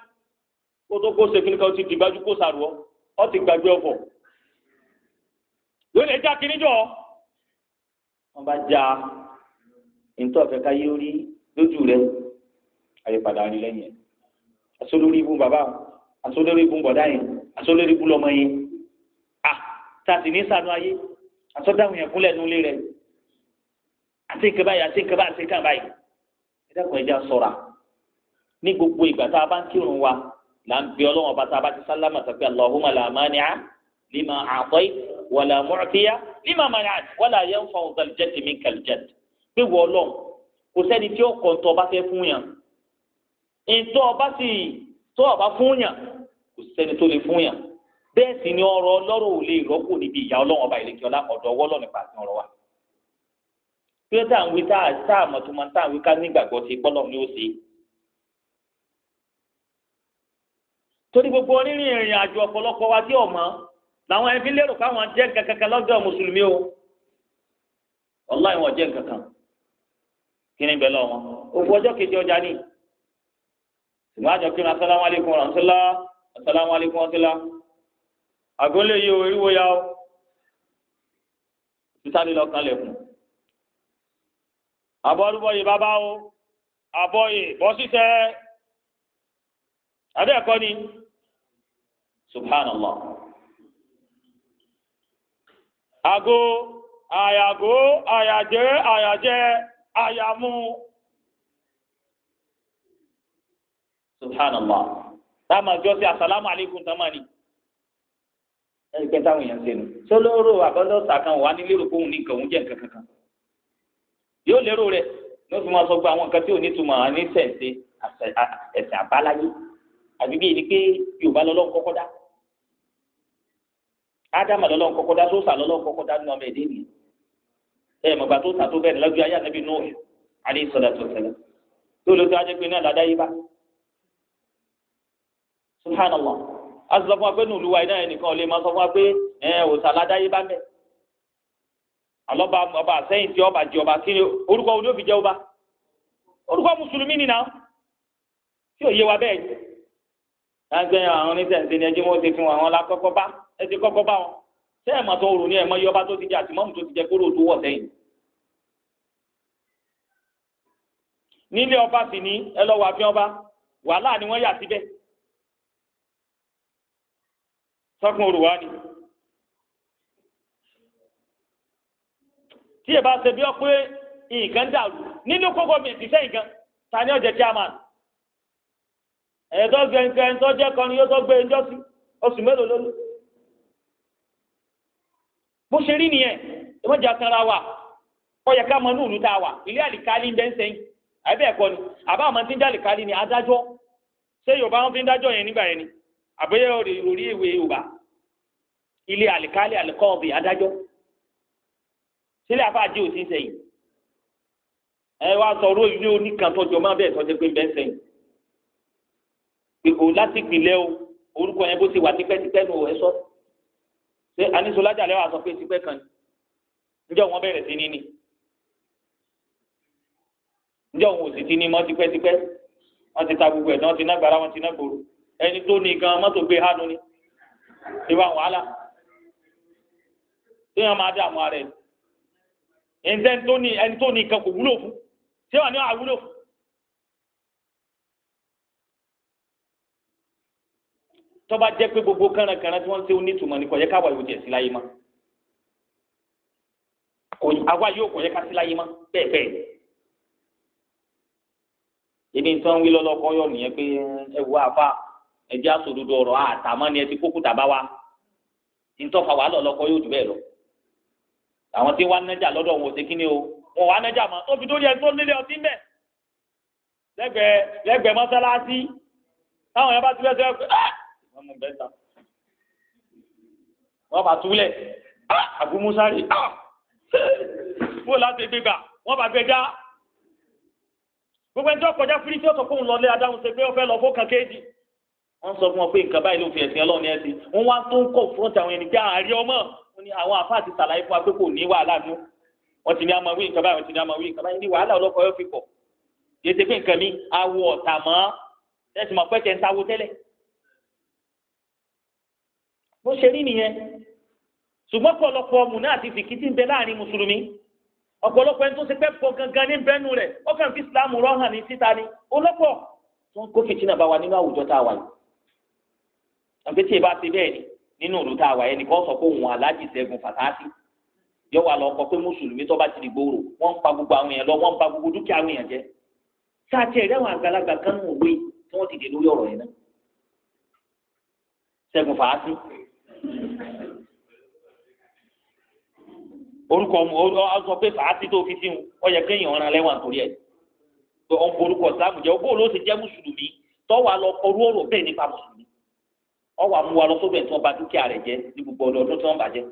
kó tó kó sèkìní kan ó ti dìgbájú kó sàrùọ ó ti gbàgbé ọ̀fọ̀ lórí ẹja kìíníjọ wọn bá já ntọ́ ọ̀fẹ́ ká yé orí lójú rẹ àyípadà rí lẹ́yìn asólórí ibú bàbá asólórí ibú bọ̀dá yẹn asólórí ibú lọmọ yẹn ah tá a sì ní sànú ayé àtọ́dáhùn yẹn kúlẹ̀ nulẹ̀ rẹ̀ àti nkẹ́ báyìí àti nkẹ́ báyìí àti nkẹ́ báyìí ẹ dẹ́kun ẹja sọ̀ra ní gbogbo ìgbà tá a bá ń kírun wa là ń bẹ ọlọ́wọ́n ọba tá a bá ti sálámà sọ pé Allahumma la mani'a lima a'tayt wala mu'tiya lima mana'at wala yanfa'u dhal jaddi minkal jadd pé wọ́ ọlọ́run kò sẹ́ni tí ó kọ́ ntọ́ ọba fẹ́ fún yàn ntọ́ ọba sì tọ́ ọba fún yàn kò sẹ́ni tó lè fún yàn bẹ́ẹ̀ sì ni ọ̀rọ̀ ọlọ́rọ̀ ò lè rọ́pò níbi ìyá ọlọ́run ọba ìlẹ̀kẹ́ ọlá ọ̀dọ̀ ọwọ́ ọlọ́run ìpàdé ọ̀rọ̀ wa kí ló tà ń wí tá a mọ̀ tó máa ń tà ń wí ká nígbàgbọ́ sí pọ́nlọ́ ni ó ṣe. torí gbogbo onírìn ìrìn àjò ọ̀pọ̀lọpọ̀ wa tí ò mọ́ làwọn ẹbí lérò káwọn jẹ́ kankan lọ́dọ̀ mùsùlùmí o wàláì wọn jẹ́ kankan kí ni bẹ́ẹ̀ lọ́wọ́ òkú àgọ́ lè yọ oríwó ya ó sísáré lọ́kàn lẹ̀kùn abọ́rúbọ̀yì bàbá ó abọ́yì bọ́sísẹ́ abẹ́ẹ̀kọ́ ni subhanallah àgọ́ àyàgọ́ àyàjẹ́ àyàjẹ́ àyàmú subhanallah táwọn àjọ sí asàlámù alaykum tamani ẹni pẹ́ táwọn èèyàn ń sẹ́nu sọlọ́rọ̀ àbọ́lọ́sà kan wà ní lérò fóun ní nǹkan òun jẹ́ nǹkan kankan yóò lérò rẹ̀ ní o fi máa sọ pé àwọn nǹkan tí ò ní túmọ̀ àwọn ní sẹ̀ǹsẹ̀ ẹ̀sìn àbáláyé àbí bíi ni pé Yorùbá lọ́lọ́run kọ́kọ́ dá Ádámà lọ́lọ́run kọ́kọ́ dá sóòsà lọ́lọ́run kọ́kọ́ dá nínú ọmọ ẹ̀dẹ́ nìyẹn ẹ mọ̀gbà tó sàtó bẹ́ẹ̀ lọ́jọ́ ayé ànábì nù alayhi subhanallah a sọ fún wa pé nùlù wa iná ẹnìkan ò lè máa sọ fún wa pé ẹ òòsà ládàáyé bá mẹ alọba ọba àsẹyìn tí ọba jẹ ọba kí ni orúkọ wo ni ó fi jẹ ọba orúkọ mùsùlùmí nìyà tí ò yé wa bẹ́ẹ̀ jẹ láti ẹyàn àwọn oníṣẹ̀ǹsẹ̀ ni ẹjẹ́ wọn ti fún àwọn alákọ̀ọ́kọ́ bá ẹ ti bá wọn ṣé ẹ̀ òrùn ni ẹ̀ mọ̀ yọba tó ti jẹ àti mọ́mù tó ti jẹ kóró tó wọ̀ sẹ́yìn. nílé ọba sì ní ẹ lọ wà fi ọba wàhálà ni wọ́n yà síbẹ̀ sọ́kùn òrùwá ni. tí ẹ bá ṣe bí ọ pé nǹkan dàrú nínú kókó mi ìfisẹ́ nǹkan ta ni ọ̀jẹ̀ chairman ẹ̀ẹ́dọ́ gẹ̀ǹgẹ̀ ẹ̀ńtọ́ jẹ́ kan ni yóò tó gbé ẹjọ́ sí oṣù mélòó lónìí. bó ṣe rí nìyẹn ìmọ̀jà sanra wa ó ká mọ ní tá a wà ilé àlìkálí ń bẹ́ ń sẹ́yìn àbí ẹ̀kọ́ ni àbá àmọ́ tí ń dá ni adájọ́ ṣé Yorùbá wọn fi ń dájọ́ yẹn nígbà yẹn ni àbẹ́yẹ̀wò rẹ̀ lórí ìwé yorùbá ilé àlìkálì àlìkọ́ọ̀bì adájọ́ sílẹ̀ afáàjì ò sí sẹ́yìn ẹ wá sọ̀rọ̀ ilé oníkan tọjọ́ máa bẹ́ẹ̀ sọ́jọ́ pé bẹ́ẹ̀ sẹ́yìn ìkò láti gbìlẹ̀ o orúkọ yẹn bó ti wà tipẹ́tipẹ́ nù ẹ sọ ṣé anísọlájà lẹ́wọ̀ àsọ pé tipẹ́ kan ni ǹjẹ́ wọn bẹ̀rẹ̀ sí ní ni ǹjẹ́ òun ò sì ti ní mọ́ tipẹ́tipẹ́ wọ́n ti ta gbogbo ẹ̀ náà ti ná gbàrà wọ́n ti ná gbòòrò ẹni tó ní gan mọ́tò gbé hánu ni ìwà wàhálà tí wọ́n máa dààmú ara ẹ̀ ẹni tó ní ẹni tó ní gan kò wúlò fún tí wọ́n ní àwúlò fún. tọ́ba jẹ́ pé gbogbo kánrankànran tí wọ́n ń ṣe onítùmọ̀ ní kò yẹ káwa yóò jẹ́ sí láyé mọ́ àwa yóò kò yẹ ká sí láyé mọ́ bẹ́ẹ̀ bẹ́ẹ̀ èmi nǹkan wí lọ́lọ́kọ́ yọ̀ nìyẹn pé ẹ wọ àbá ẹjẹ aṣòdodo ọ̀rọ̀ àtàmọ́ ni ẹ ti kókó tàbá wa ntọ́fà wà lọ lọ́kọ́ yóò jù bẹ́ẹ̀ lọ. àwọn tí wàá nájà lọ́dọ̀ wọn ò ṣe kíni o wọn wàá nájà mọ́ tó fi dórí ẹni tó nílé ọtí ń bẹ̀. lẹ́gbẹ̀ẹ́ lẹ́gbẹ̀ẹ́ mọ́sálásí táwọn yẹn bá ti fẹ́ẹ́ sẹ́wọ́n pé ah! wọ́n mú bẹ́ẹ̀ ta. wọ́n bá túlẹ̀ ah! àbúmúsárì ah! bó láti gbégbà wọ́n bá gbẹjá. gbogbo ẹni tó kọjá fúrí tí ó sọ fóun lọ lé adáhùn ṣe pé ó fẹ́ lọ fó kankéèdì wọ́n sọ fún wọn pé nǹkan báyìí ló fi ẹ̀sìn Ọlọ́run ní ẹ̀sìn wọ́n wá tó ń kọ̀ fúrọ́ǹtì àwọn ẹni tí àárí ọmọ wọn ni àwọn àfáà ti sàlàyé fún wa pé kò ní wàhálà nú wọ́n ti ní àmọ́ wí nǹkan báyìí wọ́n ti ní àmọ́ wí nǹkan báyìí ní wàhálà ọlọ́kọ̀ yóò fi pọ̀ kì í ṣe pé nǹkan mi awọ ọ̀tà mọ́ ẹ̀sì mọ̀ pẹ́kẹ́ ń sáwó tẹ́lẹ̀ bó ṣe rí nìyẹn ṣùgbọ́n ọ̀pọ̀lọpọ̀ mùnà àti fìkìtì ń bẹ láàrin mùsùlùmí ọ̀pọ̀lọpọ̀ ẹni tó ṣe pẹ́ pọ̀ gangan ní bẹ́nu rẹ̀ ó kàn fi ìsìlámù rọ́hàn ní síta ni ó lọ́pọ̀ tó ń kó fìtínà bá wa nínú àwùjọ tá a wà yìí àgbẹ̀ tí ẹ bá ti bẹ́ẹ̀ ni nínú òdò tá a wà yẹn nìkan sọ pé òun aláàjì ṣẹ́gun fàtàtì yọ wà lọ kọ pé mùsùlùmí tó bá ti di gbòòrò wọ́n ń pa gbogbo àwọn èèyàn lọ wọ́n ń pa gbogbo dúkìá àwọn èèyàn jẹ sáàtì ẹ̀rẹ́ àwọn àgbàlagbà kan nù òwe tí wọ́n ti dè lórí ọ̀rọ̀ yẹn náà ṣẹ́gun fàtàtì orúkọ ọsọ pé fàtàtì tó fi sí wọn ó yẹ kéèyàn ọ̀ràn lẹ́wọ̀n torí ẹ̀ tó ọ̀n borúkọ sáàmù jẹ́ ọgbó olóòsè jẹ́ mùsùlùmí ọwọ́ àmúwa lọ sóbẹ̀ tí wọ́n ba dúkìá rẹ̀ jẹ́ ní gbogbo ọdún tí wọ́n bàjẹ́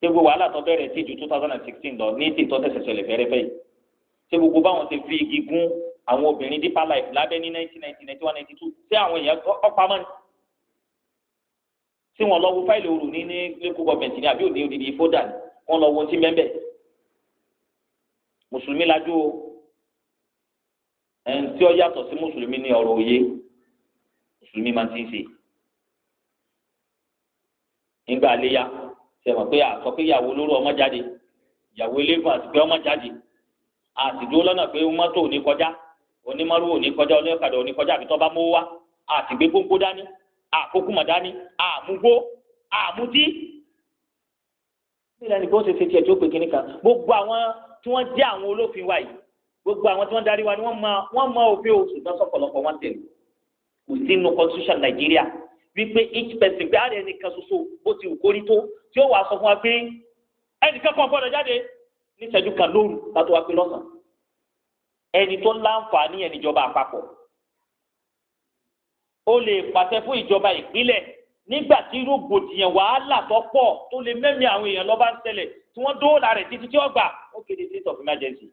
ṣé gbogbo wàhálà tó bẹ̀rẹ̀ sí ju two thousand lọ ní ètò ìtọ́sẹ̀sẹ̀ ṣẹlẹ̀ fẹ́rẹ́fẹ́ yìí ṣé gbogbo báwọn ṣe fi igi gún àwọn obìnrin dípà life lábẹ́ ní 1991 92. ninety one ninety two ṣé àwọn èèyàn ọ̀pamọ́ ni tí wọ́n lọ wo fáìlì òru ní ní lẹ́kọ̀ọ́ gọ́ọ̀mẹ̀ntì ní àbí òde òdìdí fódà ni wọ́n lọ wo ti mẹ́mbẹ́ mùsùlùmí lajú o ẹni tí ó mùsùlùmí máa ti ń ṣe nígbà léya sẹmọ pé àsọ pé ìyàwó olóró ọmọ jáde ìyàwó eléfà àti pé ọmọ jáde àtìdúró lọ́nà pé mọ́tò ò ní kọjá onímọ́rú ò ní kọjá olóòkàdá ò ní kọjá àbí tó bá mówó wá àtìgbé gbóngbó dání àkókùmọ̀ dání àmúgbó àmútí. nílẹ̀ nìkan ó ṣe ṣe tiẹ̀ tí ó pè kínní kan gbogbo àwọn tí wọ́n jẹ́ àwọn olófin wa yìí gbogbo àwọn tí wọ́n darí wa ni wọ́n mọ òfin oṣù tán sọ̀pọ̀lọpọ̀ wọn tẹ̀lé kò sí inú constitution nàìjíríà wípé each person pé àárẹ̀ nìkan ṣoṣo bó ti wù kórí tó tí ó wàá sọ fún wa pé ẹnìkan kan gbọ́dọ̀ jáde ní ìṣẹ́jú kan lóru látó wa pé lọ́sàn ẹni tó láǹfààní ẹnìjọba àpapọ̀ ó lè pàṣẹ fún ìjọba ìpínlẹ̀ nígbà tí rògbòdìyàn wàhálà tó pọ̀ tó lè mẹ́mí àwọn èèyàn lọ́ba ń ṣẹlẹ̀ tí wọ́n dóòlà rẹ̀ títí tí ó gbà ó kéde state of emergency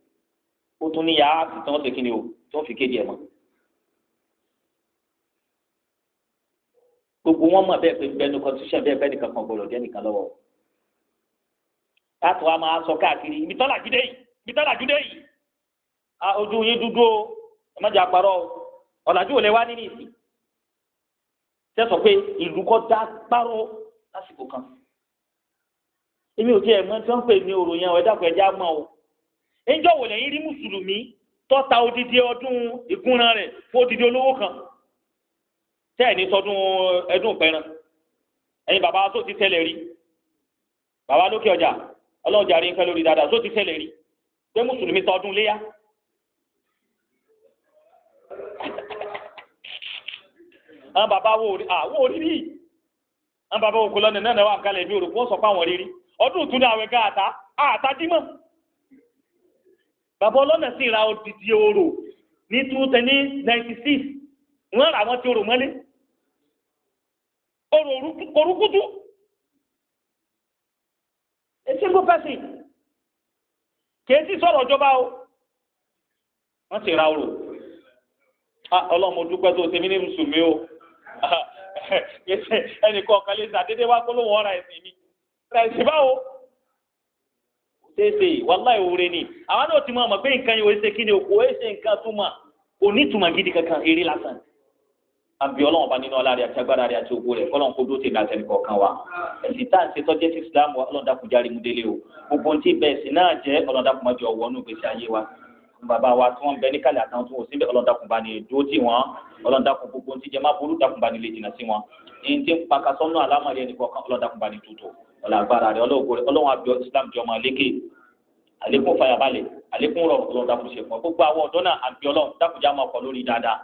ó tún níyà á sì tán ṣe kí ni o tó fi kéde ẹ̀ mọ́ gbogbo wọn mọ̀ bẹ́ẹ̀ pé bẹnu constitution bẹ́ẹ̀ bẹ́ẹ̀ nìkan kan gbọ́dọ̀ jẹ́ nìkan lọ́wọ́ látọ̀ a máa sọ káàkiri ibi tọ́lá jíde yìí ibi tọ́lá jíde yìí ojú yín dúdú o ẹ má jẹ́ àparọ́ o ọ̀làjú ò lè wá nínú ìsìn tẹ́sọ̀ pé ìlú kọ́ dá gbárò lásìkò kan èmi ò tiẹ̀ mọ̀ tí wọ́n ń pè ní òrò yẹn ọ̀ ẹ dákun ẹja mọ́ o ẹjọ́ wò lẹ́yìn rí mùsùlùmí tọ́ta odidi ọdún ìgúnran rẹ̀ fún odidi olówó kan tẹ́ẹ̀ ní sọdún ẹdún pẹran ẹ̀yin bàbá tó ti tẹ́lẹ̀ rí bàbá lókè ọjà ọlọ́ọ̀jà rí nǹkan lórí dáadáa tó ti tẹ́lẹ̀ rí pé mùsùlùmí sọdún léyà. àwọn bàbá wo orí àwọn orí rí àwọn bàbá wo kò lọ́nà náà náà wà kálẹ̀ mi ò rò pé wọ́n sọ pé àwọn rí rí ọdún ìtún ní àwẹ̀ gáàtà àtà dímọ̀ bàbá ọlọ́nà sì ra odidi oro ní two ten ninety six wọ́n rà wọ́n ti rò mọ́lé. ஒரு ருக்கு ஒரு ருபது a single person kèésì sọ̀rọ̀ ìjọba o wọ́n sì ra orò ah, ọlọ́mọ dúpẹ́ tó ṣe mí ní mùsùlùmí o ẹnìkan kan lè ṣàdédé wá polówó ọ̀rà ẹ̀sìn mi ra ẹ̀sìn báwo ṣeéṣe wàláì òwúrẹ́ ni àwọn náà ti mọ àmọ́ pé nǹkan yìí ò ṣe kí ni o kò ṣe nǹkan tó mà ò ní ìtumọ̀ gidi kankan eré lásán àbí ọlọ́run bá nínú ọlá rẹ̀ àti agbára rẹ̀ àti ògo rẹ̀ kọ́lọ́n kó dúró tèmi àtẹnì kọ̀ọ̀kan wa ẹ̀sìn tá à ń ṣe tọ́jú sí islam wa ọlọ́run dákun járe mú délé o gbogbo ohun tí bẹ́ẹ̀ sì náà jẹ́ ọlọ́run dákun máa jọ wọ inú ìgbésí ayé wa bàbá wa tí wọ́n ń bẹ níkàlẹ̀ àtàwọn tó wò síbẹ̀ ọlọ́run dákun bá ní dúró tì wọ́n ọlọ́run dákun gbogbo ohun tí jẹ́ má burú dákun bá ní lè jìnnà sí wọn èyí tí ń paka sọ́nà alámọ̀lẹ́ ẹnì kọ̀ọ̀kan ọlọ́run dákun bá ní tutù ọ̀là agbára rẹ̀ ọlọ́run àbí islam jọ máa àlékún fàyàbalẹ̀ àlékún rọrùn ọlọ́run dákun ṣe fún ọ gbogbo àwọn ọ̀dọ́ àbí ọlọ́run dákun já máa kọ lórí dáadáa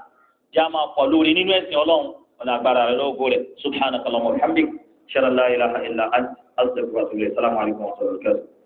já máa pọ̀ lórí nínú ẹ̀sìn ọlọ́run ọ̀nà agbára rẹ̀ lóògùn rẹ̀ subhanaka allahumma wa bihamdik ṣẹlẹ̀ la ilaha illa ant astaghfiruka wa atubu alaykum wa rahmatullahi wa barakatuh.